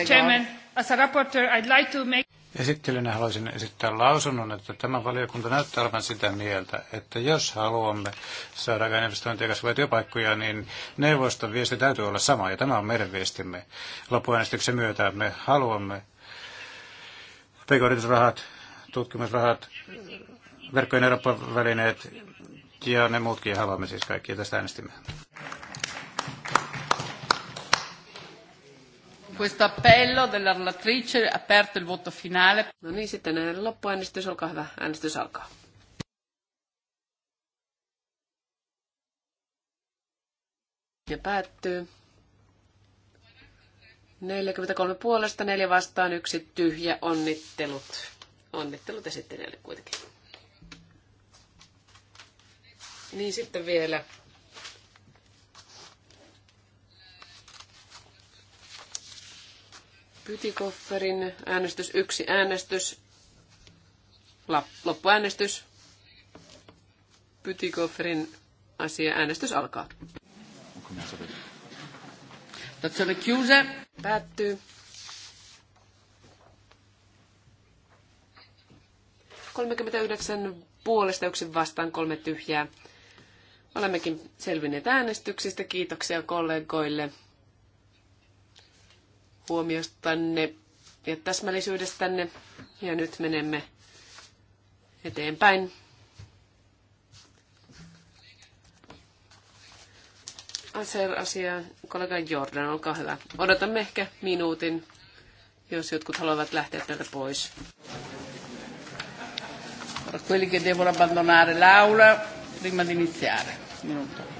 Chairman, as a rapporteur, I'd like to make... Esittelynä haluaisin esittää lausunnon, että tämä valiokunta näyttää olevan sitä mieltä, että jos haluamme saada investointia ja kasvavia työpaikkoja, niin neuvoston viesti täytyy olla sama, ja tämä on meidän viestimme. Loppuäänestyksen myötä me haluamme pk tutkimusrahat, verkkojen Euroopan välineet ja ne muutkin haluamme siis kaikki, tästä äänestimme. questo appello della relatrice, aperto il voto finale. No niin, sitten eh, loppuäänestys, olkaa hyvä, äänestys alkaa. Ja päättyy. 43 puolesta, 4 vastaan, yksi tyhjä. Onnittelut. Onnittelut esittelijälle kuitenkin. Niin sitten vielä Pytikofferin äänestys, yksi äänestys, loppuäänestys. Pytikofferin asia, äänestys alkaa. oli kyse. Päättyy. puolesta yksi vastaan kolme tyhjää. Olemmekin selvinneet äänestyksistä. Kiitoksia kollegoille huomiostanne ja täsmällisyydestänne. Ja nyt menemme eteenpäin. Aser-asia, kollega Jordan, olkaa hyvä. Odotamme ehkä minuutin, jos jotkut haluavat lähteä täältä pois. quelli che devono abbandonare l'aula prima di iniziare. Minuto.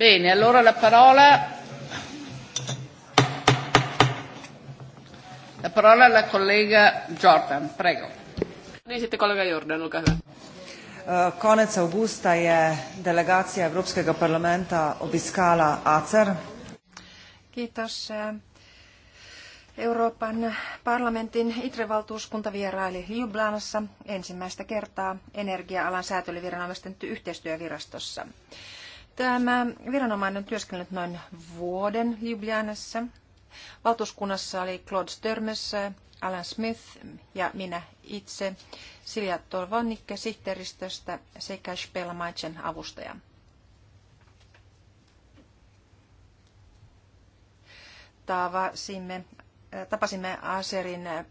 Bene, allora la parola. La parola alla collega Jordan, prego. Niin sitten kollega Jordan, olkaa eh, Konec augusta je delegacija Evropskega parlamenta obiskala ACER. Kiitos. Eh, Euroopan parlamentin ITRE-valtuuskunta vieraili Ljubljanassa ensimmäistä kertaa energia-alan säätelyviranomaisten yhteistyövirastossa. Tämä viranomainen on työskennellyt noin vuoden Ljubljanassa. Valtuuskunnassa oli Claude Störmes, Alan Smith ja minä itse, Silja Tolvonnikke sihteeristöstä sekä Spela Maitsen avustaja. Tavasimme, äh, tapasimme Aserin äh,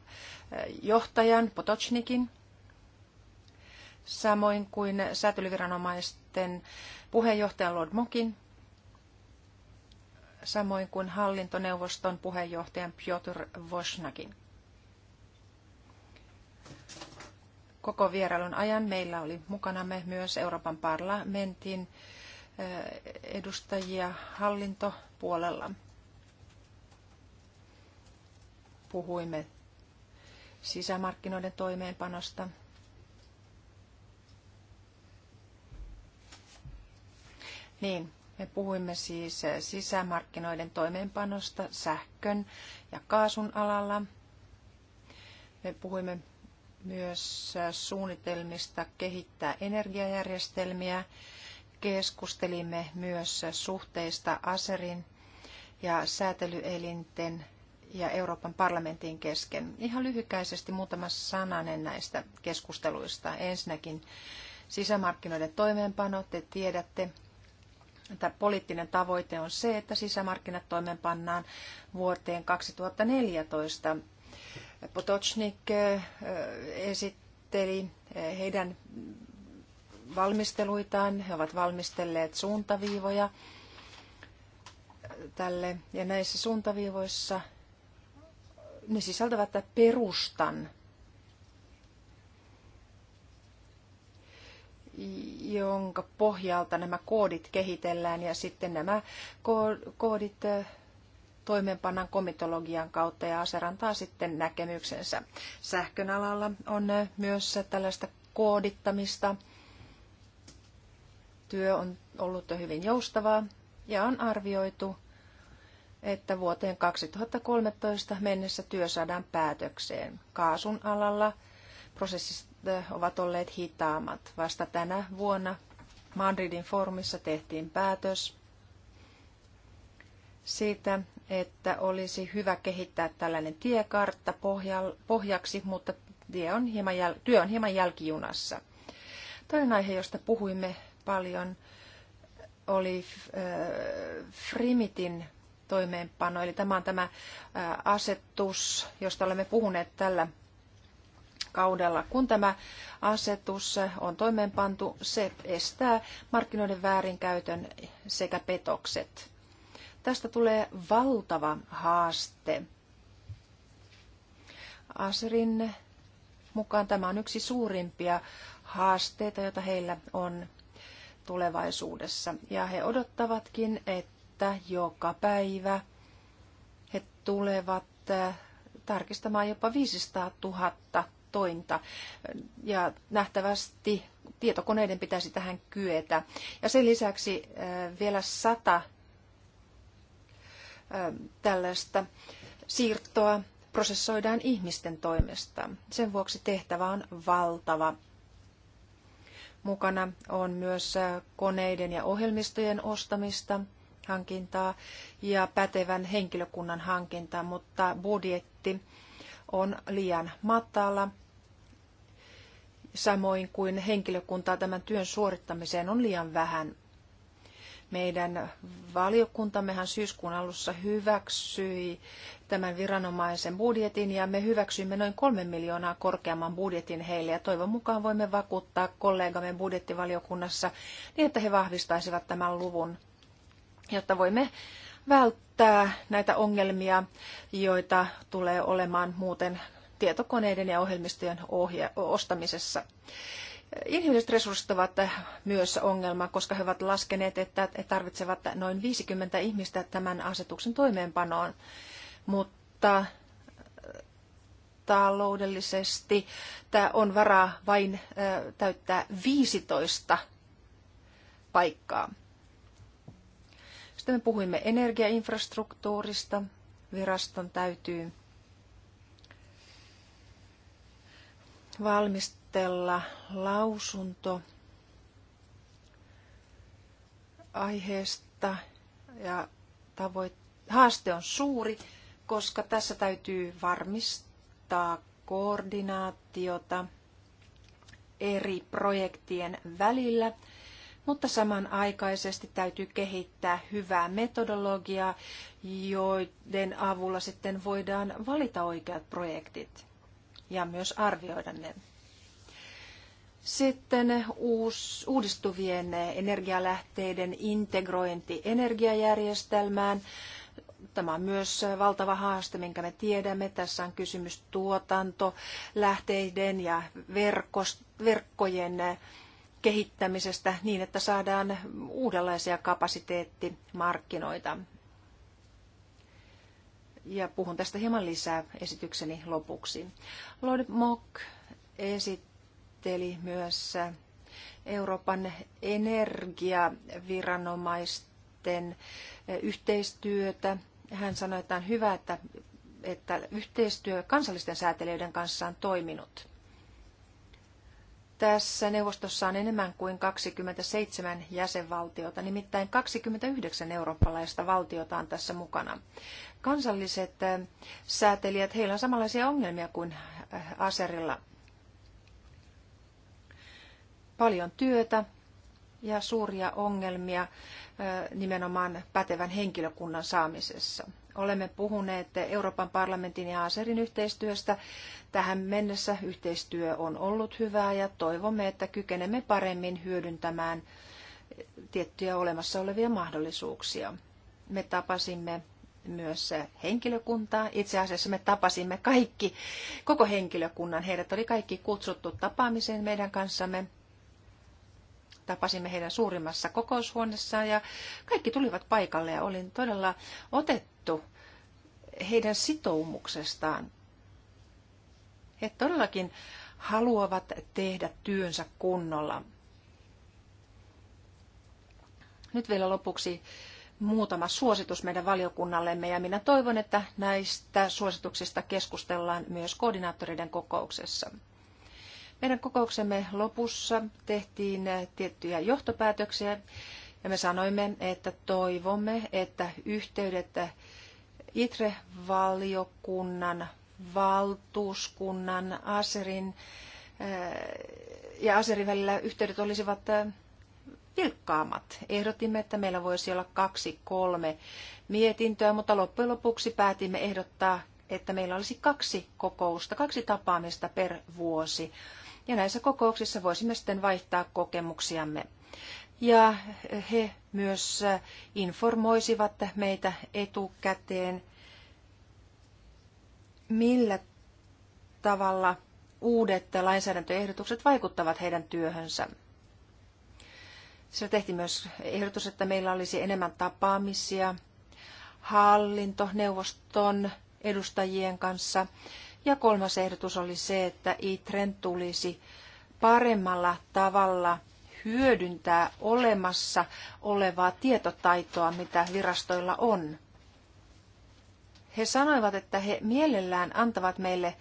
johtajan Potocnikin, samoin kuin säätelyviranomaisten puheenjohtajan Lord Mokin, samoin kuin hallintoneuvoston puheenjohtajan Piotr Vosnakin. Koko vierailun ajan meillä oli mukanamme myös Euroopan parlamentin eh, edustajia hallintopuolella. Puhuimme sisämarkkinoiden toimeenpanosta, Niin, me puhuimme siis sisämarkkinoiden toimeenpanosta sähkön ja kaasun alalla. Me puhuimme myös suunnitelmista kehittää energiajärjestelmiä. Keskustelimme myös suhteista Aserin ja säätelyelinten ja Euroopan parlamentin kesken. Ihan lyhykäisesti muutama sananen näistä keskusteluista. Ensinnäkin sisämarkkinoiden toimeenpano. Te tiedätte, Tämä poliittinen tavoite on se, että sisämarkkinat toimeenpannaan vuoteen 2014. Potocnik eh, esitteli eh, heidän valmisteluitaan. He ovat valmistelleet suuntaviivoja tälle. Ja näissä suuntaviivoissa ne sisältävät perustan jonka pohjalta nämä koodit kehitellään ja sitten nämä koodit toimeenpannan komitologian kautta ja aserantaa sitten näkemyksensä. Sähkön alalla on myös tällaista koodittamista. Työ on ollut hyvin joustavaa ja on arvioitu, että vuoteen 2013 mennessä työ saadaan päätökseen. Kaasun alalla – prosessit ovat olleet hitaammat. Vasta tänä vuonna Madridin foorumissa tehtiin päätös siitä, että olisi hyvä kehittää tällainen tiekartta pohjaksi, mutta tie on hieman jäl, työ on hieman jälkijunassa. Toinen aihe, josta puhuimme paljon, oli äh, Frimitin toimeenpano. Eli tämä on tämä äh, asetus, josta olemme puhuneet tällä kaudella. Kun tämä asetus on toimeenpantu, se estää markkinoiden väärinkäytön sekä petokset. Tästä tulee valtava haaste. Aserin mukaan tämä on yksi suurimpia haasteita, joita heillä on tulevaisuudessa. Ja he odottavatkin, että joka päivä he tulevat äh, tarkistamaan jopa 500 000 tointa. Ja nähtävästi tietokoneiden pitäisi tähän kyetä. Ja sen lisäksi äh, vielä sata äh, tällaista siirtoa prosessoidaan ihmisten toimesta. Sen vuoksi tehtävä on valtava. Mukana on myös äh, koneiden ja ohjelmistojen ostamista, hankintaa ja pätevän henkilökunnan hankintaa, mutta budjetti on liian matala, samoin kuin henkilökuntaa tämän työn suorittamiseen on liian vähän. Meidän valiokuntammehan syyskuun alussa hyväksyi tämän viranomaisen budjetin ja me hyväksyimme noin kolme miljoonaa korkeamman budjetin heille ja toivon mukaan voimme vakuuttaa kollegamme budjettivaliokunnassa niin, että he vahvistaisivat tämän luvun, jotta voimme välttää näitä ongelmia, joita tulee olemaan muuten tietokoneiden ja ohjelmistojen ohje- ostamisessa. Inhimilliset resurssit ovat myös ongelma, koska he ovat laskeneet, että he tarvitsevat noin 50 ihmistä tämän asetuksen toimeenpanoon. Mutta äh, taloudellisesti tämä on varaa vain äh, täyttää 15 paikkaa. Sitten me puhuimme energiainfrastruktuurista. Viraston täytyy valmistella lausunto aiheesta ja tavoit- haaste on suuri, koska tässä täytyy varmistaa koordinaatiota eri projektien välillä – mutta samanaikaisesti täytyy kehittää hyvää metodologiaa, joiden avulla sitten voidaan valita oikeat projektit ja myös arvioida ne. Sitten uus, uudistuvien energialähteiden integrointi energiajärjestelmään. Tämä on myös valtava haaste, minkä me tiedämme. Tässä on kysymys tuotantolähteiden ja verkkojen kehittämisestä niin, että saadaan uudenlaisia kapasiteettimarkkinoita. Ja puhun tästä hieman lisää esitykseni lopuksi. Lord Mock esitteli myös Euroopan energiaviranomaisten yhteistyötä. Hän sanoi, että on hyvä, että, että yhteistyö kansallisten säätelijöiden kanssa on toiminut tässä neuvostossa on enemmän kuin 27 jäsenvaltiota, nimittäin 29 eurooppalaista valtiota on tässä mukana. Kansalliset eh, säätelijät, heillä on samanlaisia ongelmia kuin eh, Aserilla. Paljon työtä ja suuria ongelmia eh, nimenomaan pätevän henkilökunnan saamisessa. Olemme puhuneet Euroopan parlamentin ja Aserin yhteistyöstä. Tähän mennessä yhteistyö on ollut hyvää ja toivomme, että kykenemme paremmin hyödyntämään tiettyjä olemassa olevia mahdollisuuksia. Me tapasimme myös henkilökuntaa. Itse asiassa me tapasimme kaikki, koko henkilökunnan. Heidät oli kaikki kutsuttu tapaamiseen meidän kanssamme. Tapasimme heidän suurimmassa kokoushuoneessaan ja kaikki tulivat paikalle ja olin todella otettu puhuttu heidän sitoumuksestaan. He todellakin haluavat tehdä työnsä kunnolla. Nyt vielä lopuksi muutama suositus meidän valiokunnallemme ja minä toivon, että näistä suosituksista keskustellaan myös koordinaattoreiden kokouksessa. Meidän kokouksemme lopussa tehtiin tiettyjä johtopäätöksiä ja me sanoimme, että toivomme, että yhteydet ITRE-valiokunnan, valtuuskunnan, ASERin eh, ja ASERin välillä yhteydet olisivat eh, vilkkaammat. Ehdotimme, että meillä voisi olla kaksi kolme mietintöä, mutta loppujen lopuksi päätimme ehdottaa, että meillä olisi kaksi kokousta, kaksi tapaamista per vuosi. Ja näissä kokouksissa voisimme sitten vaihtaa kokemuksiamme ja he myös informoisivat meitä etukäteen, millä tavalla uudet lainsäädäntöehdotukset vaikuttavat heidän työhönsä. Se tehtiin myös ehdotus, että meillä olisi enemmän tapaamisia hallintoneuvoston edustajien kanssa. Ja kolmas ehdotus oli se, että ITREN tulisi paremmalla tavalla hyödyntää olemassa olevaa tietotaitoa, mitä virastoilla on. He sanoivat, että he mielellään antavat meille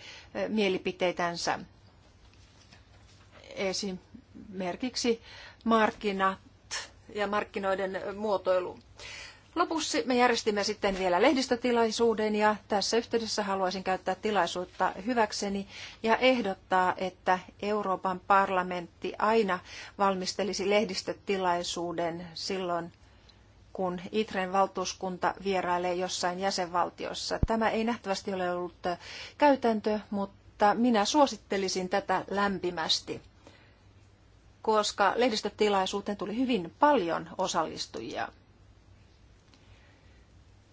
mielipiteitänsä esimerkiksi markkinat ja markkinoiden muotoilu. Lopuksi me järjestimme sitten vielä lehdistötilaisuuden ja tässä yhteydessä haluaisin käyttää tilaisuutta hyväkseni ja ehdottaa, että Euroopan parlamentti aina valmistelisi lehdistötilaisuuden silloin, kun Itren valtuuskunta vierailee jossain jäsenvaltiossa. Tämä ei nähtävästi ole ollut käytäntö, mutta minä suosittelisin tätä lämpimästi, koska lehdistötilaisuuteen tuli hyvin paljon osallistujia.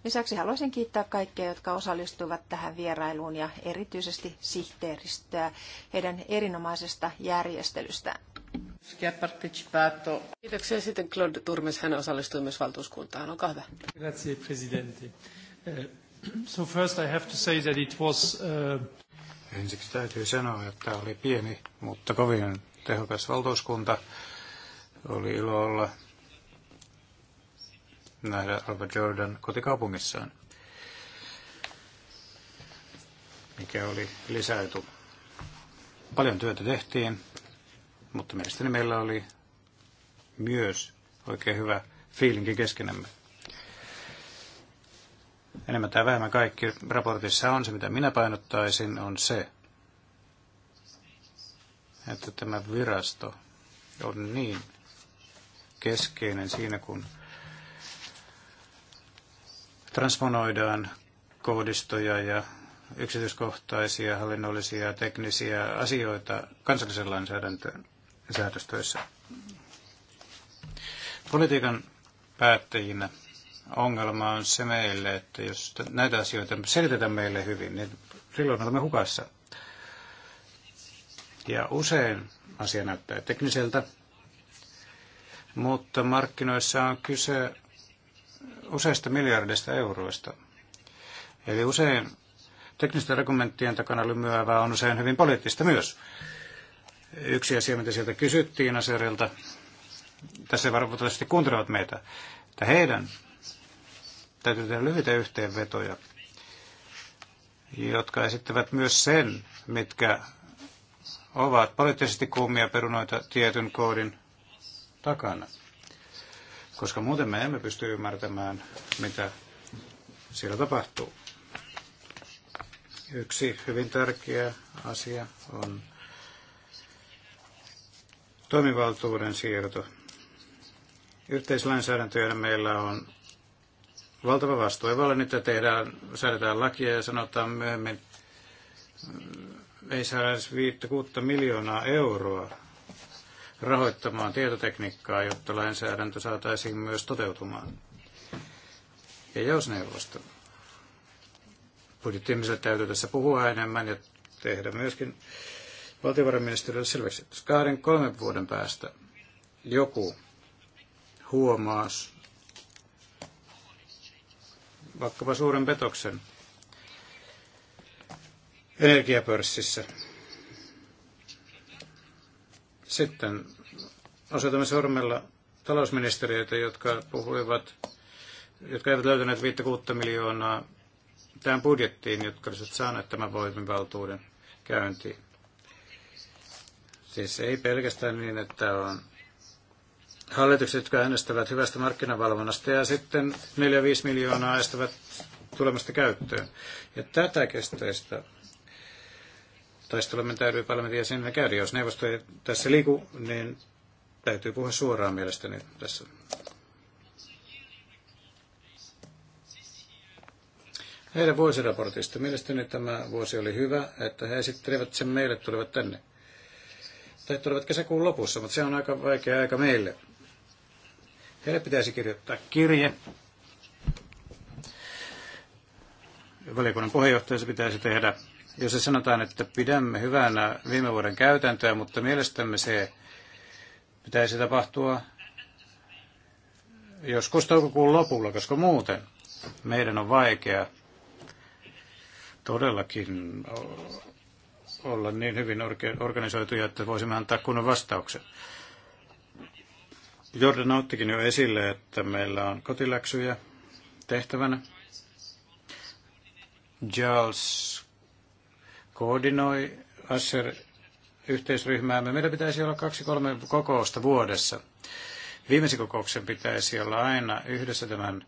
Lisäksi haluaisin kiittää kaikkia, jotka osallistuivat tähän vierailuun ja erityisesti sihteeristöä heidän erinomaisesta järjestelystään. Kiitoksia. Sitten Claude Turmes, hän osallistui myös valtuuskuntaan. Olkaa hyvä. Grazie, presidente. Eh, so first I have to say that it was... Uh... Ensiksi täytyy sanoa, että oli pieni, mutta kovin tehokas valtuuskunta. Oli ilo olla nähdä Albert Jordan kotikaupungissaan, mikä oli lisäytu. Paljon työtä tehtiin, mutta mielestäni meillä oli myös oikein hyvä fiilinki keskenämme. Enemmän tai vähemmän kaikki raportissa on se, mitä minä painottaisin, on se, että tämä virasto on niin keskeinen siinä, kun transponoidaan koodistoja ja yksityiskohtaisia hallinnollisia ja teknisiä asioita kansallisen lainsäädäntöön säädöstöissä. Politiikan päättäjinä ongelma on se meille, että jos näitä asioita selitetään meille hyvin, niin silloin olemme hukassa. Ja usein asia näyttää tekniseltä, mutta markkinoissa on kyse useista miljardista euroista. Eli usein teknisten argumenttien takana lymyävää on usein hyvin poliittista myös. Yksi asia, mitä sieltä kysyttiin Aserilta, tässä varmasti kuuntelevat meitä, että heidän täytyy tehdä lyhyitä yhteenvetoja, jotka esittävät myös sen, mitkä ovat poliittisesti kuumia perunoita tietyn koodin takana koska muuten me emme pysty ymmärtämään, mitä siellä tapahtuu. Yksi hyvin tärkeä asia on toimivaltuuden siirto. Yhteislainsäädäntöjä meillä on valtava vastuu. Ei voi olla, että tehdään, säädetään lakia ja sanotaan myöhemmin, ei saada edes 5-6 miljoonaa euroa rahoittamaan tietotekniikkaa, jotta lainsäädäntö saataisiin myös toteutumaan. Ja jos neuvosto. Budjettiimiselle täytyy tässä puhua enemmän ja tehdä myöskin valtiovarainministeriölle selväksi, että kahden kolmen vuoden päästä joku huomaa vaikkapa suuren petoksen energiapörssissä, sitten osoitamme sormella talousministeriöitä, jotka puhuivat, jotka eivät löytäneet 5-6 miljoonaa tähän budjettiin, jotka olisivat saaneet tämän voimivaltuuden käyntiin. Siis ei pelkästään niin, että on hallitukset, jotka äänestävät hyvästä markkinavalvonnasta ja sitten 4-5 miljoonaa estävät tulemasta käyttöön. Ja tätä kestäistä taistelemme täytyy parlamentin jäsenenä käydä. Jos neuvosto ei tässä liiku, niin täytyy puhua suoraan mielestäni tässä. Heidän vuosiraportista. Mielestäni tämä vuosi oli hyvä, että he esittelivät sen meille, tulevat tänne. Tai tulevat kesäkuun lopussa, mutta se on aika vaikea aika meille. Heille pitäisi kirjoittaa kirje. Valiokunnan puheenjohtaja se pitäisi tehdä jossa sanotaan, että pidämme hyvänä viime vuoden käytäntöä, mutta mielestämme se pitäisi tapahtua joskus toukokuun lopulla, koska muuten meidän on vaikea todellakin olla niin hyvin organisoituja, että voisimme antaa kunnon vastauksen. Jordan ottikin jo esille, että meillä on kotiläksyjä tehtävänä. Giles koordinoi Asser yhteisryhmäämme Meillä pitäisi olla kaksi-kolme kokousta vuodessa. Viimeisen kokouksen pitäisi olla aina yhdessä tämän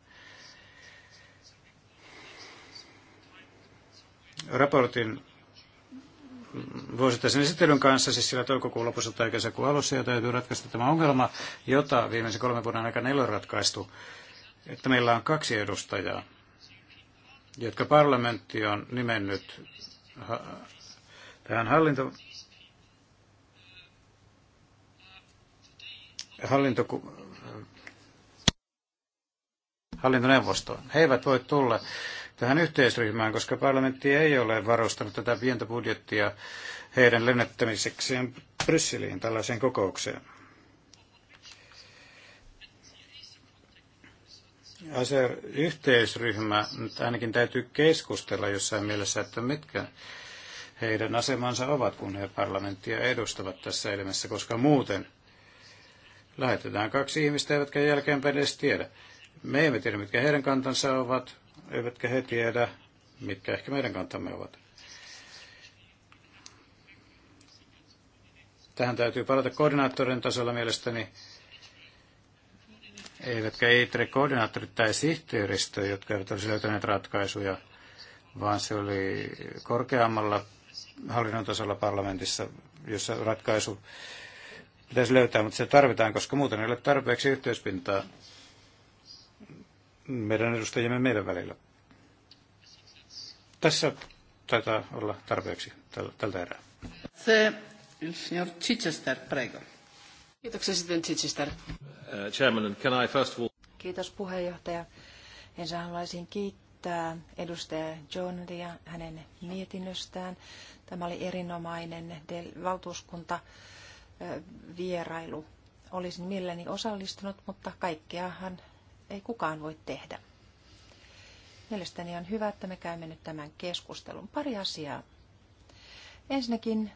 raportin vuosittaisen esittelyn kanssa, siis sillä toukokuun lopussa tai kesäkuun alussa, ja täytyy ratkaista tämä ongelma, jota viimeisen kolmen vuoden aikana ei ole ratkaistu, että meillä on kaksi edustajaa, jotka parlamentti on nimennyt tähän hallinto, hallinto, hallintoneuvostoon. He eivät voi tulla tähän yhteisryhmään, koska parlamentti ei ole varustanut tätä pientä budjettia heidän lennättämisekseen Brysseliin tällaiseen kokoukseen. ASER-yhteisryhmä nyt ainakin täytyy keskustella jossain mielessä, että mitkä heidän asemansa ovat, kun he parlamenttia edustavat tässä elämässä, koska muuten lähetetään kaksi ihmistä, eivätkä jälkeenpäin edes tiedä. Me emme tiedä, mitkä heidän kantansa ovat, eivätkä he tiedä, mitkä ehkä meidän kantamme ovat. Tähän täytyy palata koordinaattorin tasolla mielestäni eivätkä EITRE-koordinaattorit tai sihteeristö, jotka eivät olisi löytäneet ratkaisuja, vaan se oli korkeammalla hallinnon tasolla parlamentissa, jossa ratkaisu pitäisi löytää, mutta se tarvitaan, koska muuten ei ole tarpeeksi yhteispintaa meidän edustajiemme meidän välillä. Tässä taitaa olla tarpeeksi tältä erää. Se, il signor Chichester, prego. Kiitoksia sitten uh, Kiitos puheenjohtaja. Ensin haluaisin kiittää edustaja Johnia hänen mietinnöstään. Tämä oli erinomainen valtuuskunta vierailu. Olisin mielelläni osallistunut, mutta kaikkeahan ei kukaan voi tehdä. Mielestäni on hyvä, että me käymme nyt tämän keskustelun. Pari asiaa. Ensinnäkin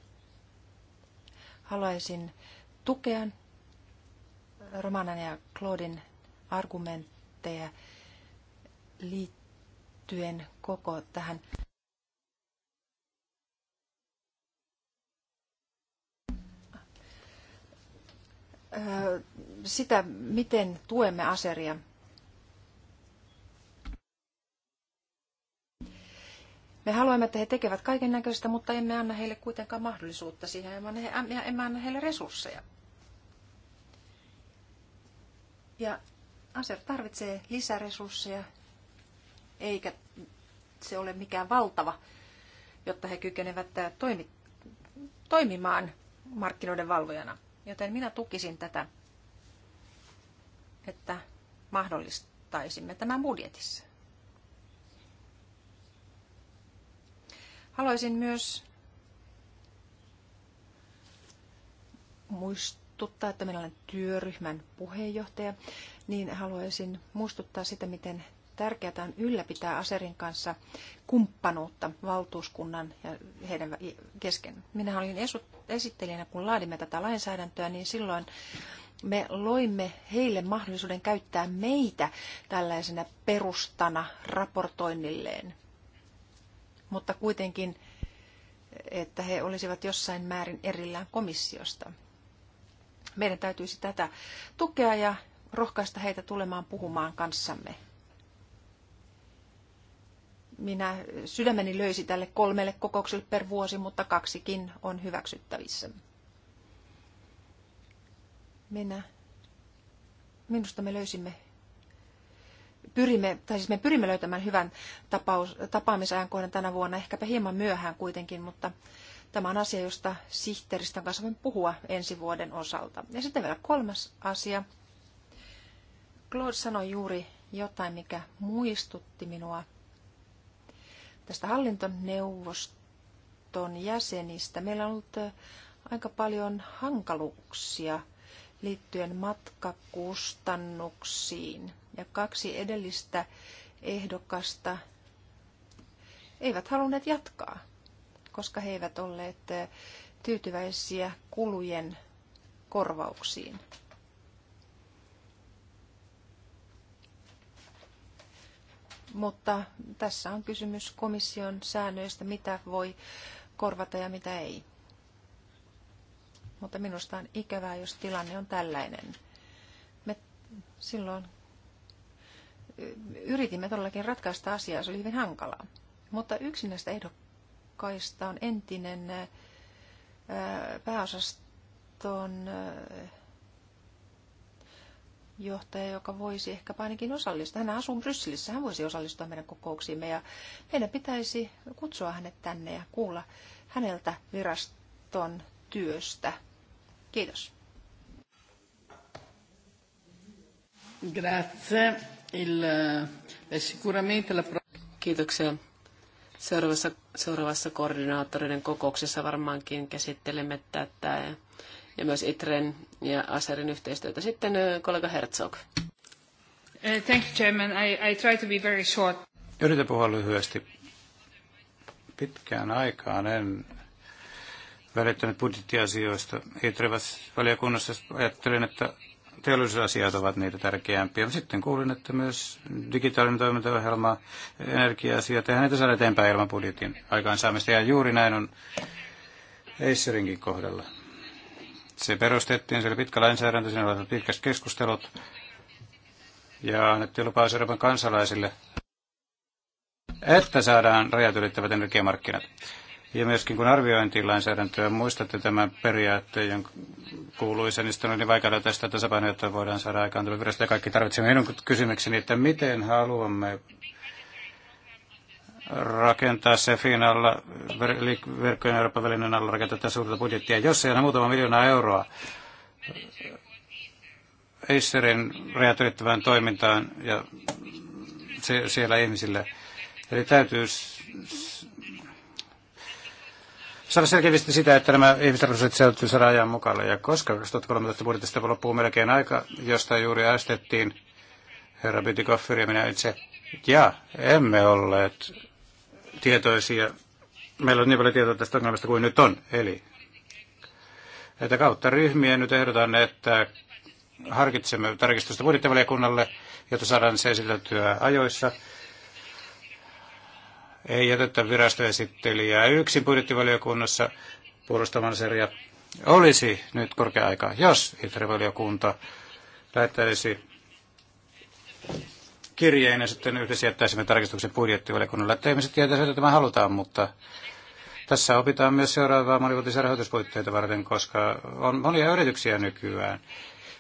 haluaisin tukea Romanan ja Claudin argumentteja liittyen koko tähän sitä, miten tuemme aseria. Me haluamme, että he tekevät kaiken näköistä, mutta emme anna heille kuitenkaan mahdollisuutta siihen, emme anna heille resursseja. Ja ASER tarvitsee lisäresursseja, eikä se ole mikään valtava, jotta he kykenevät äh, toimi, toimimaan markkinoiden valvojana. Joten minä tukisin tätä, että mahdollistaisimme tämän budjetissa. Haluaisin myös muistaa muistuttaa, että meillä on työryhmän puheenjohtaja, niin haluaisin muistuttaa sitä, miten tärkeää on ylläpitää Aserin kanssa kumppanuutta valtuuskunnan ja heidän kesken. Minä olin esittelijänä, kun laadimme tätä lainsäädäntöä, niin silloin me loimme heille mahdollisuuden käyttää meitä tällaisena perustana raportoinnilleen. Mutta kuitenkin, että he olisivat jossain määrin erillään komissiosta. Meidän täytyisi tätä tukea ja rohkaista heitä tulemaan puhumaan kanssamme. Minä sydämeni löysi tälle kolmelle kokoukselle per vuosi, mutta kaksikin on hyväksyttävissä. Minä, minusta me löysimme pyrimme, tai siis me pyrimme löytämään hyvän tapaus, tapaamisajankohdan tänä vuonna, ehkäpä hieman myöhään kuitenkin, mutta Tämä on asia, josta sihteeristön kanssa voin puhua ensi vuoden osalta. Ja sitten vielä kolmas asia. Claude sanoi juuri jotain, mikä muistutti minua tästä hallintoneuvoston jäsenistä. Meillä on ollut aika paljon hankaluuksia liittyen matkakustannuksiin. Ja kaksi edellistä ehdokasta eivät halunneet jatkaa koska he eivät olleet eh, tyytyväisiä kulujen korvauksiin. Mutta tässä on kysymys komission säännöistä, mitä voi korvata ja mitä ei. Mutta minusta on ikävää, jos tilanne on tällainen. Me silloin eh, yritimme todellakin ratkaista asiaa, se oli hyvin hankalaa. Mutta yksi näistä ehdokkaista Kaista on entinen pääosaston johtaja, joka voisi ehkä ainakin osallistua. Hän asuu Brysselissä, hän voisi osallistua meidän kokouksiimme ja meidän pitäisi kutsua hänet tänne ja kuulla häneltä viraston työstä. Kiitos. Grazie. Il, eh, sicuramente la... Kiitoksia. Seuraavassa, seuraavassa koordinaattoreiden kokouksessa varmaankin käsittelemme tätä ja myös ITREN ja ASERin yhteistyötä. Sitten kollega Herzog. Uh, thank you, Chairman. I, I try to be very short. Yritän puhua lyhyesti. Pitkään aikaan en välittänyt budjettiasioista. ITRE-valiokunnassa ajattelin, että teollisuusasiat ovat niitä tärkeämpiä. Sitten kuulin, että myös digitaalinen toimintaohjelma, energia-asiat, eihän niitä saada eteenpäin ilman budjetin aikaansaamista. Ja juuri näin on Acerinkin kohdalla. Se perustettiin, se oli pitkä lainsäädäntö, siinä oli pitkät keskustelut ja annettiin lupaa Euroopan kansalaisille, että saadaan rajat ylittävät energiamarkkinat. Ja myöskin kun arviointilainsäädäntöä muistatte tämän periaatteen, jonka kuuluisen, niin sitten oli niin vaikeaa tästä tasapainoa, voidaan saada aikaan tämän virasto. Ja kaikki tarvitsemme minun kysymykseni, että miten haluamme rakentaa se alla, verkkojen Euroopan välinen alla rakentaa tätä suurta budjettia, jos ei ole muutama miljoonaa euroa Acerin rajat ylittävään toimintaan ja se, siellä ihmisille. Eli täytyisi saada selkeästi sitä, että nämä ihmisarvoiset sieltä saada ajan mukalle. Ja koska 2013 budjetista loppuu melkein aika, josta juuri äästettiin herra Bytikoffer ja minä itse, ja emme olleet tietoisia. Meillä on niin paljon tietoa tästä ongelmasta kuin nyt on. Eli että kautta ryhmien nyt ehdotan, että harkitsemme tarkistusta budjettivaliokunnalle, jotta saadaan se esiteltyä ajoissa ei jätetä virastoesittelijää yksin budjettivaliokunnassa puolustamaan seria. Olisi nyt korkea aika, jos itrevaliokunta lähettäisi kirjeen ja sitten yhdessä jättäisimme tarkistuksen budjettivaliokunnalle. Että ihmiset tietäisivät, että tämä halutaan, mutta tässä opitaan myös seuraavaa monivuotisia rahoituspuitteita varten, koska on monia yrityksiä nykyään,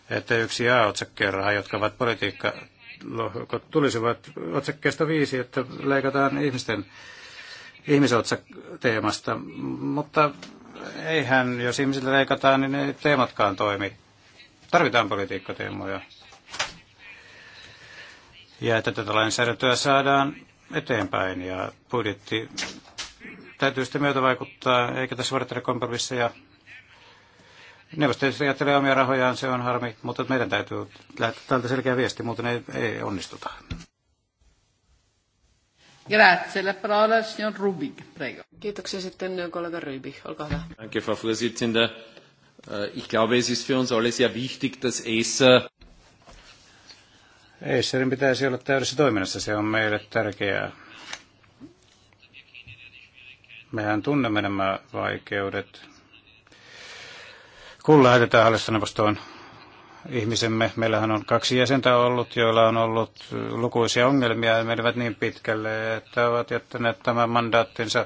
että yksi A-otsakkeen raha, jotka ovat politiikka lohkot tulisivat otsakkeesta viisi, että leikataan ihmisten ihmisotsateemasta, mutta eihän, jos ihmisiltä leikataan, niin ne teematkaan toimi. Tarvitaan politiikkateemoja. Ja että tätä lainsäädäntöä saadaan eteenpäin ja budjetti täytyy sitten myötä vaikuttaa, eikä tässä voida tehdä kompromisseja Neuvostoliitto ajattelee omia rahojaan, se on harmi, mutta meidän täytyy lähteä tältä selkeä viesti, muuten ei, ei onnistuta. Grazie, la parola signor Rubik, prego. Kiitoksia sitten kollega Rubik, olkaa hyvä. Danke, Frau Vorsitzende. Äh, ich glaube, es ist für uns alle sehr wichtig, dass ESA... eserin pitäisi olla täydessä toiminnassa, se on meille tärkeää. Mehän tunnemme nämä vaikeudet, kun lähetetään hallintoneuvostoon ihmisemme. Meillähän on kaksi jäsentä ollut, joilla on ollut lukuisia ongelmia ja menevät niin pitkälle, että ovat jättäneet tämän mandaattinsa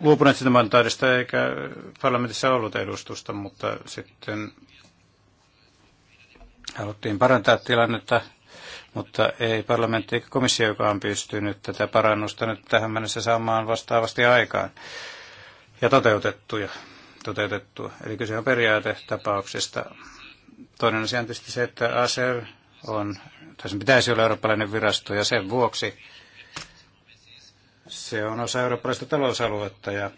luopuneet sitä mandaatista eikä parlamentissa ollut edustusta, mutta sitten haluttiin parantaa tilannetta mutta ei parlamentti eikä komissiokaan pystynyt tätä parannusta nyt tähän mennessä saamaan vastaavasti aikaan ja toteutettuja. toteutettua. Eli kyse on periaatetapauksesta. Toinen asia on tietysti se, että ASER on, tai sen pitäisi olla eurooppalainen virasto ja sen vuoksi se on osa eurooppalaista talousaluetta ja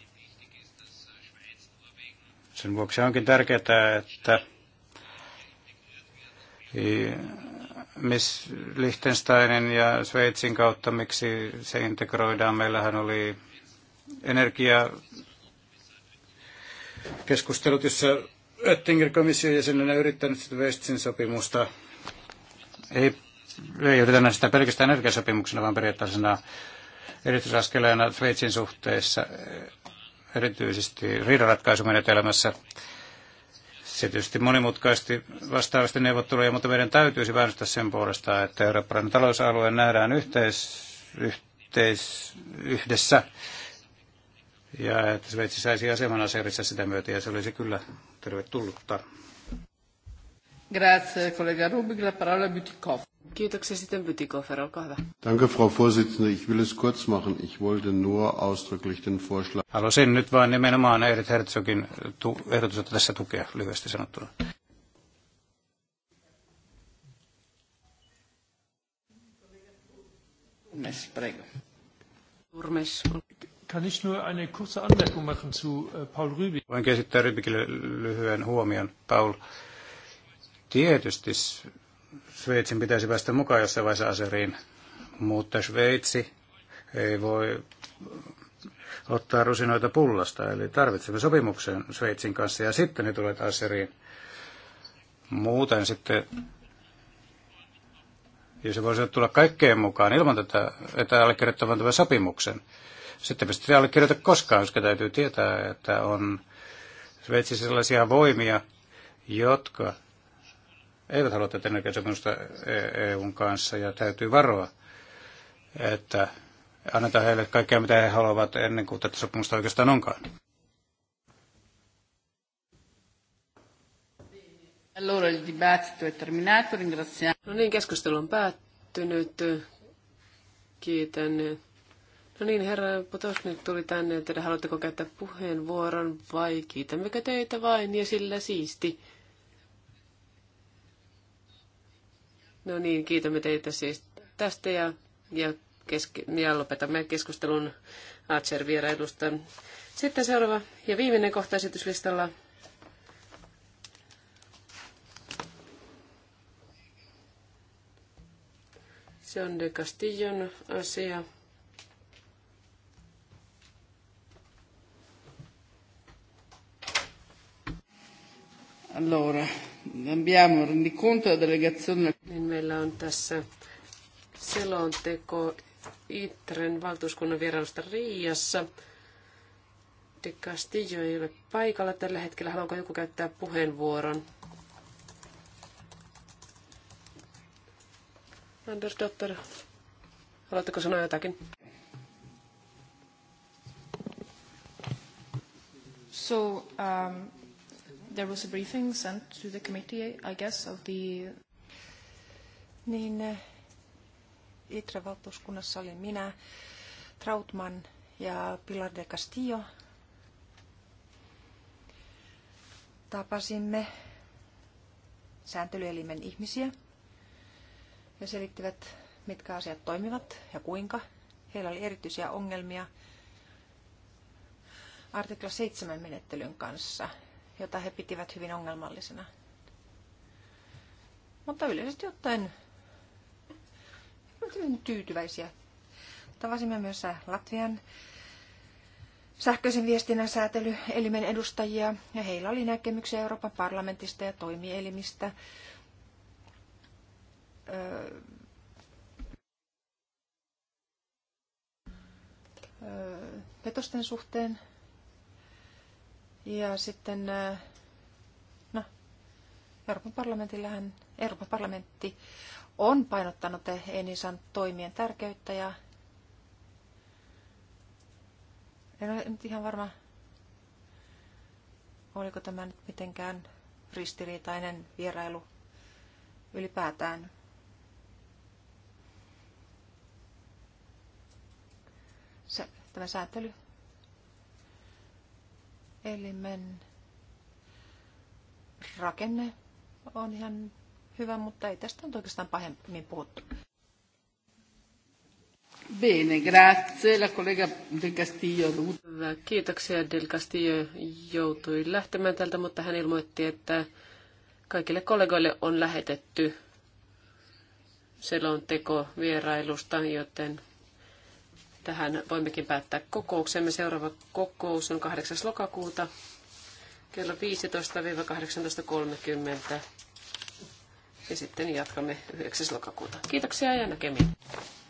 sen vuoksi onkin tärkeää, että Miss Liechtensteinin ja Sveitsin kautta, miksi se integroidaan. Meillähän oli keskustelut, jossa Oettinger komission jäsenenä yrittänyt sitä Westin sopimusta. Ei, ei yritetä sitä pelkästään energiasopimuksena, vaan periaatteessa erityisaskeleena Sveitsin suhteessa, erityisesti riidanratkaisumenetelmässä. Se tietysti monimutkaisesti vastaavasti neuvotteluja, mutta meidän täytyisi väännöstä sen puolesta, että eurooppalainen talousalue nähdään yhteis, yhteis, yhdessä ja että Sveitsi saisi asemana asemissa sitä myötä ja se olisi kyllä tervetullutta. Grazie, kollega Rubik. La parola Bütikov. Kiitoksia sitten Bütikofer, olkaa hyvä. Danke, Frau Vorsitzende. Ich will es kurz machen. Ich wollte nur ausdrücklich den Vorschlag... Haluaisin nyt vain nimenomaan Erit Herzogin tu- ehdotusta tässä tukea lyhyesti sanottuna. Turmes, prego. Turmes. Kann ich nur eine kurze Anmerkung machen zu äh, Paul Rübig? Voin esittää Rübigille lyhyen huomion. Paul, Tietysti Sveitsin pitäisi päästä mukaan jossain vaiheessa aseriin, mutta Sveitsi ei voi ottaa rusinoita pullasta, eli tarvitsemme sopimuksen Sveitsin kanssa ja sitten ne tulevat aseriin. Muuten sitten, jos se voisi tulla kaikkeen mukaan ilman tätä, että allekirjoittavan tämän sopimuksen, sitten pystyy allekirjoita koskaan, koska täytyy tietää, että on Sveitsissä sellaisia voimia, jotka eivät halua tätä energiasopimusta EUn e kanssa ja täytyy varoa, että annetaan heille kaikkea mitä he haluavat ennen kuin tätä sopimusta oikeastaan onkaan. Allora il dibattito è terminato, ringraziamo. No niin, keskustelu on päättynyt. Kiitän. No niin, herra Potosnik tuli tänne, että haluatteko käyttää puheenvuoron vai kiitämmekö teitä vain ja sillä siisti. No niin, kiitämme teitä siis tästä ja, ja, keske, ja lopetamme keskustelun Archer-vierailusta. Sitten seuraava ja viimeinen kohta esityslistalla. Se on de Castillon asia. Allora. Abbiamo rendiconto della delegazione. Niin meillä on tässä selonteko Itren valtuuskunnan vierailusta Riassa. De Castillo ei ole paikalla tällä hetkellä. Haluanko joku käyttää puheenvuoron? Anders Dotter, haluatteko sanoa jotakin? So, um, there was a briefing sent to the committee, I guess, of the... Niin eh, itra valtuuskunnassa olin minä, Trautman ja Pilar de Castillo. Tapasimme sääntelyelimen ihmisiä ja selittivät, mitkä asiat toimivat ja kuinka. Heillä oli erityisiä ongelmia artikla 7 menettelyn kanssa – jota he pitivät hyvin ongelmallisena. Mutta yleisesti ottaen hyvin tyytyväisiä. Tavasimme myös Latvian sähköisen viestinnän säätelyelimen edustajia ja heillä oli näkemyksiä Euroopan parlamentista ja toimielimistä. Öö, öö petosten suhteen ja sitten äh, no, Euroopan, parlamentillähän, Euroopan parlamentti on painottanut Enisan toimien tärkeyttä ja en ole nyt ihan varma, oliko tämä nyt mitenkään ristiriitainen vierailu ylipäätään. Se, tämä sääntely elimen rakenne on ihan hyvä, mutta ei tästä nyt oikeastaan pahemmin puhuttu. Bene, grazie. La collega Del Castillo. Kiitoksia. Del Castillo joutui lähtemään tältä, mutta hän ilmoitti, että kaikille kollegoille on lähetetty selonteko vierailusta, joten Tähän voimmekin päättää kokouksemme. Seuraava kokous on 8. lokakuuta kello 15-18.30. Ja sitten jatkamme 9. lokakuuta. Kiitoksia ja näkemiin.